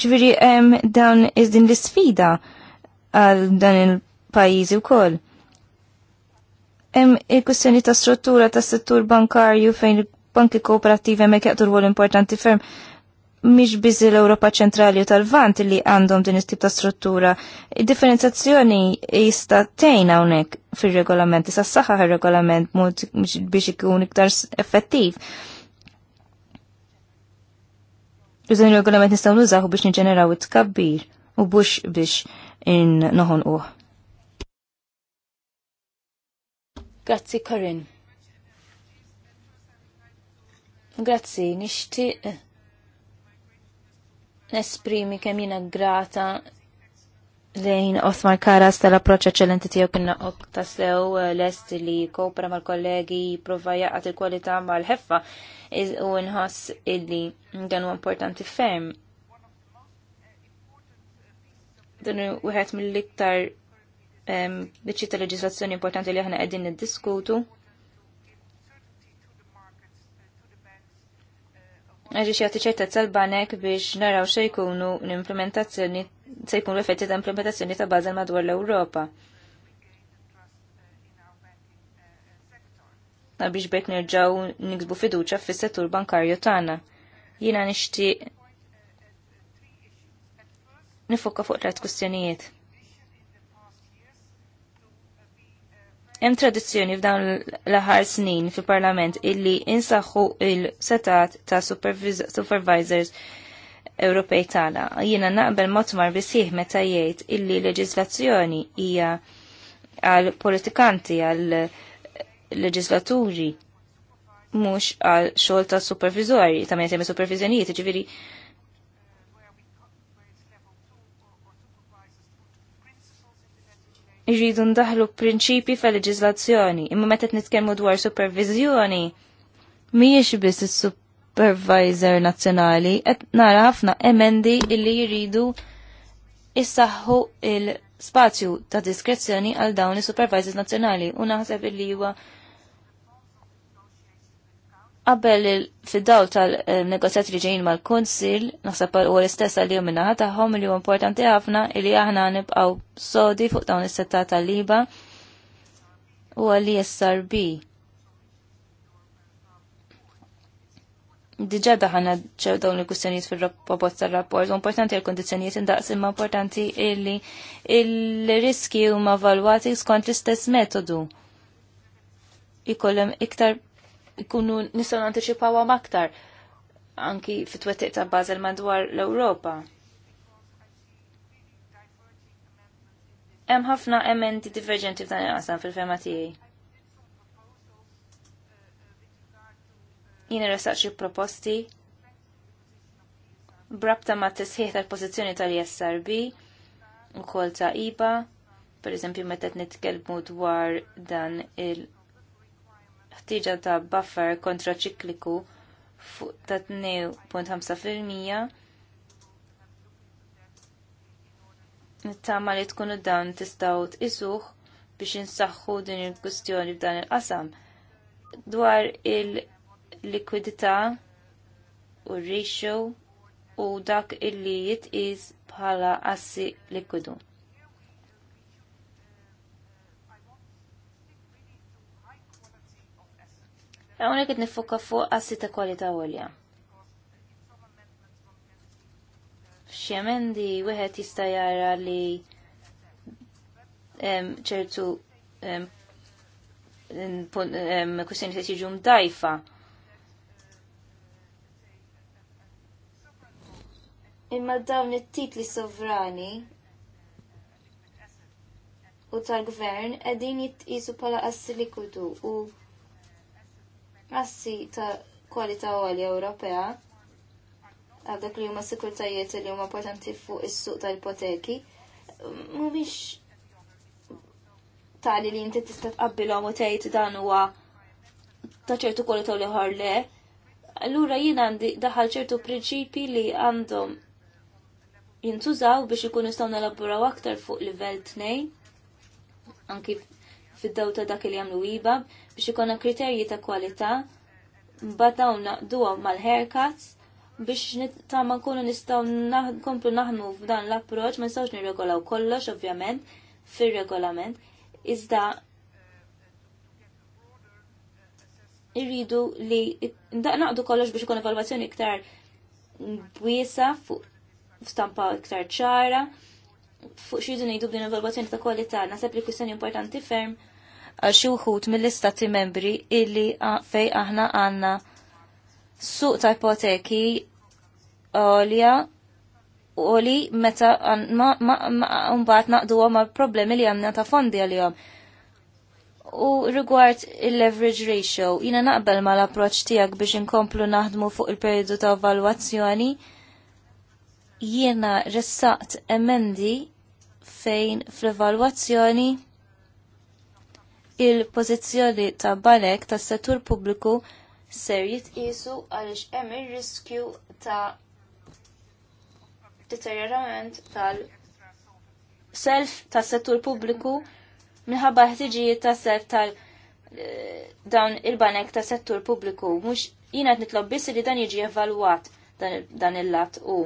Ġifieri hemm dawn iż-din l-isfida għal dan il-pajjiżi wkoll. Hemm il-kwistjoni ta' struttura ta' settur bankarju fejn il-banki kooperattivi hemmhekk jaqdu rwol importanti ferm mhix biżi l-Ewropa ċentrali u tal-Vant li għandhom din it-tip ta' struttura. Id-differenzjazzjoni jista' tgħin hawnhekk fir-regolament, issa saħħaħ ir-regolament biex ikun iktar effettiv. Użan il-regolament nistaw nużaħu biex nġeneraw it-kabbir u biex biex in noħon uħ. Grazzi Karin. Grazzi, nishtiq nesprimi kemm jiena grata lejn Othmar Karas tal-approċċ eċċellenti tiegħu kien noqgħod tassew eh, lest li kopra mal-kollegi jipprova jaqgħat il-kwalità mal-ħeffa u nħoss illi dan huwa importanti ferm. Dan wieħed mill-iktar biċċi tal leġislazzjoni importanti li aħna qegħdin niddiskutu. ġiex jagħti ċertezza l-banek biex naraw se jkunu l-implementazzjoni se jkunu effetti ta' implementazzjoni ta' Basel madwar l-Ewropa. Na biex bekk nerġaw niksbu fiduċa fis-settur bankarju tagħna. Jiena nixtieq nifokka fuq l-għat kustjonijiet. Hemm tradizzjoni f'dawn l-aħħar snin fil-Parlament illi insaħħu il-setat ta' supervisors Ewropej tagħna. Jiena naqbel motmar bisih meta jgħid illi leġislazzjoni hija għal politikanti għal leġislaturi mhux għal xogħol ta' supervizori, ta' meta supervizjonijiet, ġifieri Jridu ndaħlu prinċipi fil-leġizlazzjoni, imma meta nitkellmu dwar supervizjoni, mhijiex biss is-supervisor nazzjonali, qed nara ħafna emendi illi jridu issaħħu il-spazju ta' diskrezzjoni għal dawn is-supervisors nazzjonali u naħseb illi huwa Qabel fid-daw tal-negozjat li ġejjin mal-Kunsil, naħseb u l-istess għal jom minnaħa tagħhom li huwa importanti ħafna li aħna nibqgħu sodi fuq dawn is-setta tal-liba u għalli SRB. Diġa daħna ċew dawn il-kustjonijiet fil-rapport tal-rapport, importanti għal-kondizjonijiet indaqs imma importanti illi il-riski huma valwati skont l-istess metodu. Ikollem iktar ikunu nistgħu nantiċipawhom aktar anki fit-twettiq ta' Basel madwar l-Ewropa. Hemm ħafna emendi divergenti f'dan il-qasam fil-fema tiegħi. Jien irresaq xi proposti brabta ma' tisħiħ tal-pożizzjoni tal-ISRB ukoll ta' IBA, pereżempju meta meta nitkellmu dwar dan il- ħtiġa ta' buffer kontraċikliku fuq ta' 2.5% nittama li tkunu dawn tistaw tqisuh biex insaħħu din il-kustjoni f'dan il-qasam. Dwar il-likwidità u r-ratio u dak illi jitqis bħala assi likwidu. Għawna għed nifuka fuq assi ta' kualita għolja. Xiemendi, wieħed jista' jara li ċertu kwistjoni se jiġu mdajfa. Imma dawn it-titli sovrani u tal-gvern qegħdin jitqisu bħala assilikudu u rassi ta' kwalità għolja Ewropea għal dak li huma sikurtajiet li huma importanti fuq is-suq tal-ipoteki, mhumiex tali li inti tista' tqabbilhom u tgħid dan huwa ta' ċertu kwalità u ħar le. Allura jien għandi daħal ċertu prinċipi li għandhom jintużaw biex ikunu jistgħu nelaboraw aktar fuq livell tnejn anki fid-dawta dak li għamlu iba biex ikonna kriterji ta' kwalità mbagħad dawn naqduhom mal-haircuts biex ma nkunu nistgħu nkomplu naħnu f'dan l-approċċ ma nistgħux nirregolaw kollox ovvjament fir-regolament iżda irridu li naqdu kollox biex ikun evalwazzjoni iktar bwiesa fuq stampa iktar ċara fuq xi jridu ngħidu evalwazzjoni ta' kwalità naħseb li kwistjoni importanti ferm għal xi wħud mill-istati membri illi fej aħna għandna suq ta' ipoteki għolja u li meta mbagħad naqdu għom problemi li għandna ta' fondi għalihom. U rigward il-leverage ratio, jina naqbel ma l-approċ tijak biex inkomplu naħdmu fuq il-periodu ta' evalwazzjoni, jiena ressaqt emendi fejn fl-evalwazzjoni il-pożizzjoni ta' banek tas settur pubbliku ser jitqisu għaliex hemm ir-riskju ta' deterjorament tal-self tas settur pubbliku minħabba ħtiġijiet ta' self tal- eh, dawn il-banek ta' settur pubbliku. Mux jina qed nitlob biss li dan jiġi evalwat dan il-lat u.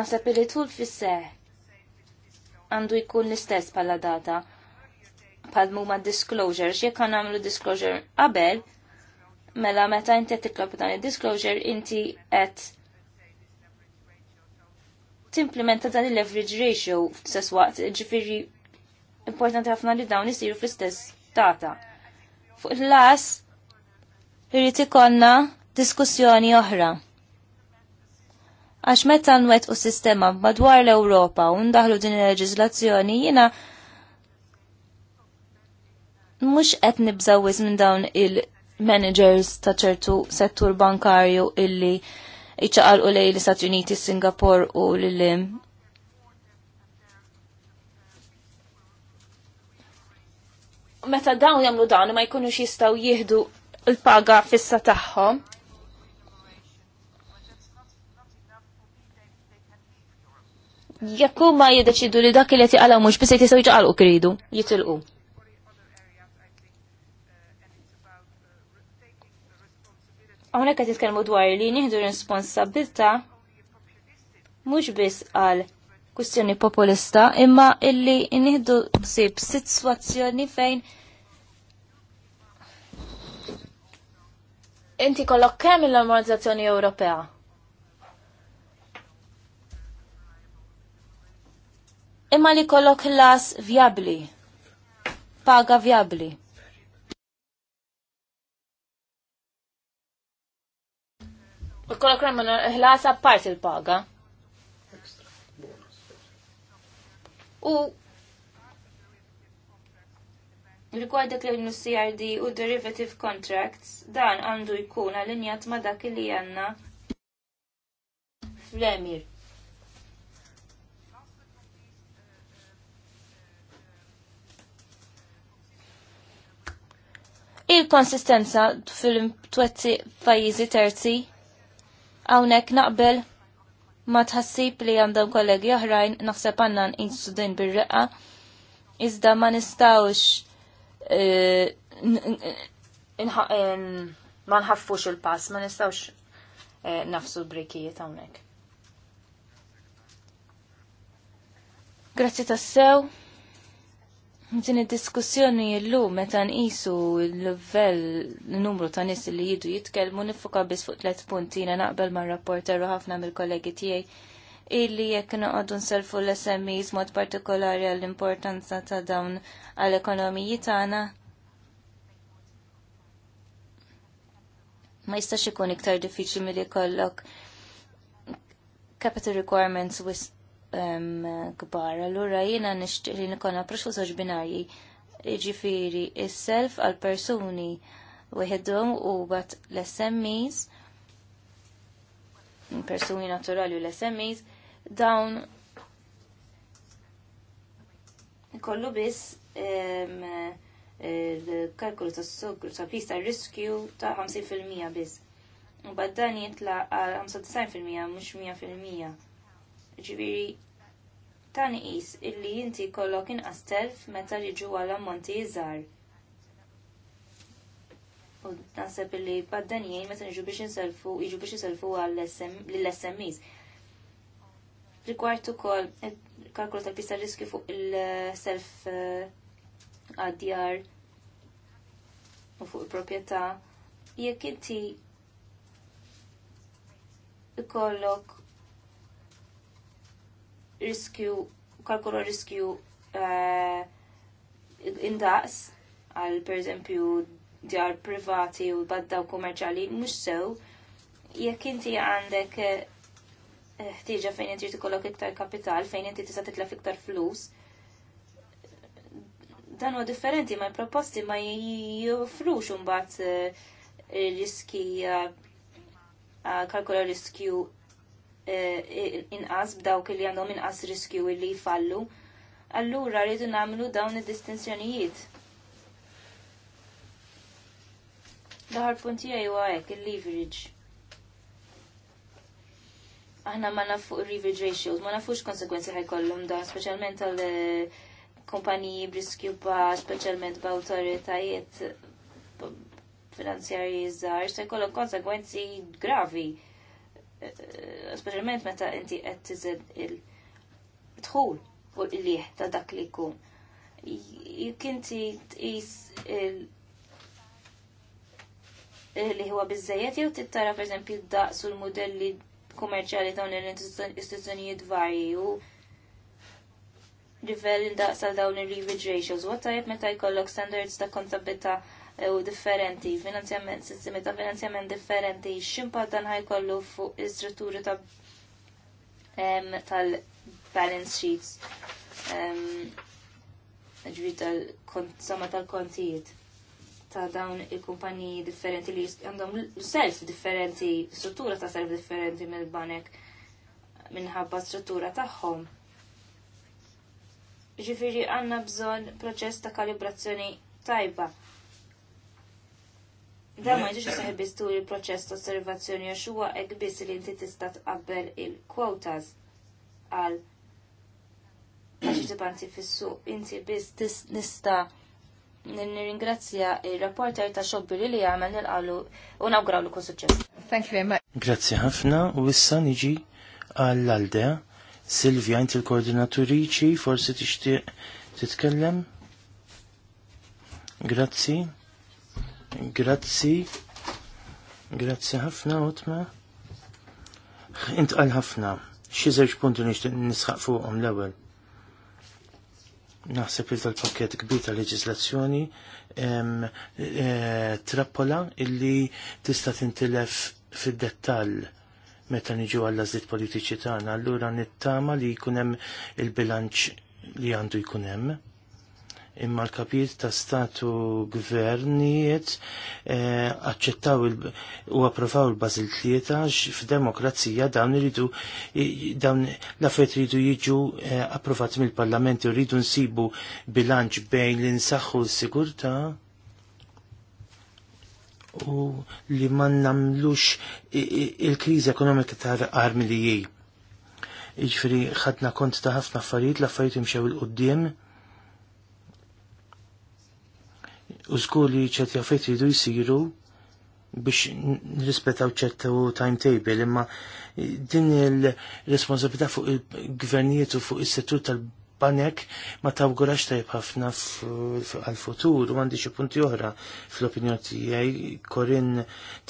Naħseb li tul fisse għandu jkun l-istess pala data pal muma disclosure, jekk kan għamlu disclosure qabel, mela meta inti qed dan id-disclosure inti qed timplementa dan il-leverage ratio f'stess waqt, ġifiri importanti ħafna li dawn isiru fl-istess data. Fuq il-las irrid ikollna diskussjoni oħra. Għax meta nwet u sistema madwar l-Ewropa u ndaħlu din il leġizlazzjoni jiena mhux qed nibżawwiż minn dawn il-managers ta' ċertu settur bankarju illi u lej l-Istati Uniti, Singapore u lil meta dawn jagħmlu dawn ma jkunux jistgħu jieħdu l-paga fissa tagħhom. Jekk huma jiddeċidu li dak li qed mux, mhux biss jistgħu u kridu, jitilqu. Hawnhekk qed nitkellmu dwar li nieħdu responsabilità mhux biss għal kwistjoni populista imma illi nieħdu sib sitwazzjoni fejn inti kollok kemm l normalizzazzjoni Ewropea? Imma li kollok las vjabli, paga vjabli. U kollok ramma ħlasa part il-paga. U Rigward dak li CRD u derivative contracts, dan għandu jkun għal-injat ma dak li għanna fl-emir. Il-konsistenza fil-twetzi fajizi terzi Hawnhekk naqbel ma tħassib li għandhom kollegi oħrajn naħseb għandna n-insudin bir-reqqa, iżda ma nistawx e, e, ma nħaffux il-pass, ma nistgħux e, nafsu l għawnek. hawnhekk. Grazzi tassew din id-diskussjoni llum meta nqisu l-livell numru ta' nies li jidu jitkellmu nifuka biss fuq tliet punti naqbel ma' rapporteru ħafna mill-kollegi tiegħi illi jekk noqogħdu nselfu l-SMEs mod partikolari għall-importanza ta' dawn għall-ekonomiji tagħna. Ma jistax ikun iktar diffiċli milli jkollok capital requirements wisq kbar. Allura jiena nixtieq li nikonna proċu żewġ binarji. Jiġifieri il self għal persuni wieħedhom u bat l-SMEs persuni naturali u l-SMEs dawn kollu biss il-kalkulu ta' s-sugru ta' pista riskju ta' 50% biss. U bad dan jitla għal 95% mux 100% ġviri tani is illi jinti kollok inqas telf meta jiġu għal ammonti iżgħar. U naħseb illi baddanijin meta jiġu biex inselfu, jiġu biex inselfu għall-SMEs. Rigward ukoll kalkulu tal-pista riski fuq il-self eh, għaddjar u fuq il-proprjetà, jekk inti ikollok riskju, kalkolo riskju uh, indaqs għal per eżempju djar privati u badda u kummerċali mux sew jekk inti għandek eh, ħtieġa fejn inti tikollok iktar kapital, fejn inti tista' titlaf iktar flus, dan huwa differenti ma' proposti ma' jofrux imbagħad eh, riski kalkula riskju Eh, inqas b'dawk li għandhom inqas riskju li jfallu, allura rridu nagħmlu dawn id-distinzjonijiet. Daħar punti għajwa hekk il-leverage. Aħna ma nafu leverage ratios, ma nafux konsekwenzi ħajkollhom da, speċjalment għal eh, kumpaniji briskju ba' speċjalment ba' autoritajiet finanzjarji żgħar, se jkollhom konsekwenzi gravi speċjalment meta inti qed tiżed il-dħul u l lieħ ta' dak li jkun. Jekk inti tqis il- li huwa biżejjed jew tittara pereżempju d-daqs u l-modelli kummerċjali dawn l-istituzzjonijiet varji u livell daqs għal dawn il-leverage ratios. What tajjeb meta jkollok standards ta' kontabilità u differenti, finanzjament, sistemi ta' finanzjament differenti, x'impatt dan ħajkollu fuq istrutturi ta' tal-balance sheets, ġvi tal-sama tal-kontijiet ta' dawn il-kumpaniji differenti li għandhom self differenti, struttura ta' self differenti mill-banek minħabba struttura tagħhom. Ġifiri għanna bżon proċess ta' kalibrazzjoni tajba Da ma ġiġi saħib bistu il-proċess ta' osservazzjoni għax huwa hekk biss li inti tista' tqabbel il-quotas għal parċipanti fis-suq. Inti biss nista' nirringrazzja il-rapporter ta' xobbi li jagħmel nil-għallu u nawgrawlu kun suċċess. Thank you very much. Grazzi ħafna u issa niġi għall aldea Silvia, inti l koordinaturiċi forsi tixtieq titkellem? Grazzi. Grazzi. Grazzi ħafna, Otma. Intqal ħafna. Xi żewġ punti nixtieq nisħaq fuqhom l-ewwel. Naħseb il tal-pakket kbir ta' leġislazzjoni e, trappola illi tista' tintilef fid-dettall meta niġu għall-għażliet politiċi tagħna, allura nittama li jkun hemm il-bilanċ li għandu jkun hemm imma l-kapijiet ta' statu gvernijiet eh, aċċettaw u approvaw il bazil tlieta f'demokrazija dawn iridu dawn l-affarijiet iridu jiġu eh, approvati mill-Parlament u rridu nsibu bilanċ bejn l nsaħħu s-sigurtà u li ma namlux il-kriżi ekonomika ta' armi li jiej. Jiġifieri ħadna kont ta' ħafna affarijiet, l-affarijiet imxew il-qoddim, u żgur li ċerti affetti jridu jsiru biex nirrispettaw ċertu timetable imma din il-responsabilità fuq il-gvernijiet u fuq is-settur tal-banek ma tawgurax tajb ħafna għal-futur u għandi xi punti oħra fl-opinjoni tiegħi Korin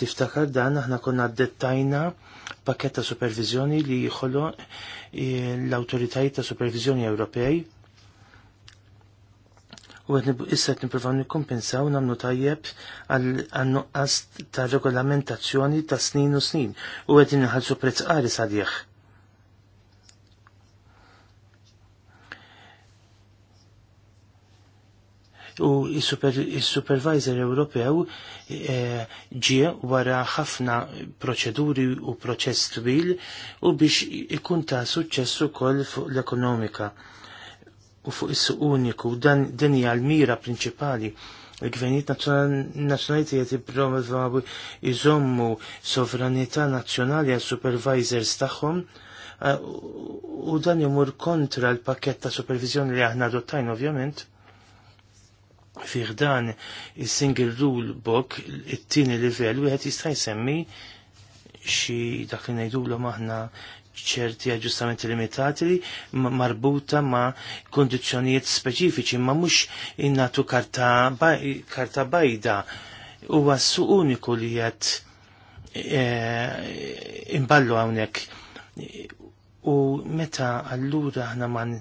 tiftakar dan aħna konna dettajna pakketta ta' supervizjoni li jħolo eh, l-autoritajiet ta' supervizjoni Ewropej u għed issa niprofaw nikkompensaw namnu tajjeb għal-nuqqas ta' regolamentazzjoni ta' snin u snin u għed nħalsu prezz għaris għadjeħ. U il-Supervisor Ewropew eh, ġie wara ħafna proċeduri u proċess twil u biex ikun ta' suċċessu kol fuq l-ekonomika u fuq is-suq uniku dan din hija l-mira prinċipali. Il-gvernijiet nazzjonali qed jippromovaw iżommu sovranità nazzjonali għal supervisors tagħhom eh, u dan jmur kontra l-pakket ta' supervizjoni li aħna adottajn ovvjament fih dan il-single rule book it-tieni livell wieħed jista' jsemmi xi dak li ngħidulhom aħna ċerti aġġustamenti limitati li marbuta ma' kondizjonijiet speċifiċi, ma' mux innatu karta, ba karta bajda u għassu uniku li jett e, eh, imballu għawnek. U meta allura aħna man,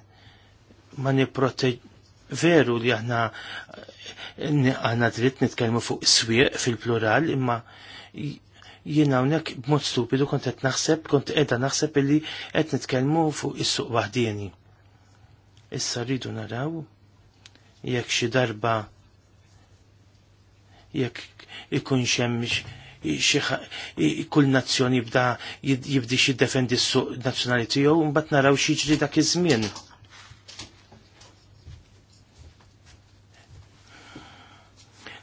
ma niproteġ veru li aħna eh, aħna dritt nitkellmu fuq swieq fil-plural imma jien hawnhekk b'mod stupidu kont qed naħseb, kont qiegħda naħseb illi qed nitkellmu fuq is-suq waħdieni. Issa rridu naraw jekk xi darba jekk ikun xemm kull nazzjoni jibda jibdi xi defendi s-suq nazzjonali tiegħu mbagħad naraw xi dak iż-żmien.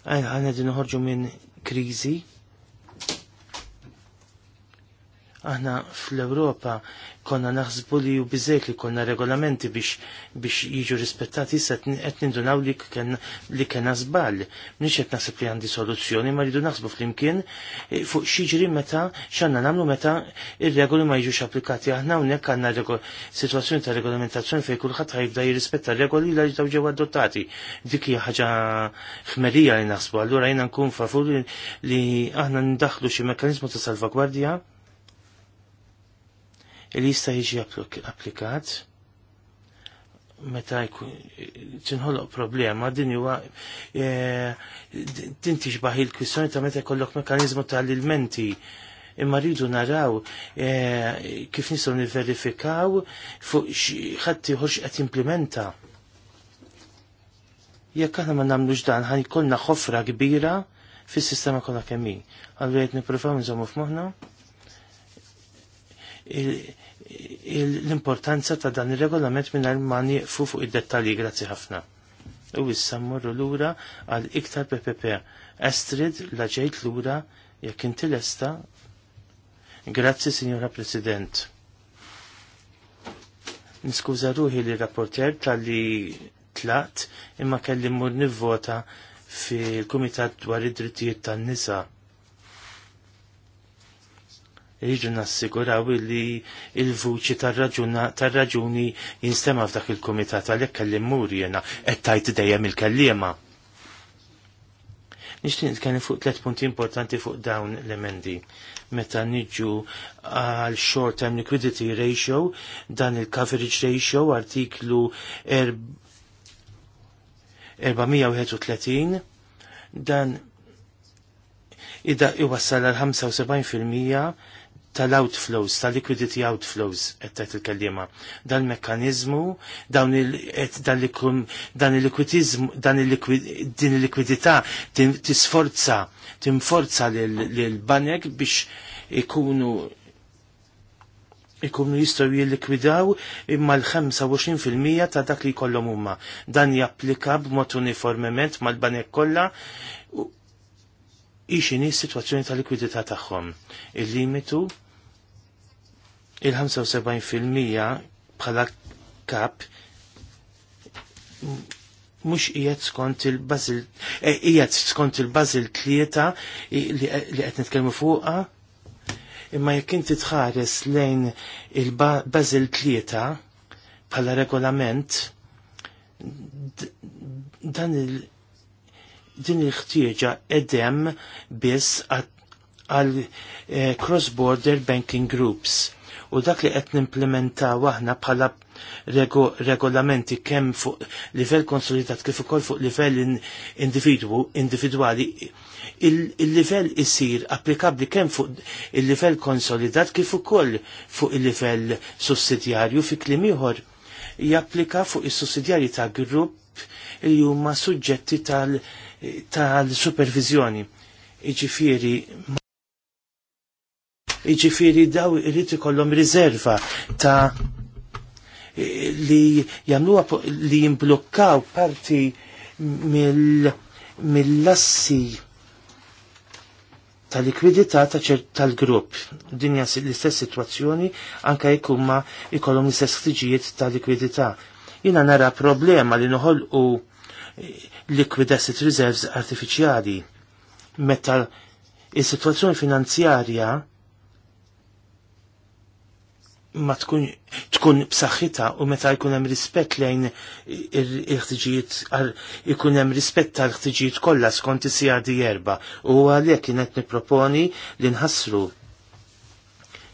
Għana din uħorġu minn krizi Aħna fl-Ewropa konna naħsbu li u biżejt li konna regolamenti biex, biex jiġu rispettati issa qed nindunaw li kien li kien żball. Mhix qed naħseb li għandi soluzzjoni, ma rridu naħsbu flimkien eh, fuq xiġri meta x'għandna nagħmlu meta ir-regoli ma jiġux applikati. Aħna hawnhekk għandna sitwazzjoni ta' regolamentazzjoni fejn kulħadd ħajbda jirrispetta regoli li ġdaw ġew adottati. Dik hija ħaġa ħmerija li naħsbu. Allura jiena nkun favur li aħna ndaħlu xi mekkaniżmu ta' salvagwardja li jista' jiġi applikat meta tinħoloq problema din huwa e, din tixbaħ l kwissjoni ta' meta jkollok mekanizmu tal-ilmenti imma rridu naraw e, kif nistgħu nivverifikaw fuq ħadd ieħor qed implementa. Jekk aħna ma nagħmlux dan ħan ikollna ħofra kbira fis-sistema kollha kemm hi. Allura qed nippruvaw nżommu f'moħħna l-importanza ta' dan il-regolament minn armani mani fuq id-dettali, grazzi ħafna. U issa mmorru lura għal iktar PPP. Astrid la ġejt lura jekk inti lesta. Grazzi, Signora President. Niskuża ruħi li rapporter tal-li tlaqt imma kelli mur nivvota fil-Kumitat dwar id-drittijiet tan-nisa Rridu nassiguraw li il-vuċi tar-raġuni jinstema f'dak il-komitat għalhekk kellimur jena qed tajt dejjem il kallima Nixtieq nitkellem fuq tliet punti importanti fuq dawn l-emendi. Meta niġu għal short term liquidity ratio, dan il-coverage ratio artiklu 431 er- dan ida iwassal għal 75% tal-outflows, tal-liquidity outflows, għettet il-kellima. Dan il-mekanizmu, dan il liquidizmu dan il-likwidità tisforza, timforza l-banek biex ikunu ikunu jistaw jillikwidaw imma l-25% ta' dak li kollom umma. Dan japplika b'mod uniformement mal-banek kollha ixini situazzjoni ta' likwidità tagħhom. Il-limitu il-75% bħala kap mux ijat skont il-bazil, eh, ijat skont il-bazil tlieta li għet nitkelmu fuqa, imma jekk inti tħares lejn il-bazil tlieta bħala regolament, dan il- din il-ħtieġa edem biss għal eh, cross-border banking groups u dak li qed nimplementa aħna bħala regolamenti kemm fuq livell konsolidat kif ukoll fuq livell individwu individwali il-livell il isir applikabli kemm fuq il-livell konsolidat kif ukoll fuq il-livell sussidjarju fi klim ieħor japplika fuq is-sussidjarji ta' grupp li huma suġġetti tal-supervizjoni. Iġifieri Iġifiri daw irrit ikollhom riserva ta' li jamluwa li jimblokkaw parti mill-lassi ta' likwidità ta' tal-grupp. Dinja l-istess situazzjoni anka jkumma ikollhom l-istess ħtiġijiet ta' likwidità Jina nara problema li noħolqu eh, liquid asset reserves artifiċjali meta is-sitwazzjoni finanzjarja ma tkun tkun b'saħħitha u meta jkun hemm rispett lejn il-ħtiġijiet ikun hemm rispett tal-ħtiġijiet kollha skont is-CRD erba u għalhekk kien qed nipproponi li nħassru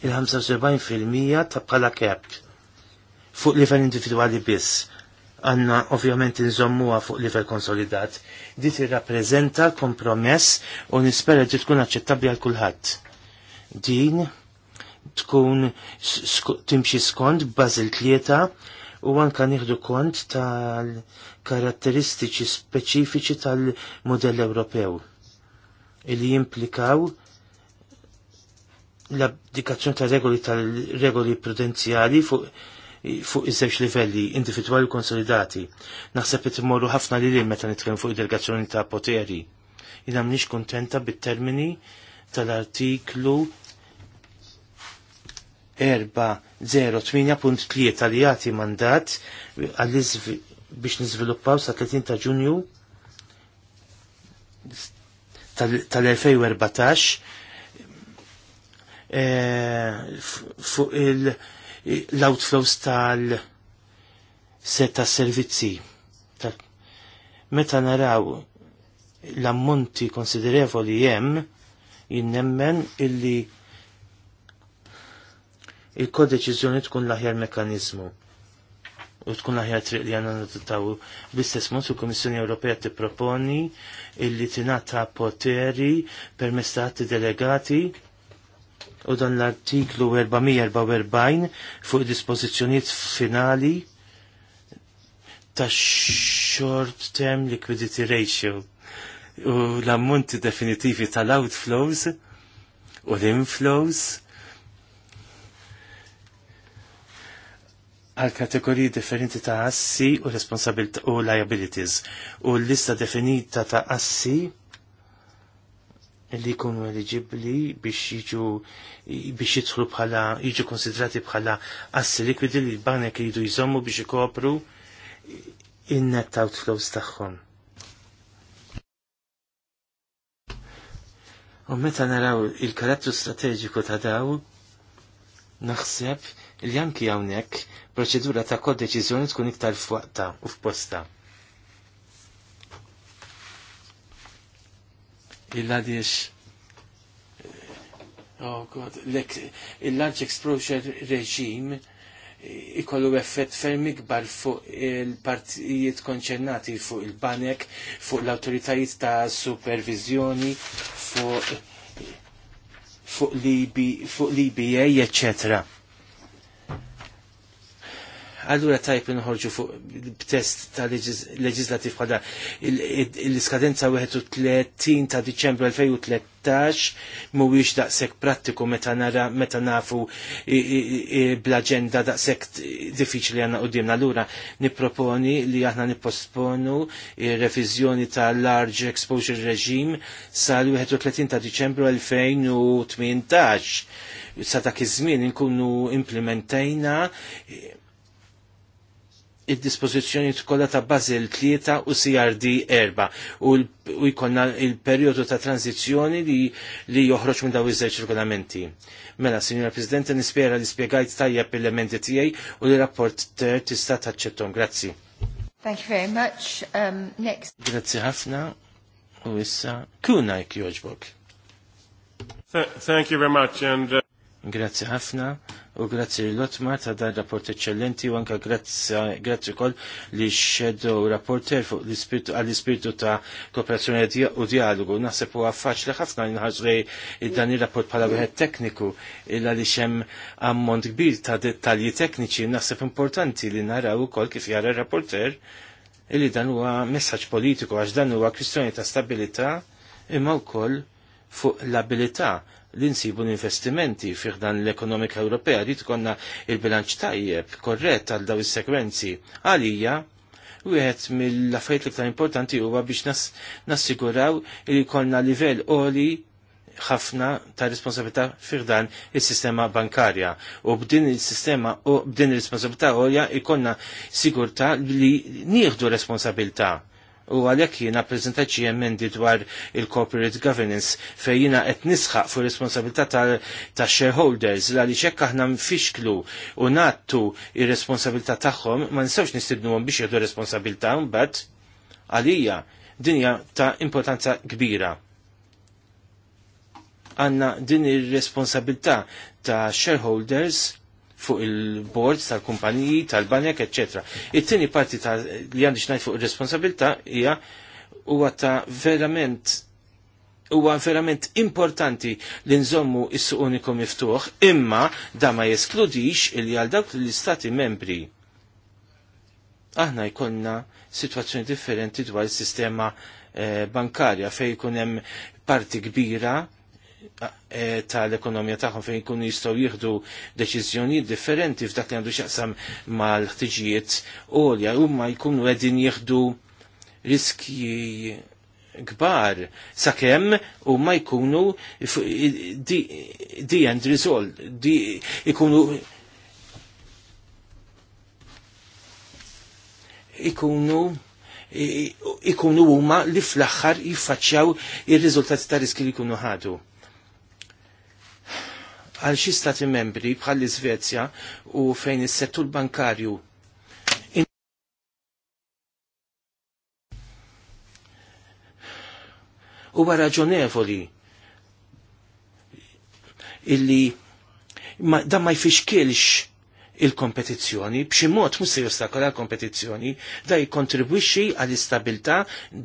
il-75% ta' bħala kepp fuq livell individwali biss għanna ovvjament nżommuha fuq livell konsolidat. dit irrappreżenta kompromess u nispera li tkun aċċettabbli għal kulħadd. Din tkun timxi skont bazil tlieta u anka nieħdu kont tal-karatteristiċi speċifiċi tal-modell Ewropew li jimplikaw l-abdikazzjoni ta' regoli tal-regoli prudenzjali fuq iż-żewġ livelli individwali u konsolidati. Naħseb li morru ħafna li lil meta nitkellem fuq id-delegazzjoni ta' poteri. Jina mniex kontenta bit-termini tal-artiklu 408.3 li jati mandat biex niżviluppaw sa 30 ta' Ġunju tal-2014 fuq l-outflows tal-setta servizzi. Meta naraw l-ammonti konsiderevoli jem, jinnemmen illi il-kodeċiżjoni tkun l-aħjar mekanizmu u tkun laħjar triq li għanna nitutaw bl-istess mod u Komissjoni Ewropea tipproponi illi tingħata poteri permezz ta' delegati u dan l-artiklu 444 fuq dispożizzjonijiet finali ta' short term liquidity ratio u l-ammonti definitivi tal-outflows u l-inflows għal kategoriji differenti ta' assi u responsabilta u liabilities u l-lista definita ta' assi li jkunu eligibli biex jiġu biex jidħlu bħala jiġu konsidrati bħala assi likwidi li l-banek jridu jżommu biex ikopru in-net outflows tagħhom. U meta naraw il-karattru strateġiku ta' daw, naħseb li anki hawnhekk proċedura ta' kod deċiżjoni tkun iktar f'waqta u f'posta. Il ladiex eh, Oh God, il-large exposure regime eh, ikollu effett ferm ikbar fuq il-partijiet konċernati fuq il-banek, fuq l-autoritajiet ta' supervizjoni, fuq fuq l-IBA, eccetera Allura tajp nħorġu fuq b'test ta' leġislativ bħala l-iskadenza 31 ta' Diċembru 2013 mhuwiex daqshekk prattiku meta nara meta nafu bl-aġenda daqshekk diffiċli għandna qudiemna. Allura nipproponi li aħna nipposponu ir-reviżjoni tal-large exposure regime sal-31 ta' Diċembru 2018. Sa dak iż-żmien inkunu implementajna id-dispożizzjoni kollha ta' Basel 3 u CRD 4 u jkollna il periodu ta' tranzizjoni li, li joħroġ minn daw iż-żewġ regolamenti. Mela, Signora Presidente, nispera li spjegajt tajjeb l-elementi tiegħi u li rapport tista' taċċettom. Grazzi. Thank you very much. Um, next. Grazzi ħafna u issa kuna jk joġbok. Th thank you very much and uh... Grazzi ħafna u grazzi l-Lotma ta' dan rapport eccellenti u anka grazzi kol li xeddu rapporter fuq ispirtu ta' kooperazzjoni u dialogu. Naħseb u għaffaċ li ħafna li id dan il-rapport pala wieħed tekniku illa li xem ammont kbir ta' dettalji tekniċi naħseb importanti li naraw ukoll kif jara rapporter illi dan huwa messaġġ politiku għax dan huwa kwistjoni ta' stabilità imma wkoll fuq l-abilità li nsibu l-investimenti fih dan l-ekonomika Ewropea li tkonna il-bilanċ tajjeb korret għal daw is-sekwenzi. Għalija, wieħed mill-affarijiet l-iktar importanti huwa biex nassiguraw li jkollna livell għoli ħafna ta' responsabilità fih dan is-sistema bankarja. U b'din il-sistema u b'din ir responsabilità għolja ikonna sigurtà li nieħdu responsabilità u għalhekk jina preżentajt emendi dwar il-corporate governance fejn jiena qed nisħaq fuq responsabilità ta' shareholders la għaliex hekk aħna nfixklu u nattu ir-responsabilità tagħhom ma nistgħux nistidnuhom biex jieħdu responsabilità bat għalija dinja ta' importanza kbira għanna din ir-responsabilità ta' shareholders fuq il board tal-kumpaniji, tal-banek, etc. It-tieni parti li għandix najt fuq ir-responsabilità hija huwa ta' verament huwa verament importanti li nżommu is-suq uniku miftuħ, imma da ma jeskludix li għal dawk l-istati membri. Aħna jkollna situazzjoni differenti dwar is-sistema eh, bankarja fej kunem hemm parti kbira Eh, tal-ekonomija tagħhom fejn ikunu jistgħu jieħdu deċiżjonijiet differenti f'dak li għandu x'jaqsam mal-ħtiġijiet għolja huma jkunu qegħdin jieħdu riskji kbar sakemm huma jkunu di end result di jkunu ikunu ikunu huma li fl-aħħar jiffaċċjaw ir-riżultati ta' riski li jkunu ħadu għal xi stati membri bħal iżvezja u fejn is-settur bankarju huwa raġonevoli illi ma, da ma jfixkilx il-kompetizzjoni, b'xi mod mhux se jostakola l-kompetizzjoni, da jikkontribwixxi għall-istabilità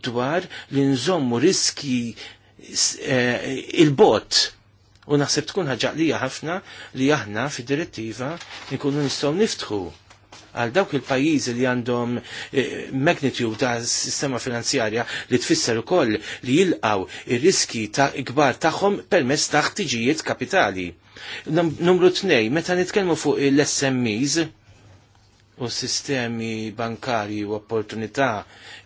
dwar li nżommu riski eh, il-bot U naħseb tkun li ħafna li aħna fid-direttiva nkunu nistgħu niftħu għal dawk il-pajjiżi li għandhom eh, magnitude ta' sistema finanzjarja li tfisser ukoll li jilqaw ir-riski ta' ikbar tagħhom permezz ta' ħtiġijiet kapitali. Numru tnej, meta nitkellmu fuq l-SMEs, u sistemi bankari u opportunità,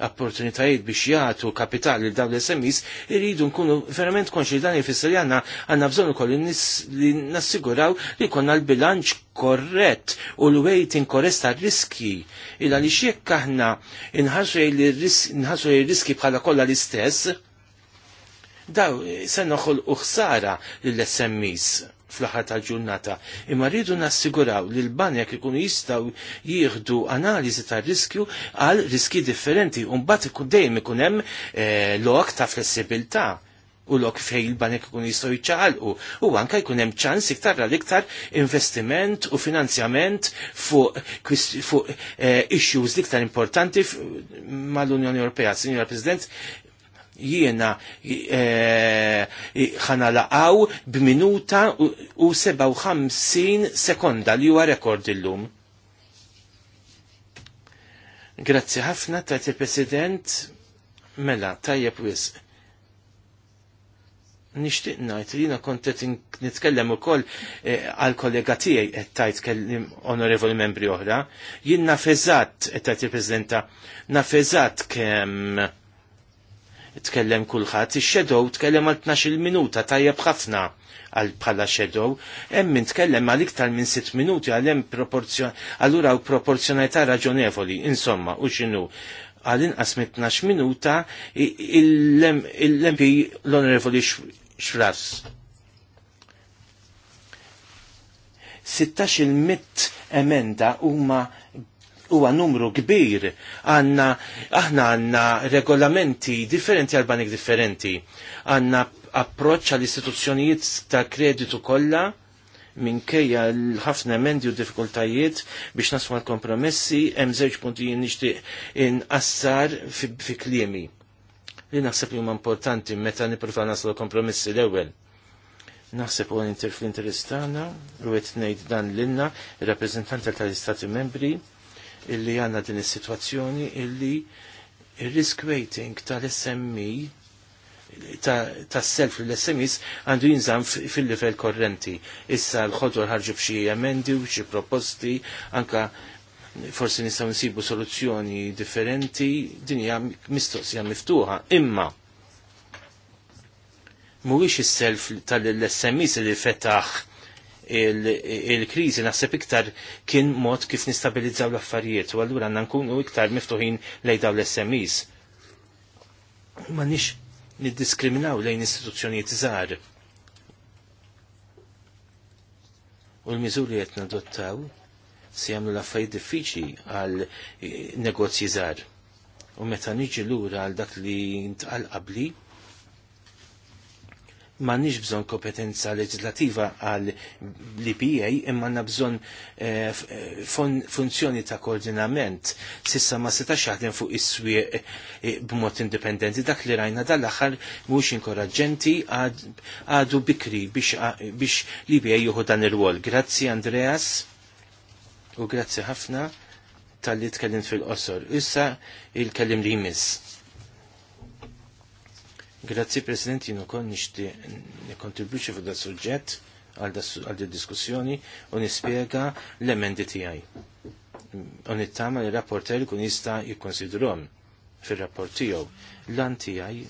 opportunitajiet biex jagħtu kapitali l dawn l-SMIs, irridu nkunu verament konxi dan jfisser għanna għanna bżon ukoll li nassiguraw li konna l-bilanċ korrett u l-wejtin korresta riski. Illa li xiekk aħna nħasru il-riski bħala kollha l-istess, daw se uħsara lill-SMIs fl-aħħar tal-ġurnata. Imma rridu nassiguraw li l-banek ikunu jistgħu jieħdu analiżi tar-riskju għal riski differenti u mbagħad ikun dejjem ikun hemm eh, lok ta' flessibilità u lok fej il-banek ikunu jistaw jiċċaqalqu. U anke jkun hemm ċans iktar l-iktar investiment u finanzjament fuq eh, issues liktar importanti mal-Unjoni Ewropea. Signora President, jiena eh, ħana laqaw b'minuta u 57 sekonda li huwa rekord illum. Grazzi ħafna tajt il-President Mela, tajjeb wisq nishtiq najt li jina kontet nitkellem u koll eh, għal kollega tijaj għettajt kellim onorevoli membri oħra, jien fezzat, għettajt il presidenta nafezzat kem tkellem kulħadd, ix-shadow tkellem għal 12 minuta tajjeb ħafna għal bħala shadow, hemm min tkellem għal iktar minn 6 minuti għal hemm proporzjon allura proporzjonalità raġonevoli, insomma, u x'inhu għal inqas minn 12 minuta il-lempi l-onorevoli xfras. 16 il-mitt emenda huma huwa numru kbir għanna aħna għanna regolamenti differenti għal banek differenti għanna approċċ għall istituzzjonijiet ta' kreditu kollha minkejja l-ħafna emendi u diffikultajiet biex nasma l-kompromessi hemm żewġ punti nixtieq inqassar fi kliemi. Li naħseb li huma importanti meta nippruva naslu kompromessi l-ewwel. Naħseb u l-interess tagħna u qed ngħid dan l-inna ir-rappreżentanti tal-Istati Membri illi għanna din is-sitwazzjoni illi il-risk rating tal-SMI e, tas-self l smis għandu jinżam fil-livell korrenti. Issa l ħodur ħarġu b'xi emendi u xi proposti anka forsi nistgħu nsibu soluzzjoni differenti din hija mistoqsija miftuħa. Imma mhuwiex is-self tal-SMIs li fetaħ il-krizi naħseb iktar kien mod kif nistabilizzaw l-affarijiet u għallura għanna nkunu iktar miftuħin lej daw l-SMEs. Ma nix niddiskriminaw lejn istituzzjonijiet żgħar. U l-miżuri qed nadottaw se jagħmlu l-affarijiet diffiċli għal negozji żgħar. U meta niġi lura għal dak li ntqal qabli, Ma nix bżonn kompetenza legislativa għal l-IPA imma għandna bżonn e, funzjoni ta' koordinament. Sissa ma setax jaħdem fuq is eh, eh, b'mod indipendenti dak li rajna dal-aħħar mhux inkoraġġenti għadu bikri biex l-IPA juħu dan ir-wol. Grazzi Andreas u grazzi ħafna tal-li tkellim fil-qosor. Issa il-kellim li jmiss. Grazzi President, jien ukoll nixtieq nikkontribwixxi fuq da suġġett għal din diskussjoni u nispjega l-emendi tiegħi. U nittama li rapporter kun jista' jikkonsidrhom fir-rapport tiegħu. Lan tiegħi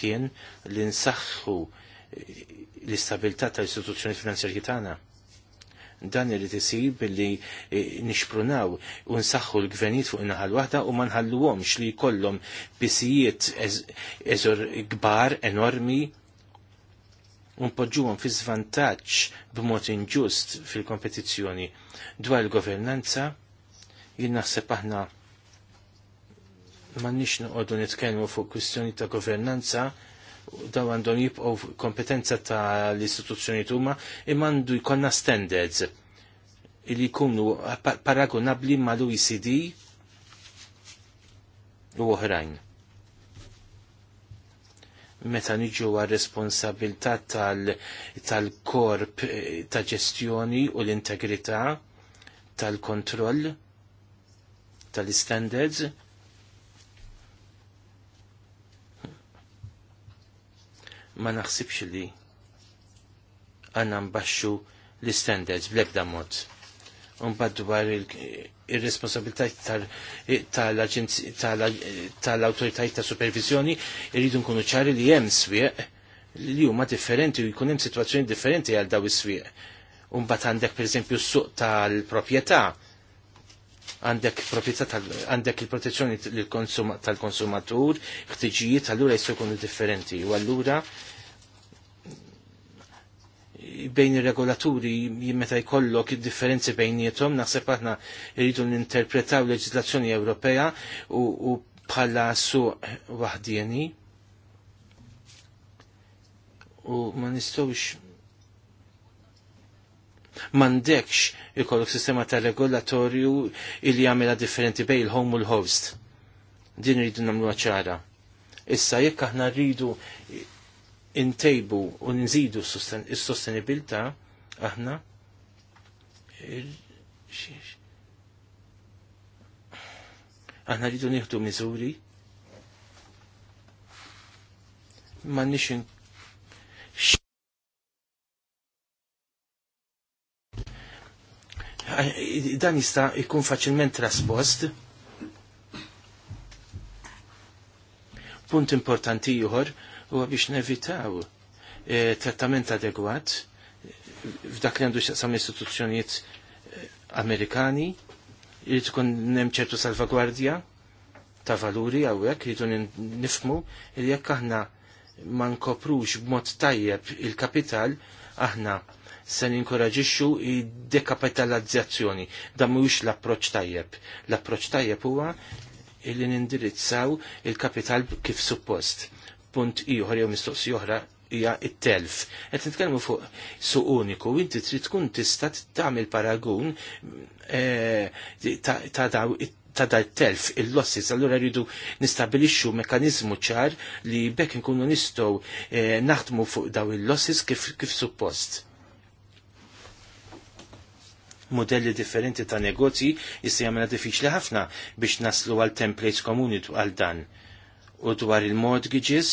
kien li nsaħħu l istabilta tal-istituzzjoni finanzjarji tagħna Dan irid isir billi e, nixprunaw u nsaħħu l-gvernijiet fuq in l waħda u ma nħalluhomx li jkollhom bisijiet eżor kbar enormi u npoġġuhom fi żvantaġġ b'mod inġust fil-kompetizzjoni dwar il-governanza jien naħseb aħna nix noqogħdu nitkellmu fuq kwistjoni ta' governanza daw għandhom jibqgħu kompetenza ta' l-istituzzjoni huma imma għandu jkollna standards li jkunu paragonabli mal-OECD u oħrajn. Meta niġu għal responsabilità tal-korp eh, ta' ġestjoni u l-integrità tal-kontroll tal-standards, ma naħsibx li għanna mbaxxu l-standards bl-ebda mod. Unbad dwar il-responsabilitajt tal-autoritajt ta' supervizjoni irridu nkunu ċari li hemm swieq li huma differenti u jkun hemm sitwazzjoni differenti għal daw is-swieq. Unbad għandek pereżempju s-suq tal-proprjetà għandek għandek il-protezzjoni tal-konsumatur, ħtiġijiet, allura jistgħu differenti. U allura bejn ir-regolaturi meta jkollok id-differenzi bejniethom naħseb aħna rridu ninterpretaw leġislazzjoni Ewropea u bħala suq waħdieni. U ma nistgħux M'għandekx ikollok sistema ta' regolatorju li jagħmilha differenti bejn il-home u l-host. Din rridu nagħmlu ċara. Issa jekk aħna rridu intejbu u nżidu s-sostenibilità aħna aħna rridu nieħdu miżuri ma nix Eh, dan jista' jkun faċilment traspost. Punt importanti ieħor huwa biex nevitaw e, trattament adegwat eh, f'dak li għandu xaqsam istituzzjonijiet Amerikani, li tkun hemm ċertu salvagwardja ta' valuri hawnhekk tkun nifmu li jekk aħna ma nkoprux b'mod tajjeb il-kapital aħna se ninkoraġixxu id-dekapitalizzazzjoni. Dan mhuwiex l-approċċ tajjeb. L-approċċ tajjeb huwa illi nindirizzaw il-kapital kif suppost. Punt ieħor jew mistoqsi oħra hija it-telf. Qed nitkellmu fuq suq uniku, inti trid tkun tista' tagħmel paragun eh, ta' daw it ta' da' telf il-lossis, allora rridu nistabilixxu mekanizmu ċar li bekk nkunu nistgħu eh, naħdmu fuq daw il-lossis kif, suppost modelli differenti ta' negozji jista' jagħmilha diffiċli ħafna biex naslu għal templates komuni għal dan. U dwar il-mortgages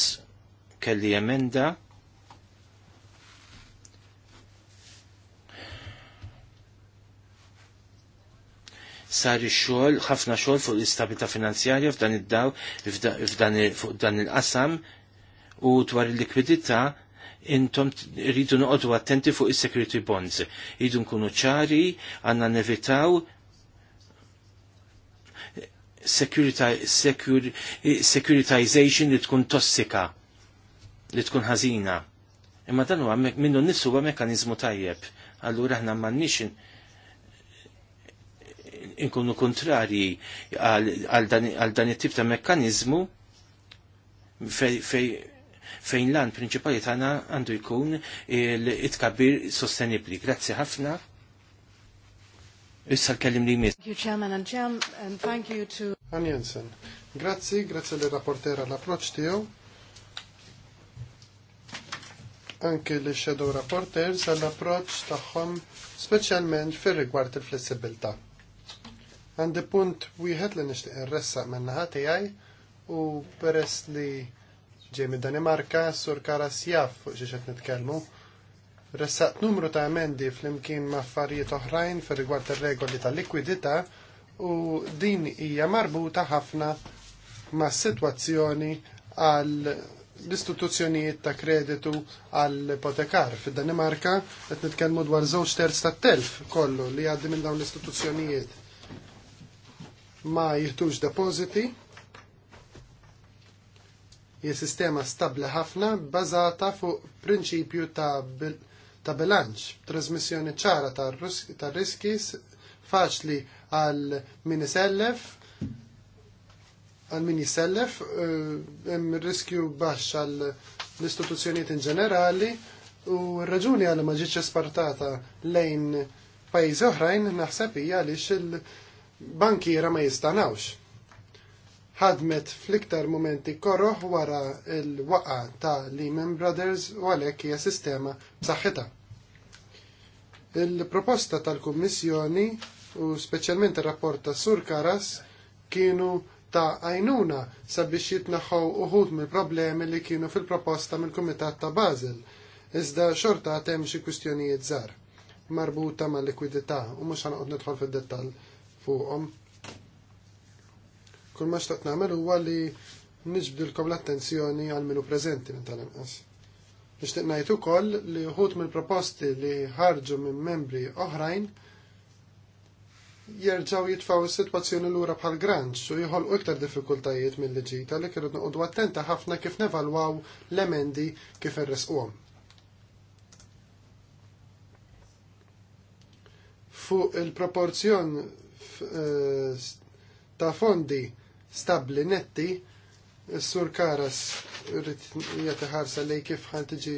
kelli emenda sar xogħol ħafna xogħol fuq l-istabilità finanzjarja f'dan id-daw f'dan il-qasam u dwar il-likwidità intom rridu noqogħdu attenti fuq is-security bonds. Rridu nkunu ċari, għandna nevitaw securitization li tkun tossika, li tkun ħażina. Imma dan huwa minnu nnifsu huwa mekkaniżmu tajjeb. Allura aħna m'għandniex inkunu kontrarji għal dan it-tip ta' mekkanizmu fej fejn lan prinċipali tana għandu jkun il itkabir sostenibli. Grazzi ħafna. Issa l-kellim li jmiss. Thank you, Chairman and Jam, and thank you to... Ann Jensen. Grazzi, grazie l rapportera l-approċ tiju. Anke li shadow rapporter għall approċ tagħhom specialment fir-rigward il-flessibilità. Għandi punt wieħed li nishtiq irressaq ressa naħa ħati u peress li ġej mid Danimarka, Sur Karas jaf fuq xi qed nitkellmu. Ressaq numru ta' emendi flimkien ma' affarijiet oħrajn fir rigward ir-regoli tal-likwidità u din hija marbuta ħafna ma' sitwazzjoni għal l-istituzzjonijiet ta' kreditu għal ipotekar fid-Danimarka qed nitkellmu dwar żewġ terz tat-telf kollu li għaddi minn dawn l-istituzzjonijiet ma jieħdux depositi hija sistema stabli ħafna bbażata fuq prinċipju ta' bil ta' bilanċ, trasmissjoni ċara ta', ta riski faċli għal miniselef, għal miniselef, jisellef, eh, hemm riskju baxx għal l-istituzzjonijiet in ġenerali u r-raġuni għal ma ġietx espartata lejn pajjiżi oħrajn naħseb hija għaliex il bankira ma jistanawx ħadmet fl-iktar momenti korroħ wara l-waqa ta' Lehman Brothers u għalhekk hija sistema b'saħħitha. Il-proposta tal-Kummissjoni u speċjalment ir-rapport ta' Sur Karas kienu ta' għajnuna sabiex jitnaħħu uħud mill-problemi li kienu fil-proposta mill-Kumitat ta' Basel, iżda xorta għatem xi kwistjonijiet żgħar marbuta ma' likwidità u mhux ħanqod nidħol fid-dettall fuqhom. Kull ma xtaqt nagħmel huwa li niġbdilkom l-attenzjoni għal minu preżenti minn tal-inqas. Nixtieq ngħid ukoll li wħud mill-proposti li ħarġu minn membri oħrajn jerġaw jitfaw is-sitwazzjoni lura bħal granġ u jħolqu iktar diffikultajiet mill-liġi tal-li kienu nuqdu attenta ħafna kif nevalwaw l-emendi kif irresquhom. Fuq il-proporzjon eh, ta' fondi stabli netti, s-sur Karas jgħati ħarsa lej kif ħan tiġi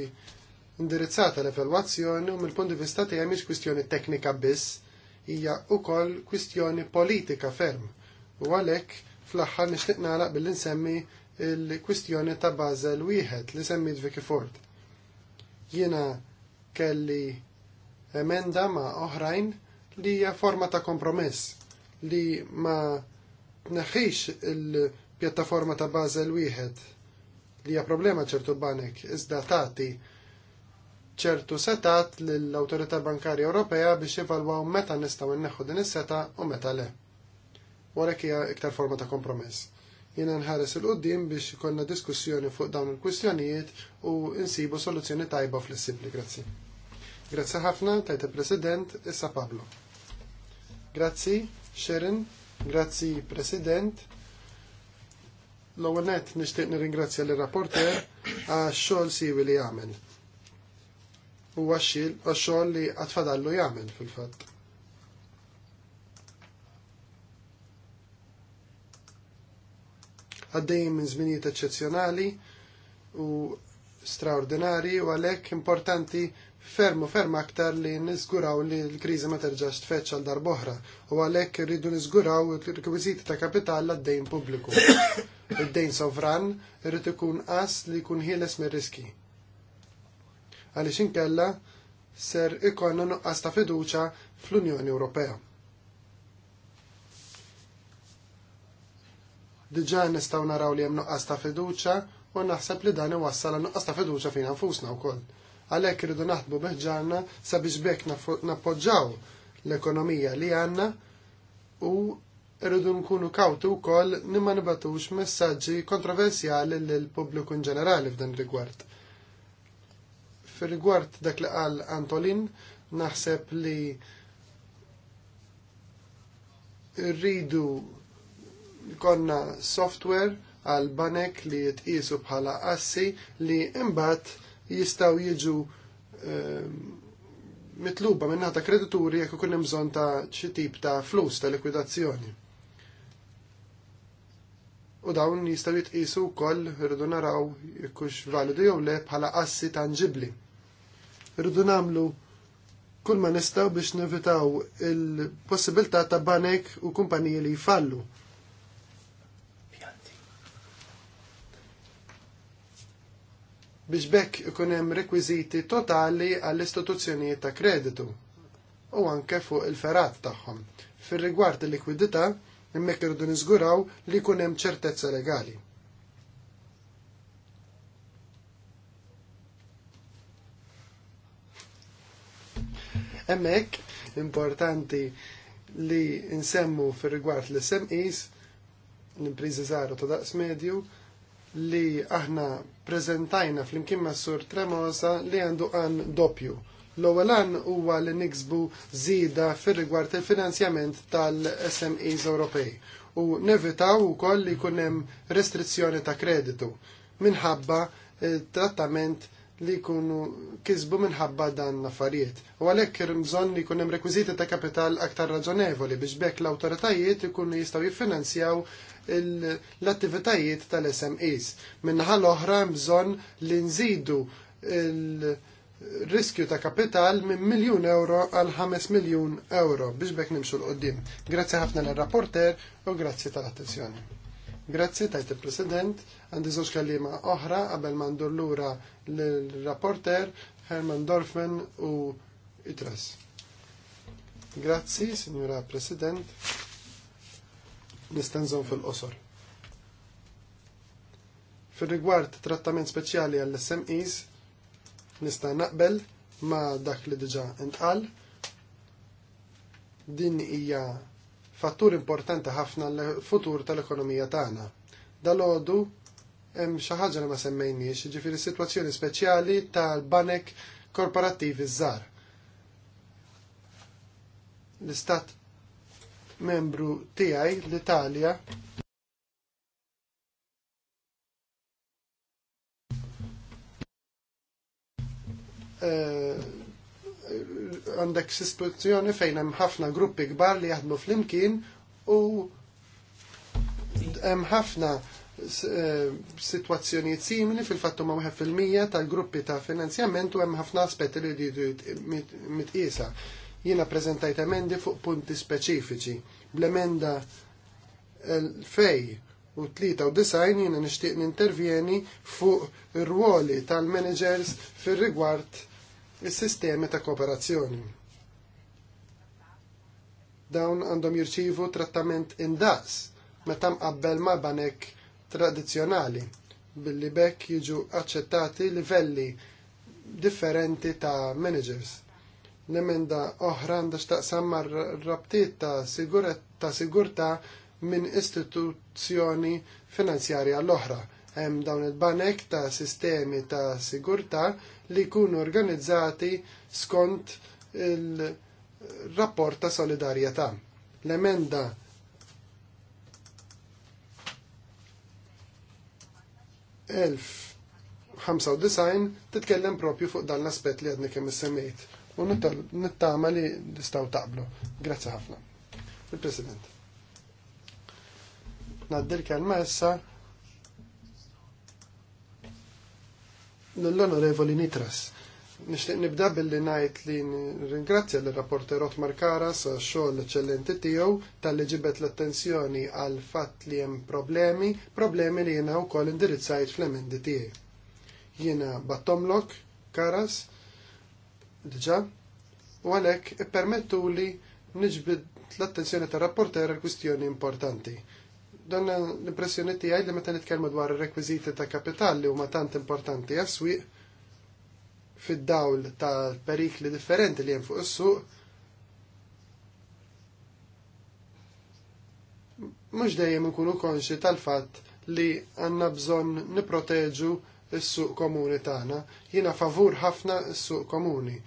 indirizzata l-evalwazzjoni u mill-punt di vista tiegħi mhix kwistjoni teknika biss, hija koll kwistjoni politika ferm. U għalhekk fl-aħħar nixtieq nagħlaq billi nsemmi il-kwistjoni ta' Basel wieħed li semmit Vicky Ford. Jiena kelli emenda ma' oħrajn li hija forma ta' kompromess li ma' neħħix il-pjattaforma ta' Basel wieħed li hija problema ċertu banek iżda tagħti ċertu setat lill-Awtorità Bankarja Ewropea biex jevalwaw meta nistgħu nneħħu din is-seta u meta le. Wara hija iktar forma ta' kompromess. Jiena nħares il-qoddim biex konna diskussjoni fuq dawn il-kwistjonijiet u insibu soluzzjoni tajba flessibbli, grazzi. Grazzi ħafna tajt il-President, issa Pablo. Grazzi, Sharon. Grazzi, President. L-ewwel nett nixtieq nirringrazzja lir-rapporter għax-xogħol siwi li jagħmel. U għax-xogħol li qatt fadallu jagħmel fil-fatt. Għaddej minn żminijiet eċċezzjonali u straordinari u għalhekk importanti fermu ferm aktar li niżguraw li l-kriżi ma terġax tfeċċ għal darboħra u għalhekk rridu niżguraw il-rekwiżiti ta' kapital għad-dejn pubbliku. Id-dejn sovran irrid ikun qas li jkun ħieles mir-riski. Għaliex inkella ser ikonna nuqqas ta' fiduċa fl-Unjoni Ewropea. Diġà nistgħu naraw li hemm nuqqas ta' fiduċa u naħseb li dan iwassal nuqqas ta' fiduċa fina nfusna wkoll Għalhekk irridu naħdmu beħġarna sabiex bekk nappoġġaw l-ekonomija li għandna u rridu nkunu kawtu wkoll nimma nibatux messaġġi kontroversjali lill pubbliku in ġenerali f'dan rigward. fil rigward dak li qal Antolin, naħseb li rridu konna software għal banek li jitqisu bħala assi li imbagħad jistaw jiġu ehm, mitluba minna ta' kredituri jekk ikun hemm bżonn ta' xi tip ta' flus ta' likwidazzjoni. U dawn jistgħu jitqisu wkoll irridu naraw jekkux validi jew le bħala assi tangibbli. Irridu nagħmlu kull ma nistgħu biex nevitaw il-possibilità ta' banek u kumpaniji li jfallu biex bekk ikun hemm rekwiżiti totali għall-istituzzjonijiet ta' kreditu u anke fuq il-ferat tagħhom. Fir-rigward il-likwidità, hemmhekk irridu niżguraw li jkun hemm ċertezza legali. Hemmhekk importanti li nsemmu fir-rigward l-SMEs, l-impriżi żgħar ta' daqs medju, li aħna prezentajna fl-imkien ma' sur Tremosa li għandu għan doppju. L-ewwel għan huwa li niksbu żieda fir-rigward il-finanzjament tal-SMEs Ewropej u nevitaw ukoll li jkun hemm restrizzjoni ta' kreditu minħabba trattament li jkunu kisbu minħabba dan l-affarijiet. U għalhekk bżonn li jkun hemm rekwiżiti ta' kapital aktar raġonevoli biex bekk l-awtoritajiet ikunu jistgħu jiffinanzjaw l-attivitajiet tal-SMEs. Minnaħal l-oħra bżonn li nżidu il-riskju ta' kapital minn miljun euro għal 5 miljun euro biex bekk nimxu l-qoddim. Grazzi ħafna l-rapporter u grazzi tal-attenzjoni. Grazzi tajt il-President, għandi zoċ kalima oħra qabel mandur l lura l-rapporter Herman Dorfman u Itras. Grazzi, Signora President, nistenżon fil-qosor. Fil-rigward trattament speċjali għall-SMEs, nista' naqbel ma dak li diġa intqal. Din hija fattur importanti ħafna l-futur tal-ekonomija tagħna. Dalodu hemm xi ħaġa li ma semmejniex, jiġifieri sitwazzjoni speċjali tal-banek korporattivi żgħar. L-istat membru tiegħi l-Italja eh, għandek situazzjoni fejn hemm ħafna gruppi kbar li jaħdmu flimkien u hemm ħafna eh, situazzjonijiet simili fil-fattu huma wieħed fil-mija tal-gruppi ta' finanzjament u hemm ħafna aspetti li jridu mitqiesa. Jiena preżentajt emendi fuq punti speċifiċi. Bl-emenda fej u tlita u design jiena nixtieq nintervjeni fuq ir-ruoli tal-managers fir rigward is-sistemi ta' kooperazzjoni. Dawn għandhom jirċivu trattament indaqs meta qabbel ma' banek tradizzjonali billi bekk jiġu aċċettati livelli differenti ta' managers. L-emenda oħra għandha x'taqsam mar rabtiet ta' sigurta, sigurta minn istituzzjoni finanzjarja l-oħra Hemm dawn il-banek ta' sistemi ta' sigurtà li jkunu organizzati skont il-rapport ta' solidarjetà. L-emenda elf 95 titkellem propju fuq dan l-aspet li għadni kemm semmejt. U nittama li nistaw taqblu. Grazzi ħafna. Il-President. Naddir kelma issa l-onorevoli Nitras. Nishtiq nibda billi najt li ringrazzja l rapporter Otmar Karas għax xogħol eċċellenti tiegħu tal-li ġibet l-attenzjoni għal fatt li hemm problemi, problemi li jiena wkoll indirizzajt fl-emendi tiegħi. Jiena battomlok Karas diġa', u għalhekk permettu li niġbid l-attenzjoni tar-rapporter għal kwistjoni importanti dan l-impressjoni tiegħi li meta nitkellmu dwar ir-rekwiżiti ta' kapital li huma tant importanti għas-swieq fid-dawl ta' perikli differenti li hemm fuq is-suq Mhux dejjem ikunu konxi tal-fatt li għanna bżon niproteġu s-suq komuni tagħna. Jiena favur ħafna s-suq komuni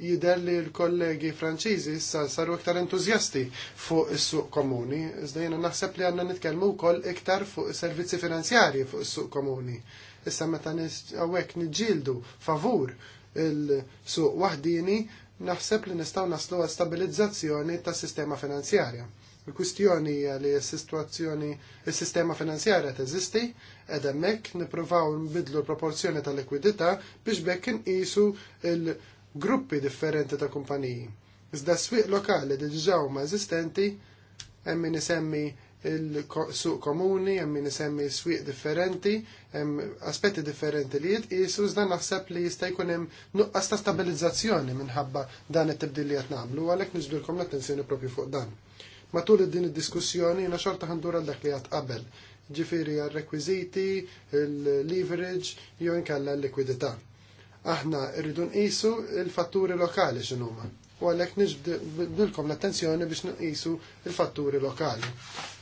jider li l-kollegi franċiżi saru iktar entużjasti fuq is-suq komuni. Iżda jena naħseb li għandna nitkellmu wkoll iktar fuq servizzi finanzjarji fuq is-suq komuni. Issa meta hawnhekk niġġieldu favur il-suq waħdini, naħseb li nistgħu naslu għal stabilizzazzjoni tas-sistema finanzjarja. Il-kustjoni hija li s-situazzjoni s-sistema finanzjarja teżisti, ed hemmhekk nippruvaw nbidlu l-proporzjoni tal-likwidità biex bekk inqisu il- gruppi differenti ta' kumpaniji. Iżda s-swieq lokali diġà huma eżistenti, hemm min isemmi il-suq komuni, hemm min isemmi swieq differenti, aspetti differenti li jitqisu iżda naħseb li jista' jkun hemm nuqqas ta' stabilizzazzjoni minħabba dan it-tibdil li qed nagħmlu għalhekk l-attenzjoni propju fuq dan. Matul id-din id-diskussjoni jina xorta ħandura għal dak li għad qabel, ġifieri għal rekwiżiti, il-leverage, jew inkella l-likwidità Aħna rridu nqisu il-fatturi lokali x'inhuma. U għalhekk nixbdilkom l-attenzjoni biex nqisu il-fatturi lokali.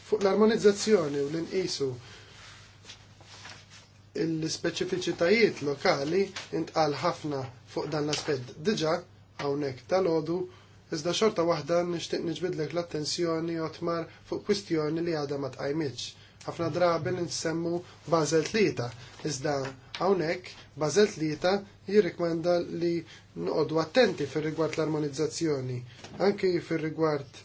Fuq l-armonizzazzjoni u l-nqisu l-speċifiċitajiet lokali intqal ħafna fuq dan l-aspett diġa hawnhekk tal-għodu iżda xorta waħda nixtieq niġbidlek l-attenzjoni otmar fuq kwistjoni li għadha ma tqajmitx ħafna drabi nsemmu Basel tlieta, iżda hawnhekk Basel tlieta jirrikmanda li noqogħdu attenti fir-rigward l-armonizzazzjoni, anke fir-rigward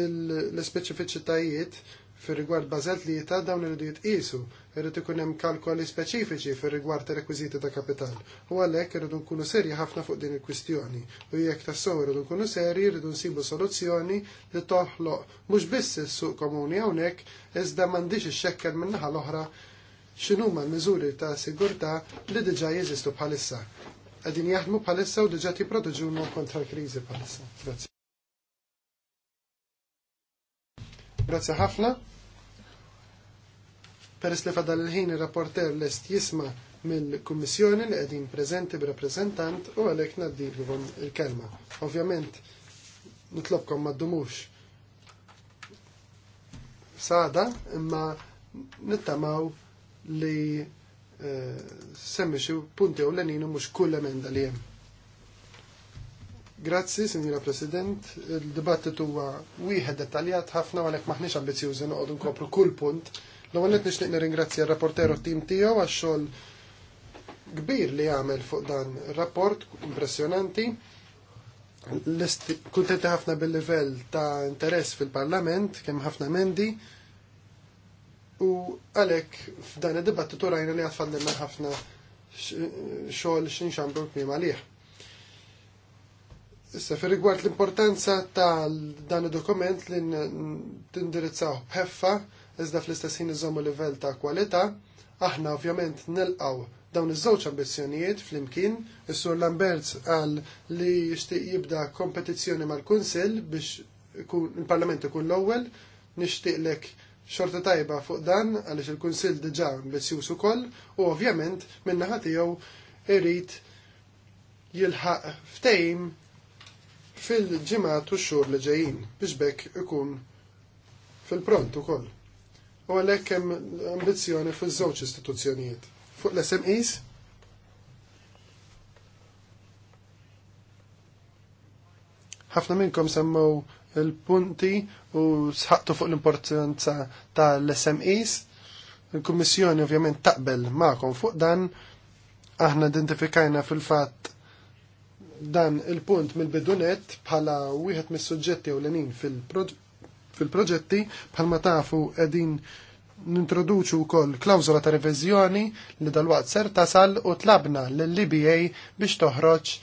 l-ispeċifiċitajiet fir-rigward bażat li ta' dawn li jitqisu, irid ikun hemm kalkoli speċifiċi fir-rigward rekwiżiti ta' kapital. U għalhekk irridu nkunu serji ħafna fuq din il-kwistjoni. U jekk tassew irridu nkunu serji, irridu nsibu soluzzjoni li toħloq mhux biss is-suq komuni hawnhekk iżda m'għandix ix-xekkel min-naħa l-oħra x'inhuma l-miżuri ta' sigurtà li diġà jeżistu bħalissa għadin jaħdmu bħalissa u diġà tipproduġunu kontra l-krizi bħalissa. Grazie. Grazzi ħafna. Peress li fadal il-ħin il-rapporter lest jisma mill-Kummissjoni li qegħdin preżenti b'rappreżentant u għalhekk ngħaddilhom il-kelma. Ovvjament nitlobkom ma ddumux sada imma nittamaw li eh, semmi xi punti u l-għanin mux kull emenda li hemm. Grazzi, Signora President. Il-dibattitu huwa wieħed dettaljat ħafna għalhekk maħniex ambizjużi noqogħdu nkopru kull punt. L-ewwel qed nixtieq nirringrazzja r-rapporter u tim tiegħu għax-xogħol kbir li għamel fuq dan ir-rapport impressjonanti. Kuntenti ħafna bil-livell ta' interess fil-Parlament, kemm ħafna mendi, u għalhekk f'dan id-dibattitu rajna li għatfallimna ħafna xogħol x'inxambru kmim għalih Issa, fi rigward l-importanza ta' dan il-dokument li tindirizzaw bħeffa, iżda fl-istess ħin iżommu livell ta' kwalità, aħna ovvjament nilqaw dawn iż-żewġ ambizzjonijiet flimkien, is-sur Lamberts qal li jixtieq jibda kompetizzjoni mal-Kunsill biex il-Parlament ikun l-ewwel, nixtieq lek xorta tajba fuq dan għaliex il-Kunsill diġà ambizzjuż ukoll u ovvjament minnaħa tiegħu irid jilħaq ftejm fil-ġimgħat u x-xhur li ġejjin biex bekk ikun fil-pront ukoll. U għalhekk hemm ambizzjoni fiż-żewġ istituzzjonijiet. Fuq l-SMEs ħafna minnkom semmew il-punti u sħaqtu fuq l-importanza tal-SMEs. Il-Kummissjoni ovvjament taqbel magħkom fuq dan aħna identifikajna fil-fatt dan il-punt mill-bidunet bħala wieħed mis-suġġetti ewlenin fil-proġetti bħalma tafu qegħdin nintroduċu wkoll klawżola ta' reviżjoni li dalwaqt ser tasal u tlabna lill-LBA biex toħroġ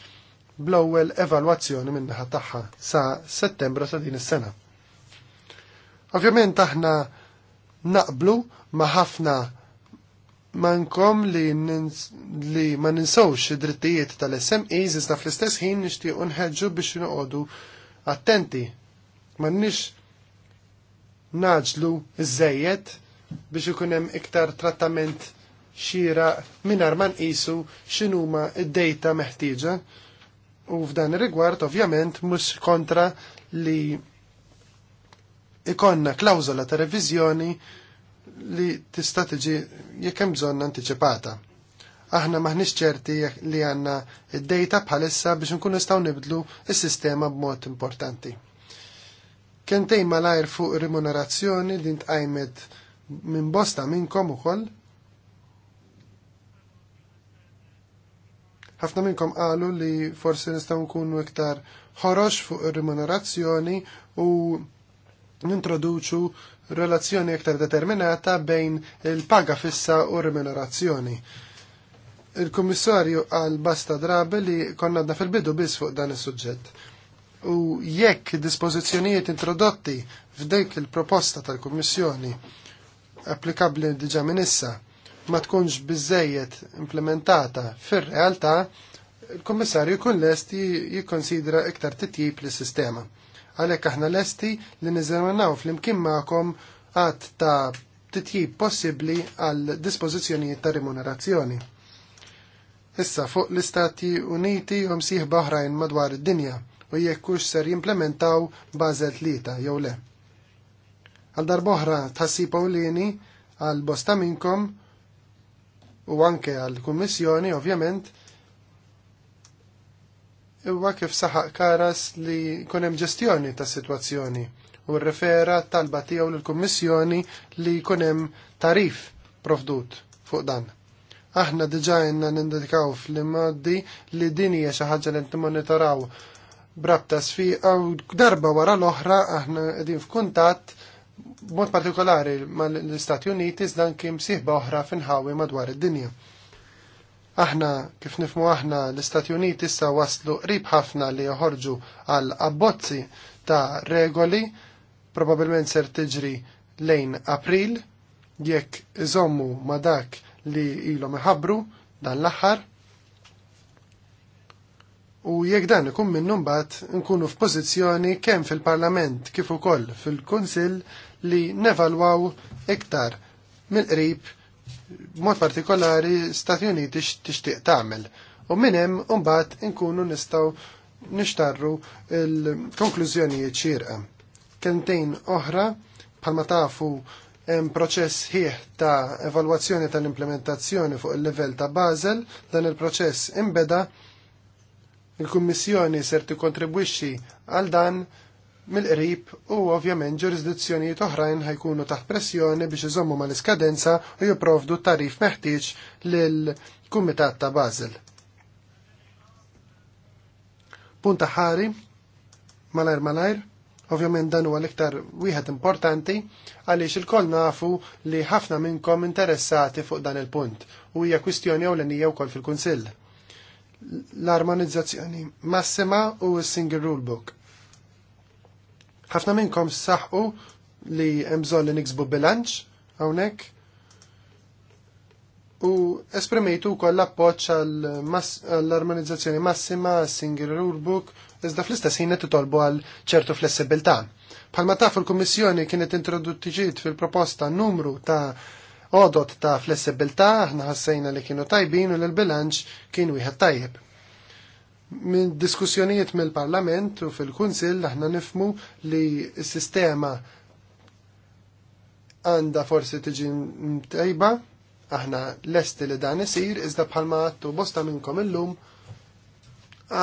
bl-ewwel evalwazzjoni min-naħa tagħha sa Settembru ta' din is-sena. Ovvjament aħna naqblu ma' ħafna mankom li, ma ninsawx id-drittijiet tal-SMEs iżda fl-istess ħin nixtiequ nħeġġu biex nuqodu attenti. nix naġlu żejjed biex ikun hemm iktar trattament xira mingħajr ma nqisu x'inhuma id-dejta meħtieġa u f'dan ir-rigward ovvjament mhux kontra li ikonna klawzola ta' reviżjoni li tista' tiġi jekk hemm bżonn antiċipata. Aħna maħniex ċerti li għandna id-dejta bħalissa biex nkunu nistgħu nibdlu s-sistema b'mod importanti. Kentejn malajr fuq remunerazzjoni li ntqajmet minn bosta minnkom ukoll. Ħafna minnkom qalu li forsi nistgħu nkunu iktar ħorox fuq rimunerazzjoni remunerazzjoni u nintroduċu relazzjoni iktar determinata bejn il-paga fissa u remunerazzjoni. Il-Kummissarju għal basta drabi li konna fil-bidu biss fuq dan is-suġġett. U jekk dispożizzjonijiet introdotti f'dejk il-proposta tal-Kummissjoni applikabli diġa minissa ma tkunx biżejjed implementata fir-realtà, il-Kummissarju kun lest jikkonsidra iktar titjib l-sistema. Għalhekk aħna lesti li fl flimkien maħkom għadd ta' titjib possibbli għal dispożizzjonijiet ta' remunerazzjoni. Issa fuq l-Istati Uniti u siħ oħrajn madwar id-dinja u jekkux ser jimplementaw Basel tlieta jew le. Għal darboħra tħassi Paulini għal bosta minkom u anke għal kummissjoni ovvjament Iwa kif saħaq karas li kunem ġestjoni ta' situazzjoni u refera talba tiegħu l-Kummissjoni li kunem tarif profdut fuq dan. Aħna diġa jenna nindikaw fl-immoddi li din hija xi ħaġa li monitoraw brabta sfiqa u darba wara l-oħra aħna qegħdin f'kuntatt b'mod partikolari mal-Istati Uniti dan kim sieħba oħra finħawi madwar id-dinja. Aħna, kif nifmu aħna, l-Istati Uniti issa waslu qrib ħafna li joħorġu għal abbozzi ta' regoli, probabilment ser tiġri lejn April, jekk iżommu ma dak li ilhom iħabbru dan l-aħħar. U jekk dan ikun minnu mbagħad nkunu f'pożizzjoni kemm fil-Parlament kif ukoll fil-Kunsill li nevalwaw iktar mill-qrib mod partikolari Stati Uniti tixtieq tagħmel. U minn hemm imbagħad inkunu nistgħu nixtarru l-konklużjonijiet xierqa. Kentejn oħra bħalma tafu hemm proċess ħieħ ta' evalwazzjoni tal-implementazzjoni fuq il-livell ta' Basel, dan il-proċess imbeda il-Kummissjoni ser tikkontribwixxi għal dan mill-qrib u ovvjament ġurisdizzjonijiet oħrajn ħajkunu taħt pressjoni biex iżommu mal-iskadenza u jipprovdu tarif meħtieġ lill-Kumitat ta' Basel. Punta ħari, malajr malajr, ovvjament dan huwa l-iktar wieħed importanti għaliex il-koll nafu li ħafna minnkom interessati fuq dan il-punt u hija kwistjoni ewlenija wkoll fil-Kunsill. L-armonizzazzjoni massima u s-single rule book Ħafna minnkom saħqu li hemm bżonn li niksbu bilanċ hawnhekk u esprimejtu wkoll appoġġ għall-armonizzazzjoni massima, single rulebook, iżda fl-istess ħin titolbu għal ċertu flessibilità. Palma taf il-Kommissjoni kienet introduttiġiet fil-proposta numru ta' odot ta' flessibilità, aħna ħassejna li kienu tajbin u l-bilanċ kien wieħed tajjeb. Minn diskussjonijiet mill-Parlament u fil-Kunsill aħna nifmu li s-sistema għanda forsi tiġi mtejba, aħna lesti li dan isir, iżda bħalma għattu bosta minnkom illum,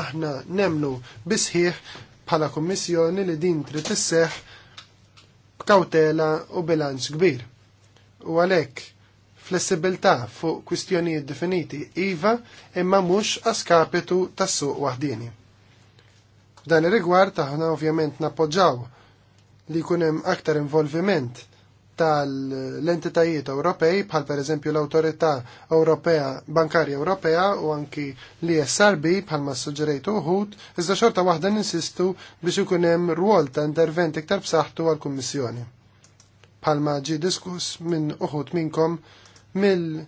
aħna nemnu bisħiħ bħala kommissjoni li din trid tisseħ b'kawtela u bilanċ kbir. U għalhekk flessibilità fuq kwistjonijiet definiti iva imma mhux għaskapitu tas-suq waħdini. F'dan ir-rigward aħna ovvjament nappoġġaw li jkun hemm aktar involviment tal-entitajiet Ewropej bħal pereżempju l-Awtorità Ewropea Bankarja Ewropea u anki l-ISRB bħal ma suġġerejtu uħud, iżda xorta waħda ninsistu biex ikun hemm rwol ta' intervent iktar b'saħħtu għall-Kummissjoni. Bħalma ġi diskuss minn uħud minnkom mill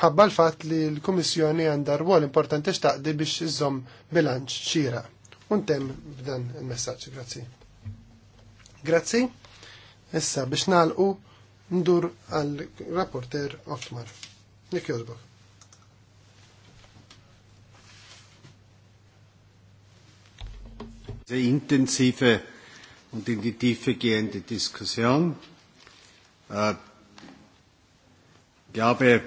ħabba l-fat li l-Komissjoni għandha rwol importanti xtaqdi biex iżom bilanċ xira. Untem b'dan il messagġ grazzi. Grazzi. Issa biex nalqu ndur għal rapporter Otmar. Nik jozbok. Sehr intensive und intensive gehende Diskussion. Äh, glaube,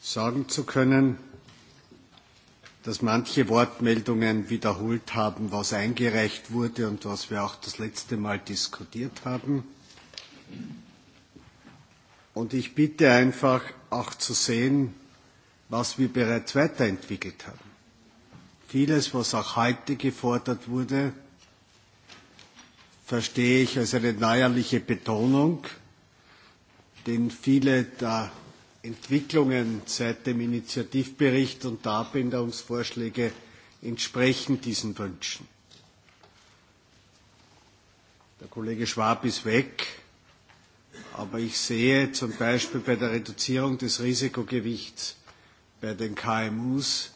sagen zu können, dass manche Wortmeldungen wiederholt haben, was eingereicht wurde und was wir auch das letzte Mal diskutiert haben. Und ich bitte einfach auch zu sehen, was wir bereits weiterentwickelt haben. Vieles, was auch heute gefordert wurde, verstehe ich als eine neuerliche Betonung – denn viele der Entwicklungen seit dem Initiativbericht und der Abänderungsvorschläge entsprechen diesen Wünschen. Der Kollege Schwab ist weg, aber ich sehe zum Beispiel bei der Reduzierung des Risikogewichts bei den KMUs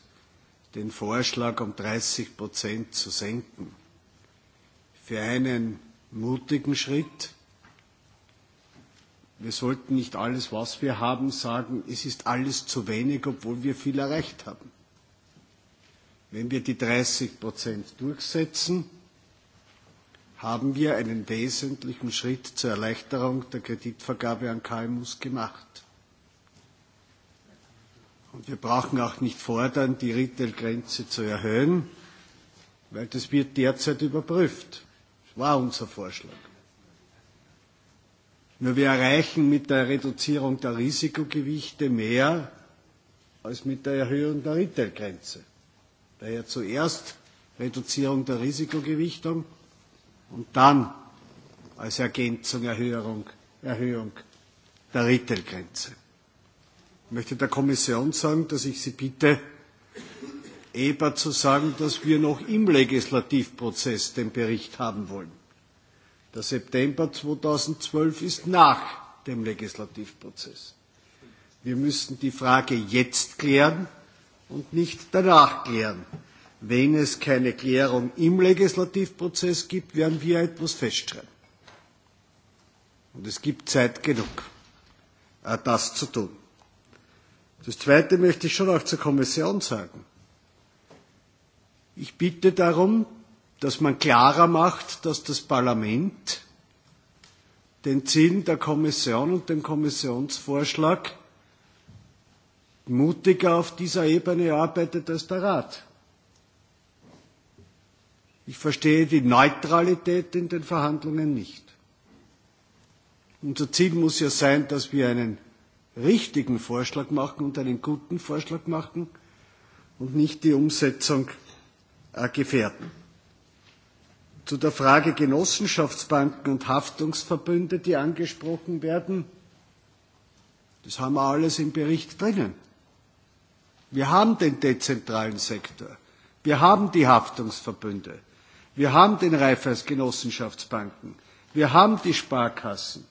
den Vorschlag um 30 Prozent zu senken. Für einen mutigen Schritt, Wir sollten nicht alles, was wir haben, sagen, es ist alles zu wenig, obwohl wir viel erreicht haben. Wenn wir die 30 Prozent durchsetzen, haben wir einen wesentlichen Schritt zur Erleichterung der Kreditvergabe an KMUs gemacht. Und wir brauchen auch nicht fordern, die Retail-Grenze zu erhöhen, weil das wird derzeit überprüft. Das war unser Vorschlag. Nur wir erreichen mit der Reduzierung der Risikogewichte mehr als mit der Erhöhung der Retailgrenze. Daher zuerst Reduzierung der Risikogewichtung und dann als Ergänzung Erhöhung, Erhöhung der Retailgrenze. Ich möchte der Kommission sagen, dass ich Sie bitte, EBA zu sagen, dass wir noch im Legislativprozess den Bericht haben wollen. Der September 2012 ist nach dem Legislativprozess. Wir müssen die Frage jetzt klären und nicht danach klären. Wenn es keine Klärung im Legislativprozess gibt, werden wir etwas feststellen. Und es gibt Zeit genug, äh, das zu tun. Das Zweite möchte ich schon auch zur Kommission sagen. Ich bitte darum, dass man klarer macht, dass das Parlament den Zielen der Kommission und dem Kommissionsvorschlag mutiger auf dieser Ebene arbeitet als der Rat. Ich verstehe die Neutralität in den Verhandlungen nicht. Unser Ziel muss ja sein, dass wir einen richtigen Vorschlag machen und einen guten Vorschlag machen und nicht die Umsetzung äh, gefährden zu der Frage Genossenschaftsbanken und Haftungsverbünde, die angesprochen werden. Das haben wir alles im Bericht drinnen. Wir haben den dezentralen Sektor. Wir haben die Haftungsverbünde. Wir haben den Reifersgenossenschaftsbanken. Wir haben die Sparkassen.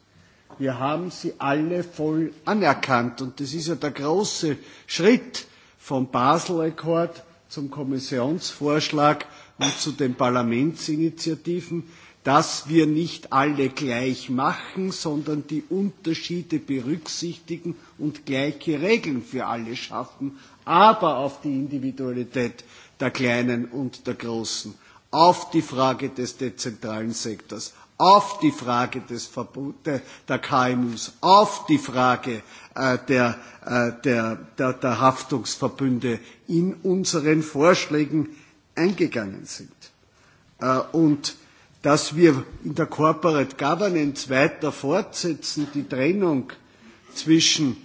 Wir haben sie alle voll anerkannt. Und das ist ja der große Schritt vom basel rekord zum Kommissionsvorschlag, und zu den Parlamentsinitiativen, dass wir nicht alle gleich machen, sondern die Unterschiede berücksichtigen und gleiche Regeln für alle schaffen, aber auf die Individualität der Kleinen und der Großen, auf die Frage des dezentralen Sektors, auf die Frage des Verbote der KMUs, auf die Frage äh, der, äh, der, der, der Haftungsverbünde in unseren Vorschlägen eingegangen sind. Äh, und dass wir in der Corporate Governance weiter fortsetzen, die Trennung zwischen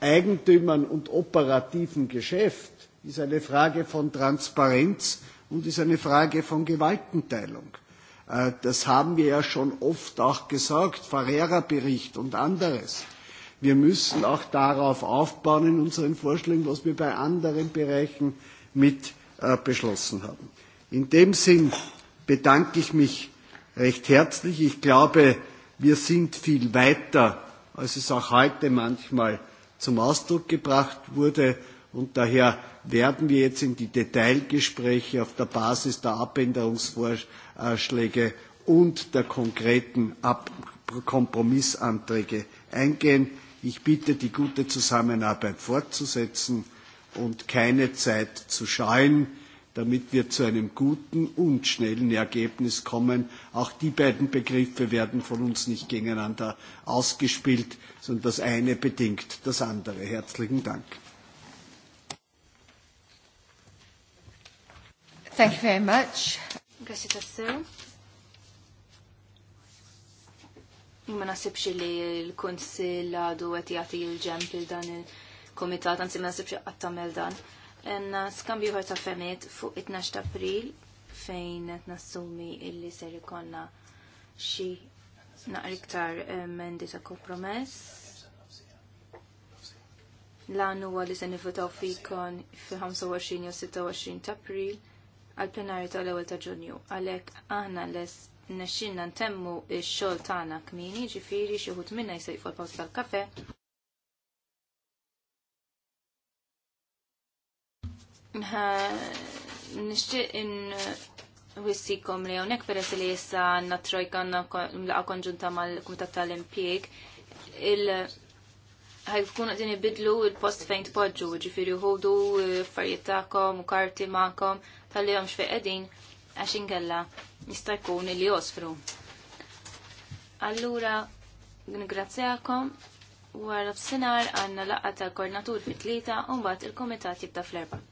Eigentümern und operativem Geschäft, ist eine Frage von Transparenz und ist eine Frage von Gewaltenteilung. Äh, das haben wir ja schon oft auch gesagt, Ferreira-Bericht und anderes. Wir müssen auch darauf aufbauen in unseren Vorschlägen, was wir bei anderen Bereichen mit Äh, beschlossen haben. In dem Sinn bedanke ich mich recht herzlich. Ich glaube, wir sind viel weiter, als es auch heute manchmal zum Ausdruck gebracht wurde. Und daher werden wir jetzt in die Detailgespräche auf der Basis der Abänderungsvorschläge und der konkreten Ab Kompromissanträge eingehen. Ich bitte, die gute Zusammenarbeit fortzusetzen und keine Zeit zu scheuen, damit wir zu einem guten und schnellen Ergebnis kommen. Auch die beiden Begriffe werden von uns nicht gegeneinander ausgespielt, sondern das eine bedingt das andere. Herzlichen Dank. Thank you very much. Ma nasibx li l-Kunsill għadu għet dan il- fil-komitat, għansi ma nasibx għattamel dan. Enna skambju ħar ta' femmet fuq 12 ta' april fejn qed nassumi illi ser ikonna xi naqriktar iktar eh, mendi ta' kompromess. L-għan huwa li se nifutaw fikon fi 25 jew 26 ta' april għal-plenarju tal-ewwel ta' Ġunju. Għalhekk aħna les nexxinna ntemmu x-xogħol tagħna kmieni, ġifieri xi wħud minna jsejfu l-post tal-kafe. nishtiq in wissikom li għonek peress li jissa għanna trojka għanna mlaqa konġunta mal komitat tal impieg il ħaj tkun għadin ibidlu il-post fejn tpoġġu, ġifiri uħudu farijiet ta'kom u karti ma'kom tal-li għom xfeqedin għax inkella jista' jkun li josfru. Allura, ngrazzjakom wara f'sinar għanna laqqa tal-koordinatur fit-tlieta u mbagħad il-komitat jibda fl-erba'.